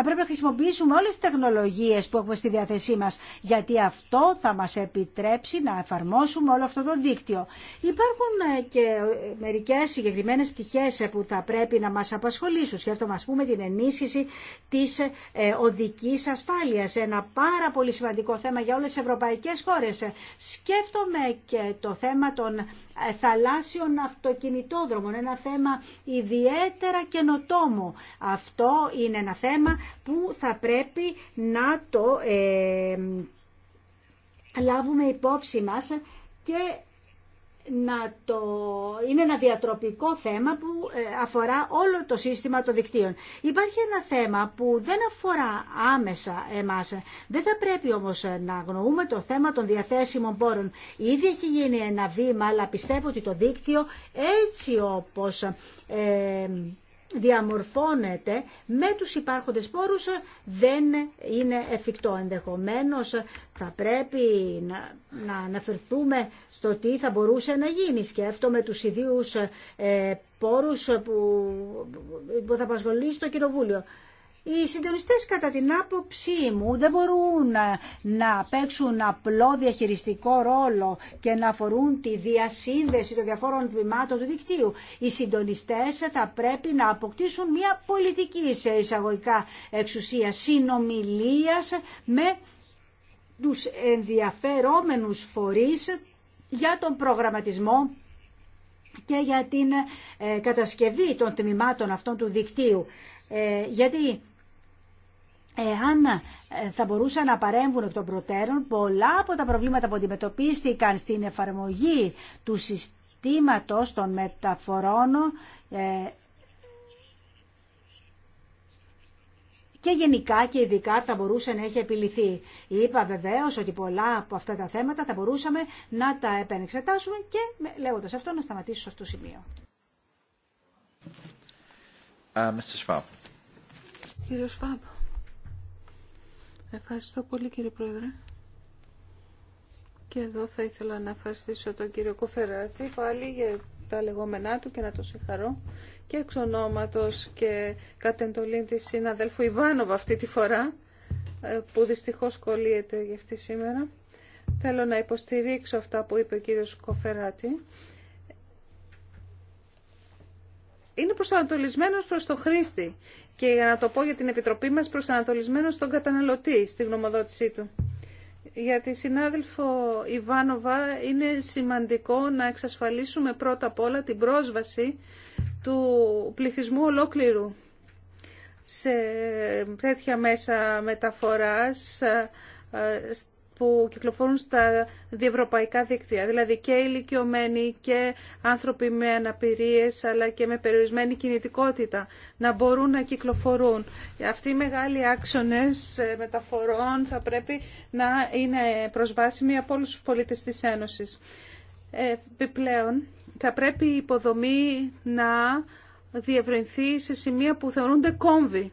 θα πρέπει να χρησιμοποιήσουμε όλες τις τεχνολογίες που έχουμε στη διάθεσή μας, γιατί αυτό θα μας επιτρέψει να εφαρμόσουμε όλο αυτό το δίκτυο. Υπάρχουν ε, και ε, μερικές συγκεκριμένε πτυχές ε, που θα πρέπει να μας απασχολήσουν. Σκέφτομαι, ας πούμε, την ενίσχυση της οδικής ασφάλειας, ένα πάρα πολύ σημαντικό θέμα για όλες τις ευρωπαϊκές χώρες. Σκέφτομαι και το θέμα των θαλάσσιων αυτοκινητόδρομων, ένα θέμα ιδιαίτερα καινοτόμο. Αυτό είναι ένα θέμα που θα πρέπει να το ε, λάβουμε υπόψη μας και να το... είναι ένα διατροπικό θέμα που ε, αφορά όλο το σύστημα των δικτύων. Υπάρχει ένα θέμα που δεν αφορά άμεσα εμάς. Δεν θα πρέπει όμως να αγνοούμε το θέμα των διαθέσιμων πόρων. Ήδη έχει γίνει ένα βήμα, αλλά πιστεύω ότι το δίκτυο έτσι όπως... Ε, διαμορφώνεται με τους υπάρχοντες πόρους δεν είναι εφικτό. Ενδεχομένως θα πρέπει να, να αναφερθούμε στο τι θα μπορούσε να γίνει. Σκέφτομαι τους ιδίους ε, πόρους που, που θα απασχολήσει το Κοινοβούλιο. Οι συντονιστές κατά την άποψή μου δεν μπορούν να παίξουν απλό διαχειριστικό ρόλο και να αφορούν τη διασύνδεση των διαφόρων τμήματων του δικτύου. Οι συντονιστές θα πρέπει να αποκτήσουν μια πολιτική σε εισαγωγικά εξουσία συνομιλίας με τους ενδιαφερόμενους φορείς για τον προγραμματισμό και για την ε, κατασκευή των τμήματων αυτών του δικτύου. Ε, γιατί εάν ε, θα μπορούσαν να παρέμβουν εκ των προτέρων, πολλά από τα προβλήματα που αντιμετωπίστηκαν στην εφαρμογή του συστήματος των μεταφορών ε, και γενικά και ειδικά θα μπορούσε να έχει επιληθεί. Είπα βεβαίως ότι πολλά από αυτά τα θέματα θα μπορούσαμε να τα επενεξετάσουμε και λέγοντας αυτό να σταματήσω σε αυτό το σημείο. Uh, Mr. Κύριο Ευχαριστώ πολύ κύριε Πρόεδρε. Και εδώ θα ήθελα να ευχαριστήσω τον κύριο Κοφεράτη πάλι για τα λεγόμενά του και να το συγχαρώ και εξ ονόματος και κατ' εντολήν της συναδέλφου Ιβάνοβα αυτή τη φορά ε, που δυστυχώς κολλείεται για αυτή σήμερα. Θέλω να υποστηρίξω αυτά που είπε ο κύριος Κοφεράτη είναι προσανατολισμένος προς το χρήστη και για να το πω για την Επιτροπή μας προσανατολισμένος στον καταναλωτή στη γνωμοδότησή του. Για τη συνάδελφο Ιβάνοβα είναι σημαντικό να εξασφαλίσουμε πρώτα απ' όλα την πρόσβαση του πληθυσμού ολόκληρου σε τέτοια μέσα μεταφοράς που κυκλοφορούν στα διευρωπαϊκά δίκτυα. Δηλαδή και ηλικιωμένοι και άνθρωποι με αναπηρίες αλλά και με περιορισμένη κινητικότητα να μπορούν να κυκλοφορούν. Αυτοί οι μεγάλοι άξονες ε, μεταφορών θα πρέπει να είναι προσβάσιμοι από όλους τους πολίτες της Ένωσης. Ε, επιπλέον, θα πρέπει η υποδομή να διευρυνθεί σε σημεία που θεωρούνται κόμβοι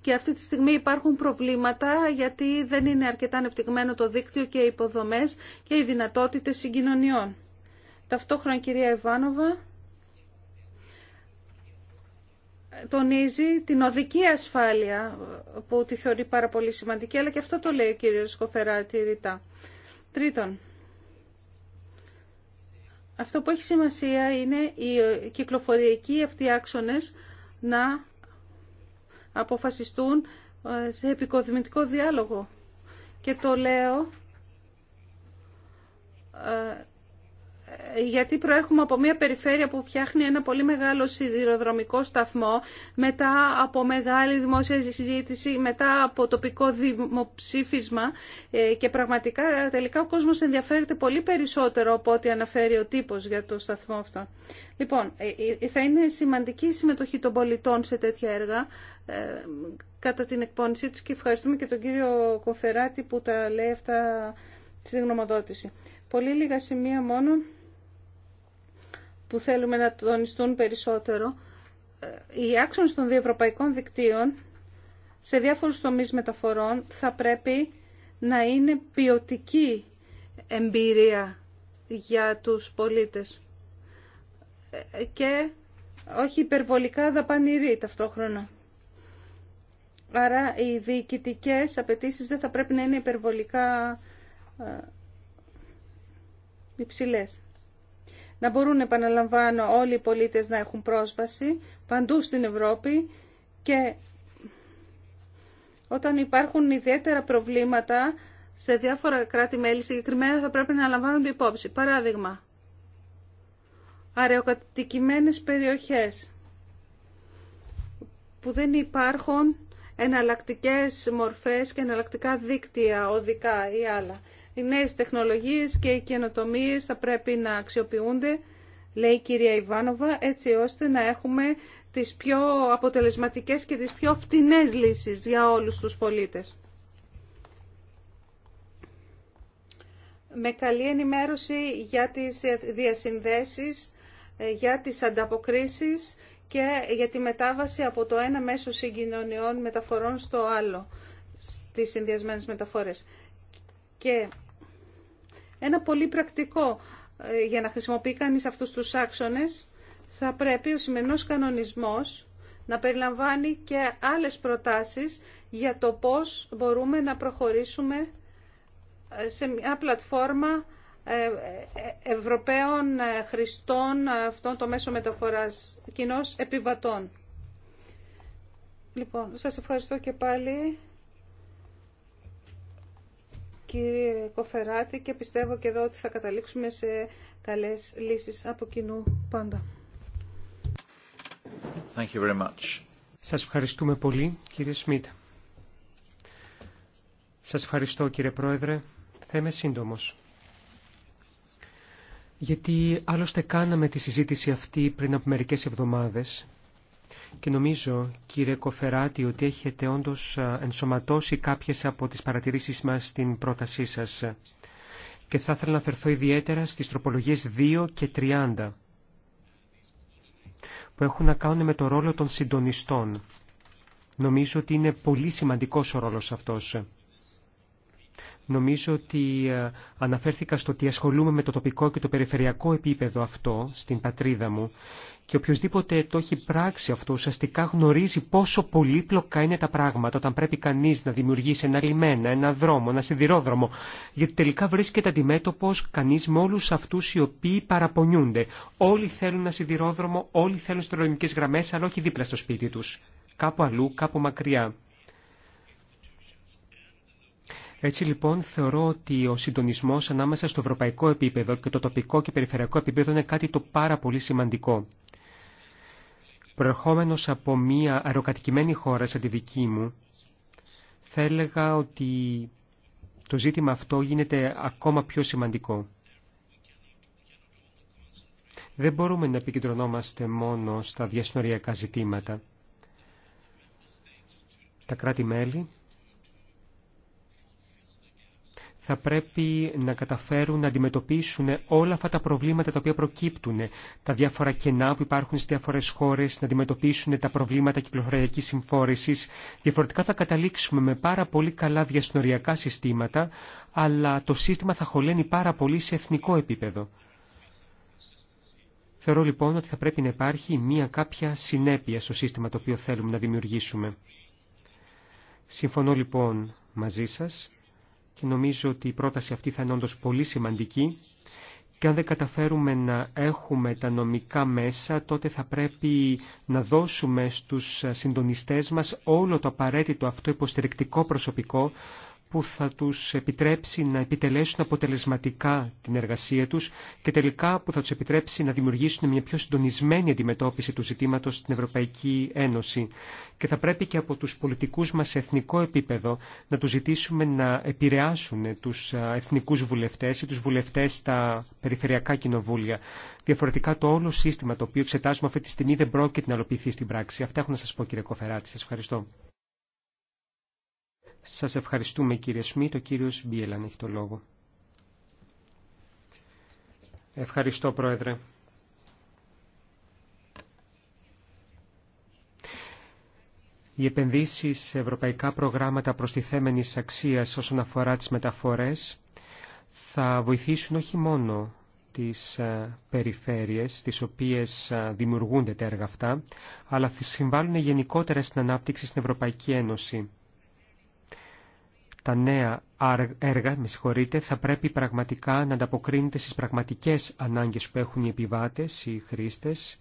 και αυτή τη στιγμή υπάρχουν προβλήματα γιατί δεν είναι αρκετά ανεπτυγμένο το δίκτυο και οι υποδομές και οι δυνατότητες συγκοινωνιών. Ταυτόχρονα κυρία Ιβάνοβα τονίζει την οδική ασφάλεια που τη θεωρεί πάρα πολύ σημαντική αλλά και αυτό το λέει ο κύριος Σκοφεράτη ρητά. Τρίτον, αυτό που έχει σημασία είναι οι κυκλοφοριακοί αυτοί άξονες να αποφασιστούν ε, σε επικοδημητικό διάλογο. Και το λέω ε, ε, γιατί προέρχομαι από μια περιφέρεια που φτιάχνει ένα πολύ μεγάλο σιδηροδρομικό σταθμό μετά από μεγάλη δημόσια συζήτηση, μετά από τοπικό δημοψήφισμα ε, και πραγματικά τελικά ο κόσμος ενδιαφέρεται πολύ περισσότερο από ό,τι αναφέρει ο τύπος για το σταθμό αυτό. Λοιπόν, ε, θα είναι σημαντική η συμμετοχή των πολιτών σε τέτοια έργα κατά την εκπόνησή τους και ευχαριστούμε και τον κύριο Κοφεράτη που τα λέει αυτά στην γνωμοδότηση. Πολύ λίγα σημεία μόνο που θέλουμε να τονιστούν περισσότερο, ε, οι άξονε των διευρωπαϊκών δικτύων σε διάφορους τομείς μεταφορών θα πρέπει να είναι ποιοτική εμπειρία για τους πολίτες ε, και όχι υπερβολικά δαπανηρή ταυτόχρονα. Άρα οι διοικητικέ απαιτήσει δεν θα πρέπει να είναι υπερβολικά ε, υψηλές να μπορούν, επαναλαμβάνω, όλοι οι πολίτες να έχουν πρόσβαση παντού στην Ευρώπη και όταν υπάρχουν ιδιαίτερα προβλήματα σε διάφορα κράτη-μέλη συγκεκριμένα θα πρέπει να λαμβάνονται υπόψη. Παράδειγμα, αραιοκατοικημένες περιοχές που δεν υπάρχουν εναλλακτικές μορφές και εναλλακτικά δίκτυα οδικά ή άλλα. Οι νέες τεχνολογίες και οι καινοτομίε θα πρέπει να αξιοποιούνται, λέει η κυρία Ιβάνοβα, έτσι ώστε να έχουμε τις πιο αποτελεσματικές και τις πιο φτηνές λύσεις για όλους τους πολίτες. Με καλή ενημέρωση για τις διασυνδέσεις, για τις ανταποκρίσεις και για τη μετάβαση από το ένα μέσο συγκοινωνιών μεταφορών στο άλλο στις συνδυασμένες μεταφορές. Και ένα πολύ πρακτικό ε, για να χρησιμοποιεί κανείς αυτούς τους άξονες θα πρέπει ο σημερινός κανονισμός να περιλαμβάνει και άλλες προτάσεις για το πώς μπορούμε να προχωρήσουμε ε, σε μια πλατφόρμα ε, Ευρωπαίων χρηστών αυτών το μέσο μεταφοράς κοινώς επιβατών. Λοιπόν, σας ευχαριστώ και πάλι κύριε Κοφεράτη και πιστεύω και εδώ ότι θα καταλήξουμε σε καλές λύσεις από κοινού πάντα. Thank you very much. Σας ευχαριστούμε πολύ κύριε Σμιτ. Σας ευχαριστώ κύριε Πρόεδρε. Θα είμαι σύντομος. Γιατί άλλωστε κάναμε τη συζήτηση αυτή πριν από μερικές εβδομάδες και νομίζω, κύριε Κοφεράτη, ότι έχετε όντως ενσωματώσει κάποιες από τις παρατηρήσεις μας στην πρότασή σας. Και θα ήθελα να αφαιρθώ ιδιαίτερα στις τροπολογίες 2 και 30, που έχουν να κάνουν με το ρόλο των συντονιστών. Νομίζω ότι είναι πολύ σημαντικός ο ρόλος αυτός. Νομίζω ότι ε, αναφέρθηκα στο ότι ασχολούμαι με το τοπικό και το περιφερειακό επίπεδο αυτό στην πατρίδα μου και οποιοδήποτε το έχει πράξει αυτό ουσιαστικά γνωρίζει πόσο πολύπλοκα είναι τα πράγματα όταν πρέπει κανεί να δημιουργήσει ένα λιμένα, ένα δρόμο, ένα σιδηρόδρομο. Γιατί τελικά βρίσκεται αντιμέτωπο κανεί με όλου αυτού οι οποίοι παραπονιούνται. Όλοι θέλουν ένα σιδηρόδρομο, όλοι θέλουν στερεοδρομικέ γραμμέ, αλλά όχι δίπλα στο σπίτι του. Κάπου αλλού, κάπου μακριά. Έτσι λοιπόν θεωρώ ότι ο συντονισμός ανάμεσα στο ευρωπαϊκό επίπεδο και το τοπικό και περιφερειακό επίπεδο είναι κάτι το πάρα πολύ σημαντικό. Προερχόμενος από μια αεροκατοικημένη χώρα σαν τη δική μου, θα έλεγα ότι το ζήτημα αυτό γίνεται ακόμα πιο σημαντικό. Δεν μπορούμε να επικεντρωνόμαστε μόνο στα διασυνοριακά ζητήματα. Τα κράτη-μέλη θα πρέπει να καταφέρουν να αντιμετωπίσουν όλα αυτά τα προβλήματα τα οποία προκύπτουν, τα διάφορα κενά που υπάρχουν στι διαφορέ χώρε, να αντιμετωπίσουν τα προβλήματα κυκλοφοριακή συμφόρηση. Διαφορετικά θα καταλήξουμε με πάρα πολύ καλά διασυνοριακά συστήματα, αλλά το σύστημα θα χωλαίνει πάρα πολύ σε εθνικό επίπεδο. Θεωρώ λοιπόν ότι θα πρέπει να υπάρχει μία κάποια συνέπεια στο σύστημα το οποίο θέλουμε να δημιουργήσουμε. Συμφωνώ λοιπόν μαζί σας και νομίζω ότι η πρόταση αυτή θα είναι όντως πολύ σημαντική και αν δεν καταφέρουμε να έχουμε τα νομικά μέσα, τότε θα πρέπει να δώσουμε στους συντονιστές μας όλο το απαραίτητο αυτό υποστηρικτικό προσωπικό, που θα τους επιτρέψει να επιτελέσουν αποτελεσματικά την εργασία τους και τελικά που θα τους επιτρέψει να δημιουργήσουν μια πιο συντονισμένη αντιμετώπιση του ζητήματος στην Ευρωπαϊκή Ένωση. Και θα πρέπει και από τους πολιτικούς μας σε εθνικό επίπεδο να τους ζητήσουμε να επηρεάσουν τους εθνικούς βουλευτές ή τους βουλευτές στα περιφερειακά κοινοβούλια. Διαφορετικά το όλο σύστημα το οποίο εξετάζουμε αυτή τη στιγμή δεν πρόκειται να ολοποιηθεί στην πράξη. Αυτά έχω να σας πω κύριε Κοφεράτη. Σας ευχαριστώ. Σας ευχαριστούμε κύριε Σμίτ. Ο κύριος Μπίελαν έχει το λόγο. Ευχαριστώ πρόεδρε. Οι επενδύσεις σε ευρωπαϊκά προγράμματα προστιθέμενης αξίας όσον αφορά τις μεταφορές θα βοηθήσουν όχι μόνο τις ε, περιφέρειες στις οποίες ε, δημιουργούνται τα έργα αυτά, αλλά θα συμβάλλουν γενικότερα στην ανάπτυξη στην Ευρωπαϊκή Ένωση τα νέα έργα με θα πρέπει πραγματικά να ανταποκρίνεται στις πραγματικές ανάγκες που έχουν οι επιβάτες, οι χρήστες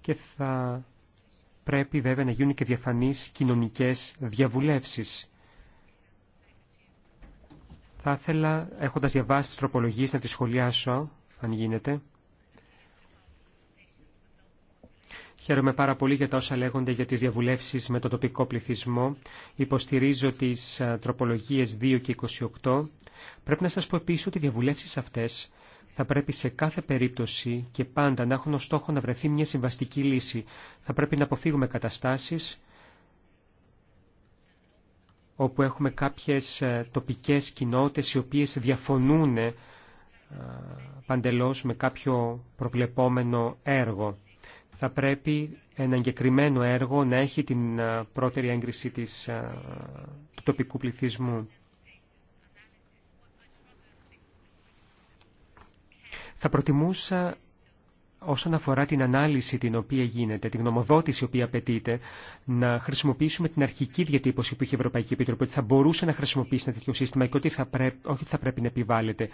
και θα πρέπει βέβαια να γίνουν και διαφανείς κοινωνικές διαβουλεύσεις. Θα ήθελα, έχοντας διαβάσει τις τροπολογίες, να τις σχολιάσω, αν γίνεται. Χαίρομαι πάρα πολύ για τα όσα λέγονται για τις διαβουλεύσεις με τον τοπικό πληθυσμό. Υποστηρίζω τις τροπολογίες 2 και 28. Πρέπει να σας πω επίσης ότι οι διαβουλεύσεις αυτές θα πρέπει σε κάθε περίπτωση και πάντα να έχουν ως στόχο να βρεθεί μια συμβαστική λύση. Θα πρέπει να αποφύγουμε καταστάσεις όπου έχουμε κάποιες τοπικές κοινότητες οι οποίες διαφωνούν παντελώς με κάποιο προβλεπόμενο έργο θα πρέπει ένα εγκεκριμένο έργο να έχει την ε, πρώτερη έγκριση της, ε, του τοπικού πληθυσμού. Θα προτιμούσα όσον αφορά την ανάλυση την οποία γίνεται, την γνωμοδότηση η οποία απαιτείται, να χρησιμοποιήσουμε την αρχική διατύπωση που είχε η Ευρωπαϊκή Επιτροπή, ότι θα μπορούσε να χρησιμοποιήσει ένα τέτοιο σύστημα και ότι θα πρέπει, όχι θα πρέπει να επιβάλλεται.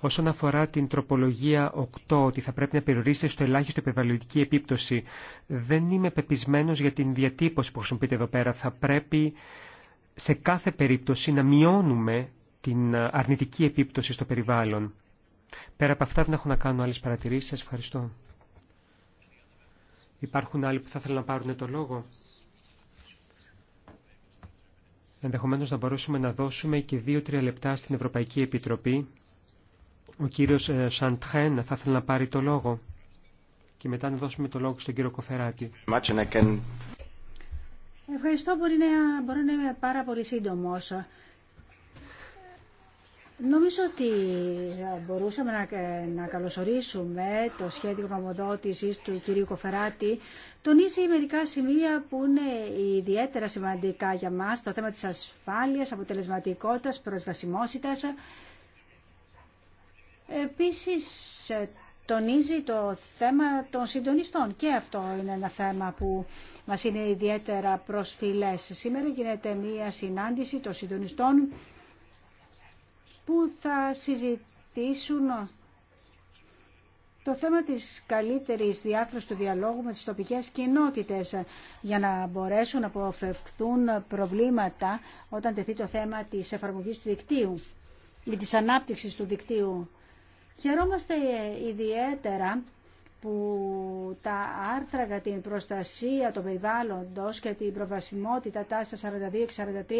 Όσον αφορά την τροπολογία 8, ότι θα πρέπει να περιορίσετε στο ελάχιστο περιβαλλοντική επίπτωση, δεν είμαι πεπισμένο για την διατύπωση που χρησιμοποιείται εδώ πέρα. Θα πρέπει σε κάθε περίπτωση να μειώνουμε την αρνητική επίπτωση στο περιβάλλον. Πέρα από αυτά δεν έχω να κάνω άλλες παρατηρήσεις. Σας ευχαριστώ. Υπάρχουν άλλοι που θα θέλουν να πάρουν το λόγο. Ενδεχομένως να μπορούσαμε να δώσουμε και δύο-τρία λεπτά στην Ευρωπαϊκή Επιτροπή. Ο κύριος ε, Σαντχέν θα ήθελε να πάρει το λόγο και μετά να δώσουμε το λόγο στον κύριο Κοφεράτη. Ευχαριστώ, μπορεί να, μπορεί να είμαι πάρα πολύ σύντομο. Νομίζω ότι μπορούσαμε να, να καλωσορίσουμε το σχέδιο γνωμοδότησης του κυρίου Κοφεράτη. Τονίζει μερικά σημεία που είναι ιδιαίτερα σημαντικά για μας, το θέμα της ασφάλειας, αποτελεσματικότητας, προσβασιμότητας. Επίσης, τονίζει το θέμα των συντονιστών και αυτό είναι ένα θέμα που μας είναι ιδιαίτερα προσφυλές. Σήμερα γίνεται μία συνάντηση των συντονιστών που θα συζητήσουν το θέμα της καλύτερης διάρθρωσης του διαλόγου με τις τοπικές κοινότητες για να μπορέσουν να αποφευκθούν προβλήματα όταν τεθεί το θέμα της εφαρμογής του δικτύου ή της ανάπτυξης του δικτύου. Χαιρόμαστε ιδιαίτερα που τα άρθρα για την προστασία των περιβάλλοντος και την προβασιμότητα τα 42 και 43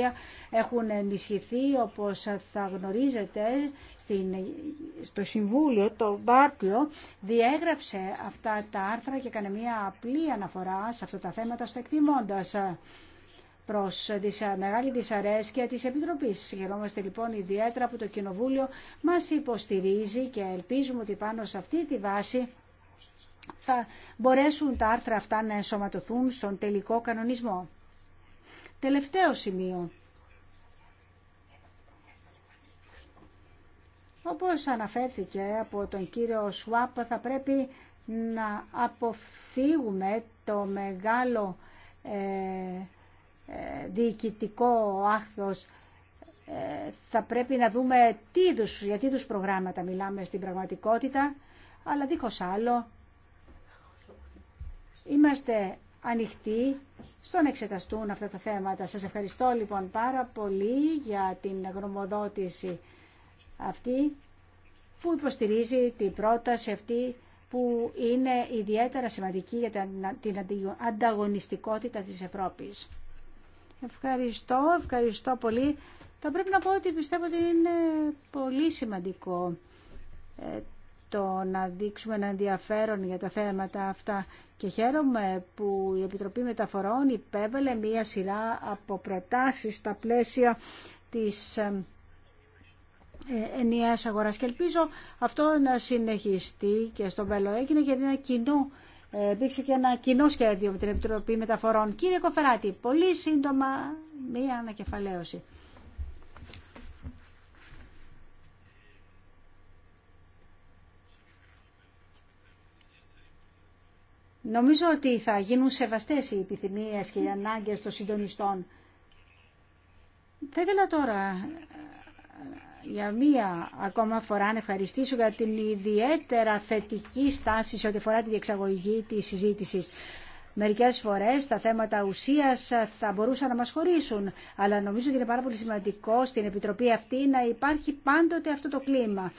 έχουν ενισχυθεί όπως θα γνωρίζετε στην, στο Συμβούλιο το Μάρτιο διέγραψε αυτά τα άρθρα και έκανε μια απλή αναφορά σε αυτά τα θέματα στο εκτιμώντας προς μεγάλη δυσαρέσκεια της Επιτροπής. Χαιρόμαστε λοιπόν ιδιαίτερα που το Κοινοβούλιο μας υποστηρίζει και ελπίζουμε ότι πάνω σε αυτή τη βάση θα μπορέσουν τα άρθρα αυτά να ενσωματωθούν στον τελικό κανονισμό. Τελευταίο σημείο. Όπως αναφέρθηκε από τον κύριο Σουάπ, θα πρέπει να αποφύγουμε το μεγάλο ε, ε διοικητικό άχθος. Ε, θα πρέπει να δούμε τι είδους, για τι προγράμματα μιλάμε στην πραγματικότητα, αλλά δίχως άλλο Είμαστε ανοιχτοί στο να εξεταστούν αυτά τα θέματα. Σας ευχαριστώ λοιπόν πάρα πολύ για την γνωμοδότηση αυτή που υποστηρίζει την πρόταση αυτή που είναι ιδιαίτερα σημαντική για την ανταγωνιστικότητα της Ευρώπης. Ευχαριστώ, ευχαριστώ πολύ. Θα πρέπει να πω ότι πιστεύω ότι είναι πολύ σημαντικό ε, το να δείξουμε ένα ενδιαφέρον για τα θέματα αυτά και χαίρομαι που η Επιτροπή Μεταφορών υπέβαλε μία σειρά από προτάσεις στα πλαίσια της ε, ε, ενιαίας αγοράς και ελπίζω αυτό να συνεχιστεί και στο μέλλον έγινε γιατί ένα κοινό ε, και ένα κοινό σχέδιο με την Επιτροπή Μεταφορών. Κύριε Κοφεράτη, πολύ σύντομα μία ανακεφαλαίωση. Νομίζω ότι θα γίνουν σεβαστές οι επιθυμίες και οι ανάγκες των συντονιστών. Θα ήθελα τώρα ε, για μία ακόμα φορά να ευχαριστήσω για την ιδιαίτερα θετική στάση σε ό,τι αφορά τη διεξαγωγή της συζήτησης. Μερικές φορές τα θέματα ουσίας θα μπορούσαν να μας χωρίσουν, αλλά νομίζω ότι είναι πάρα πολύ σημαντικό στην Επιτροπή αυτή να υπάρχει πάντοτε αυτό το κλίμα.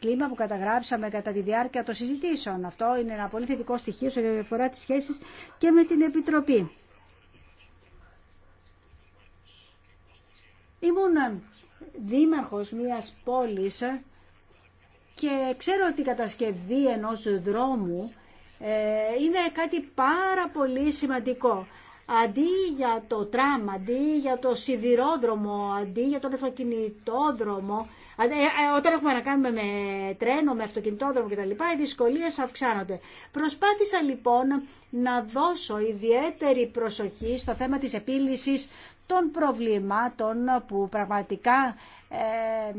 Κλίμα που καταγράψαμε κατά τη διάρκεια των συζητήσεων. Αυτό είναι ένα πολύ θετικό στοιχείο σε διαφορά τις σχέσεις και με την Επιτροπή. Ήμουν δήμαρχος μιας πόλης και ξέρω ότι η κατασκευή ενός δρόμου ε, είναι κάτι πάρα πολύ σημαντικό. Αντί για το τραμ, αντί για το σιδηρόδρομο, αντί για τον αυτοκινητόδρομο, ε, ε, όταν έχουμε να κάνουμε με τρένο, με αυτοκινητόδρομο κτλ. οι δυσκολίες αυξάνονται. Προσπάθησα λοιπόν να δώσω ιδιαίτερη προσοχή στο θέμα της επίλυσης των προβλημάτων που πραγματικά ε,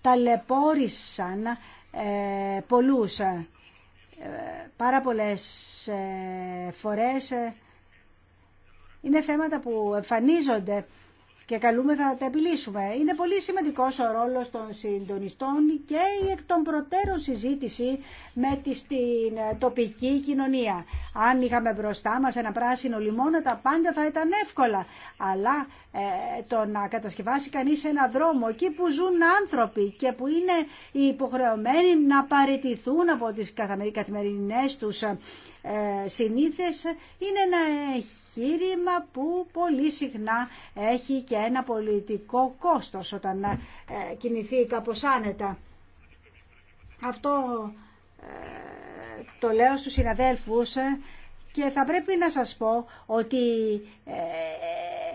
ταλαιπώρησαν ε, πάρα πολλές ε, φορές ε, είναι θέματα που εμφανίζονται και καλούμε θα τα επιλύσουμε. Είναι πολύ σημαντικός ο ρόλος των συντονιστών και η εκ των προτέρων συζήτηση με τη στην τοπική κοινωνία. Αν είχαμε μπροστά μας ένα πράσινο λιμόνα τα πάντα θα ήταν εύκολα. Αλλά ε, το να κατασκευάσει κανείς ένα δρόμο εκεί που ζουν άνθρωποι και που είναι υποχρεωμένοι να παραιτηθούν από τις καθημερινές τους ε, ε, συνήθες είναι ένα εγχείρημα που πολύ συχνά έχει και ένα πολιτικό κόστος όταν ε, κινηθεί κάπως άνετα. Αυτό ε, το λέω στους συναδέλφους και θα πρέπει να σας πω ότι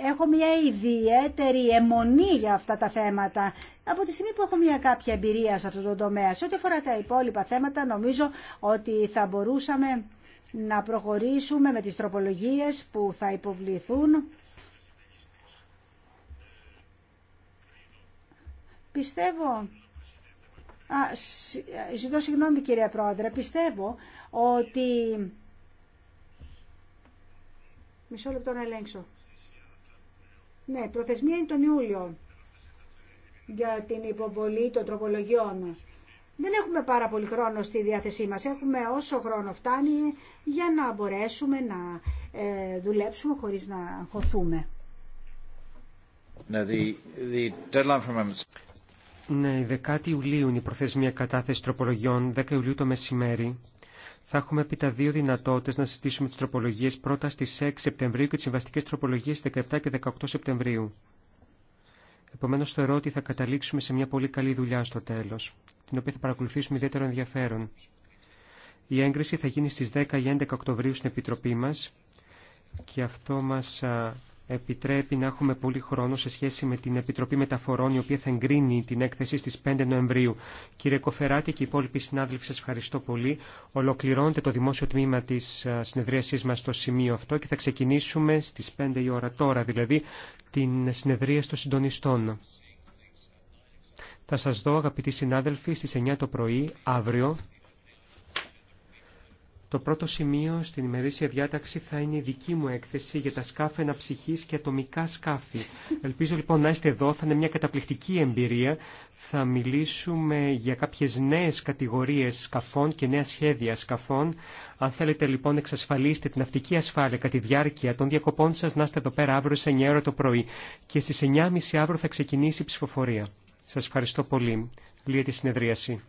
έχω μια ιδιαίτερη αιμονή για αυτά τα θέματα από τη στιγμή που έχω μια κάποια εμπειρία σε αυτό το τομέα. Σε ό,τι αφορά τα υπόλοιπα θέματα νομίζω ότι θα μπορούσαμε να προχωρήσουμε με τις τροπολογίες που θα υποβληθούν. Πιστεύω... Α, ε, ζητώ συγγνώμη κυρία Πρόεδρε, πιστεύω ότι... Μισό λεπτό να ελέγξω. Ναι, προθεσμία είναι τον Ιούλιο για την υποβολή των τροπολογιών. Δεν έχουμε πάρα πολύ χρόνο στη διάθεσή μας. Έχουμε όσο χρόνο φτάνει για να μπορέσουμε να ε, δουλέψουμε χωρίς να αγχωθούμε. Ναι, ναι η 10η Ιουλίου είναι η προθεσμία κατάθεση τροπολογιών, 10 ιουλιου ειναι η προθεσμια καταθεση τροπολογιων 10 ιουλιου το μεσημέρι. Θα έχουμε επί τα δύο δυνατότητες να συζητήσουμε τις τροπολογίες πρώτα στις 6 Σεπτεμβρίου και τις συμβαστικές τροπολογίες 17 και 18 Σεπτεμβρίου. Επομένω θεωρώ ότι θα καταλήξουμε σε μια πολύ καλή δουλειά στο τέλο, την οποία θα παρακολουθήσουμε ιδιαίτερο ενδιαφέρον. Η έγκριση θα γίνει στι 10 ή 11 Οκτωβρίου στην Επιτροπή μα και αυτό μα επιτρέπει να έχουμε πολύ χρόνο σε σχέση με την Επιτροπή Μεταφορών, η οποία θα εγκρίνει την έκθεση στι 5 Νοεμβρίου. Κύριε Κοφεράτη και οι υπόλοιποι συνάδελφοι, σα ευχαριστώ πολύ. Ολοκληρώνεται το δημόσιο τμήμα τη συνεδρίασή μα στο σημείο αυτό και θα ξεκινήσουμε στι 5 η ώρα τώρα, δηλαδή την συνεδρία των συντονιστών. Θα σας δω, αγαπητοί συνάδελφοι, στις 9 το πρωί, αύριο, το πρώτο σημείο στην ημερήσια διάταξη θα είναι η δική μου έκθεση για τα σκάφη ψυχή και ατομικά σκάφη. Ελπίζω λοιπόν να είστε εδώ, θα είναι μια καταπληκτική εμπειρία. Θα μιλήσουμε για κάποιε νέε κατηγορίε σκαφών και νέα σχέδια σκαφών. Αν θέλετε λοιπόν εξασφαλίσετε την αυτική ασφάλεια κατά τη διάρκεια των διακοπών σα να είστε εδώ πέρα αύριο σε 9 ώρα το πρωί. Και στι 9.30 αύριο θα ξεκινήσει η ψηφοφορία. Σα ευχαριστώ πολύ. Λύεται συνεδρίαση.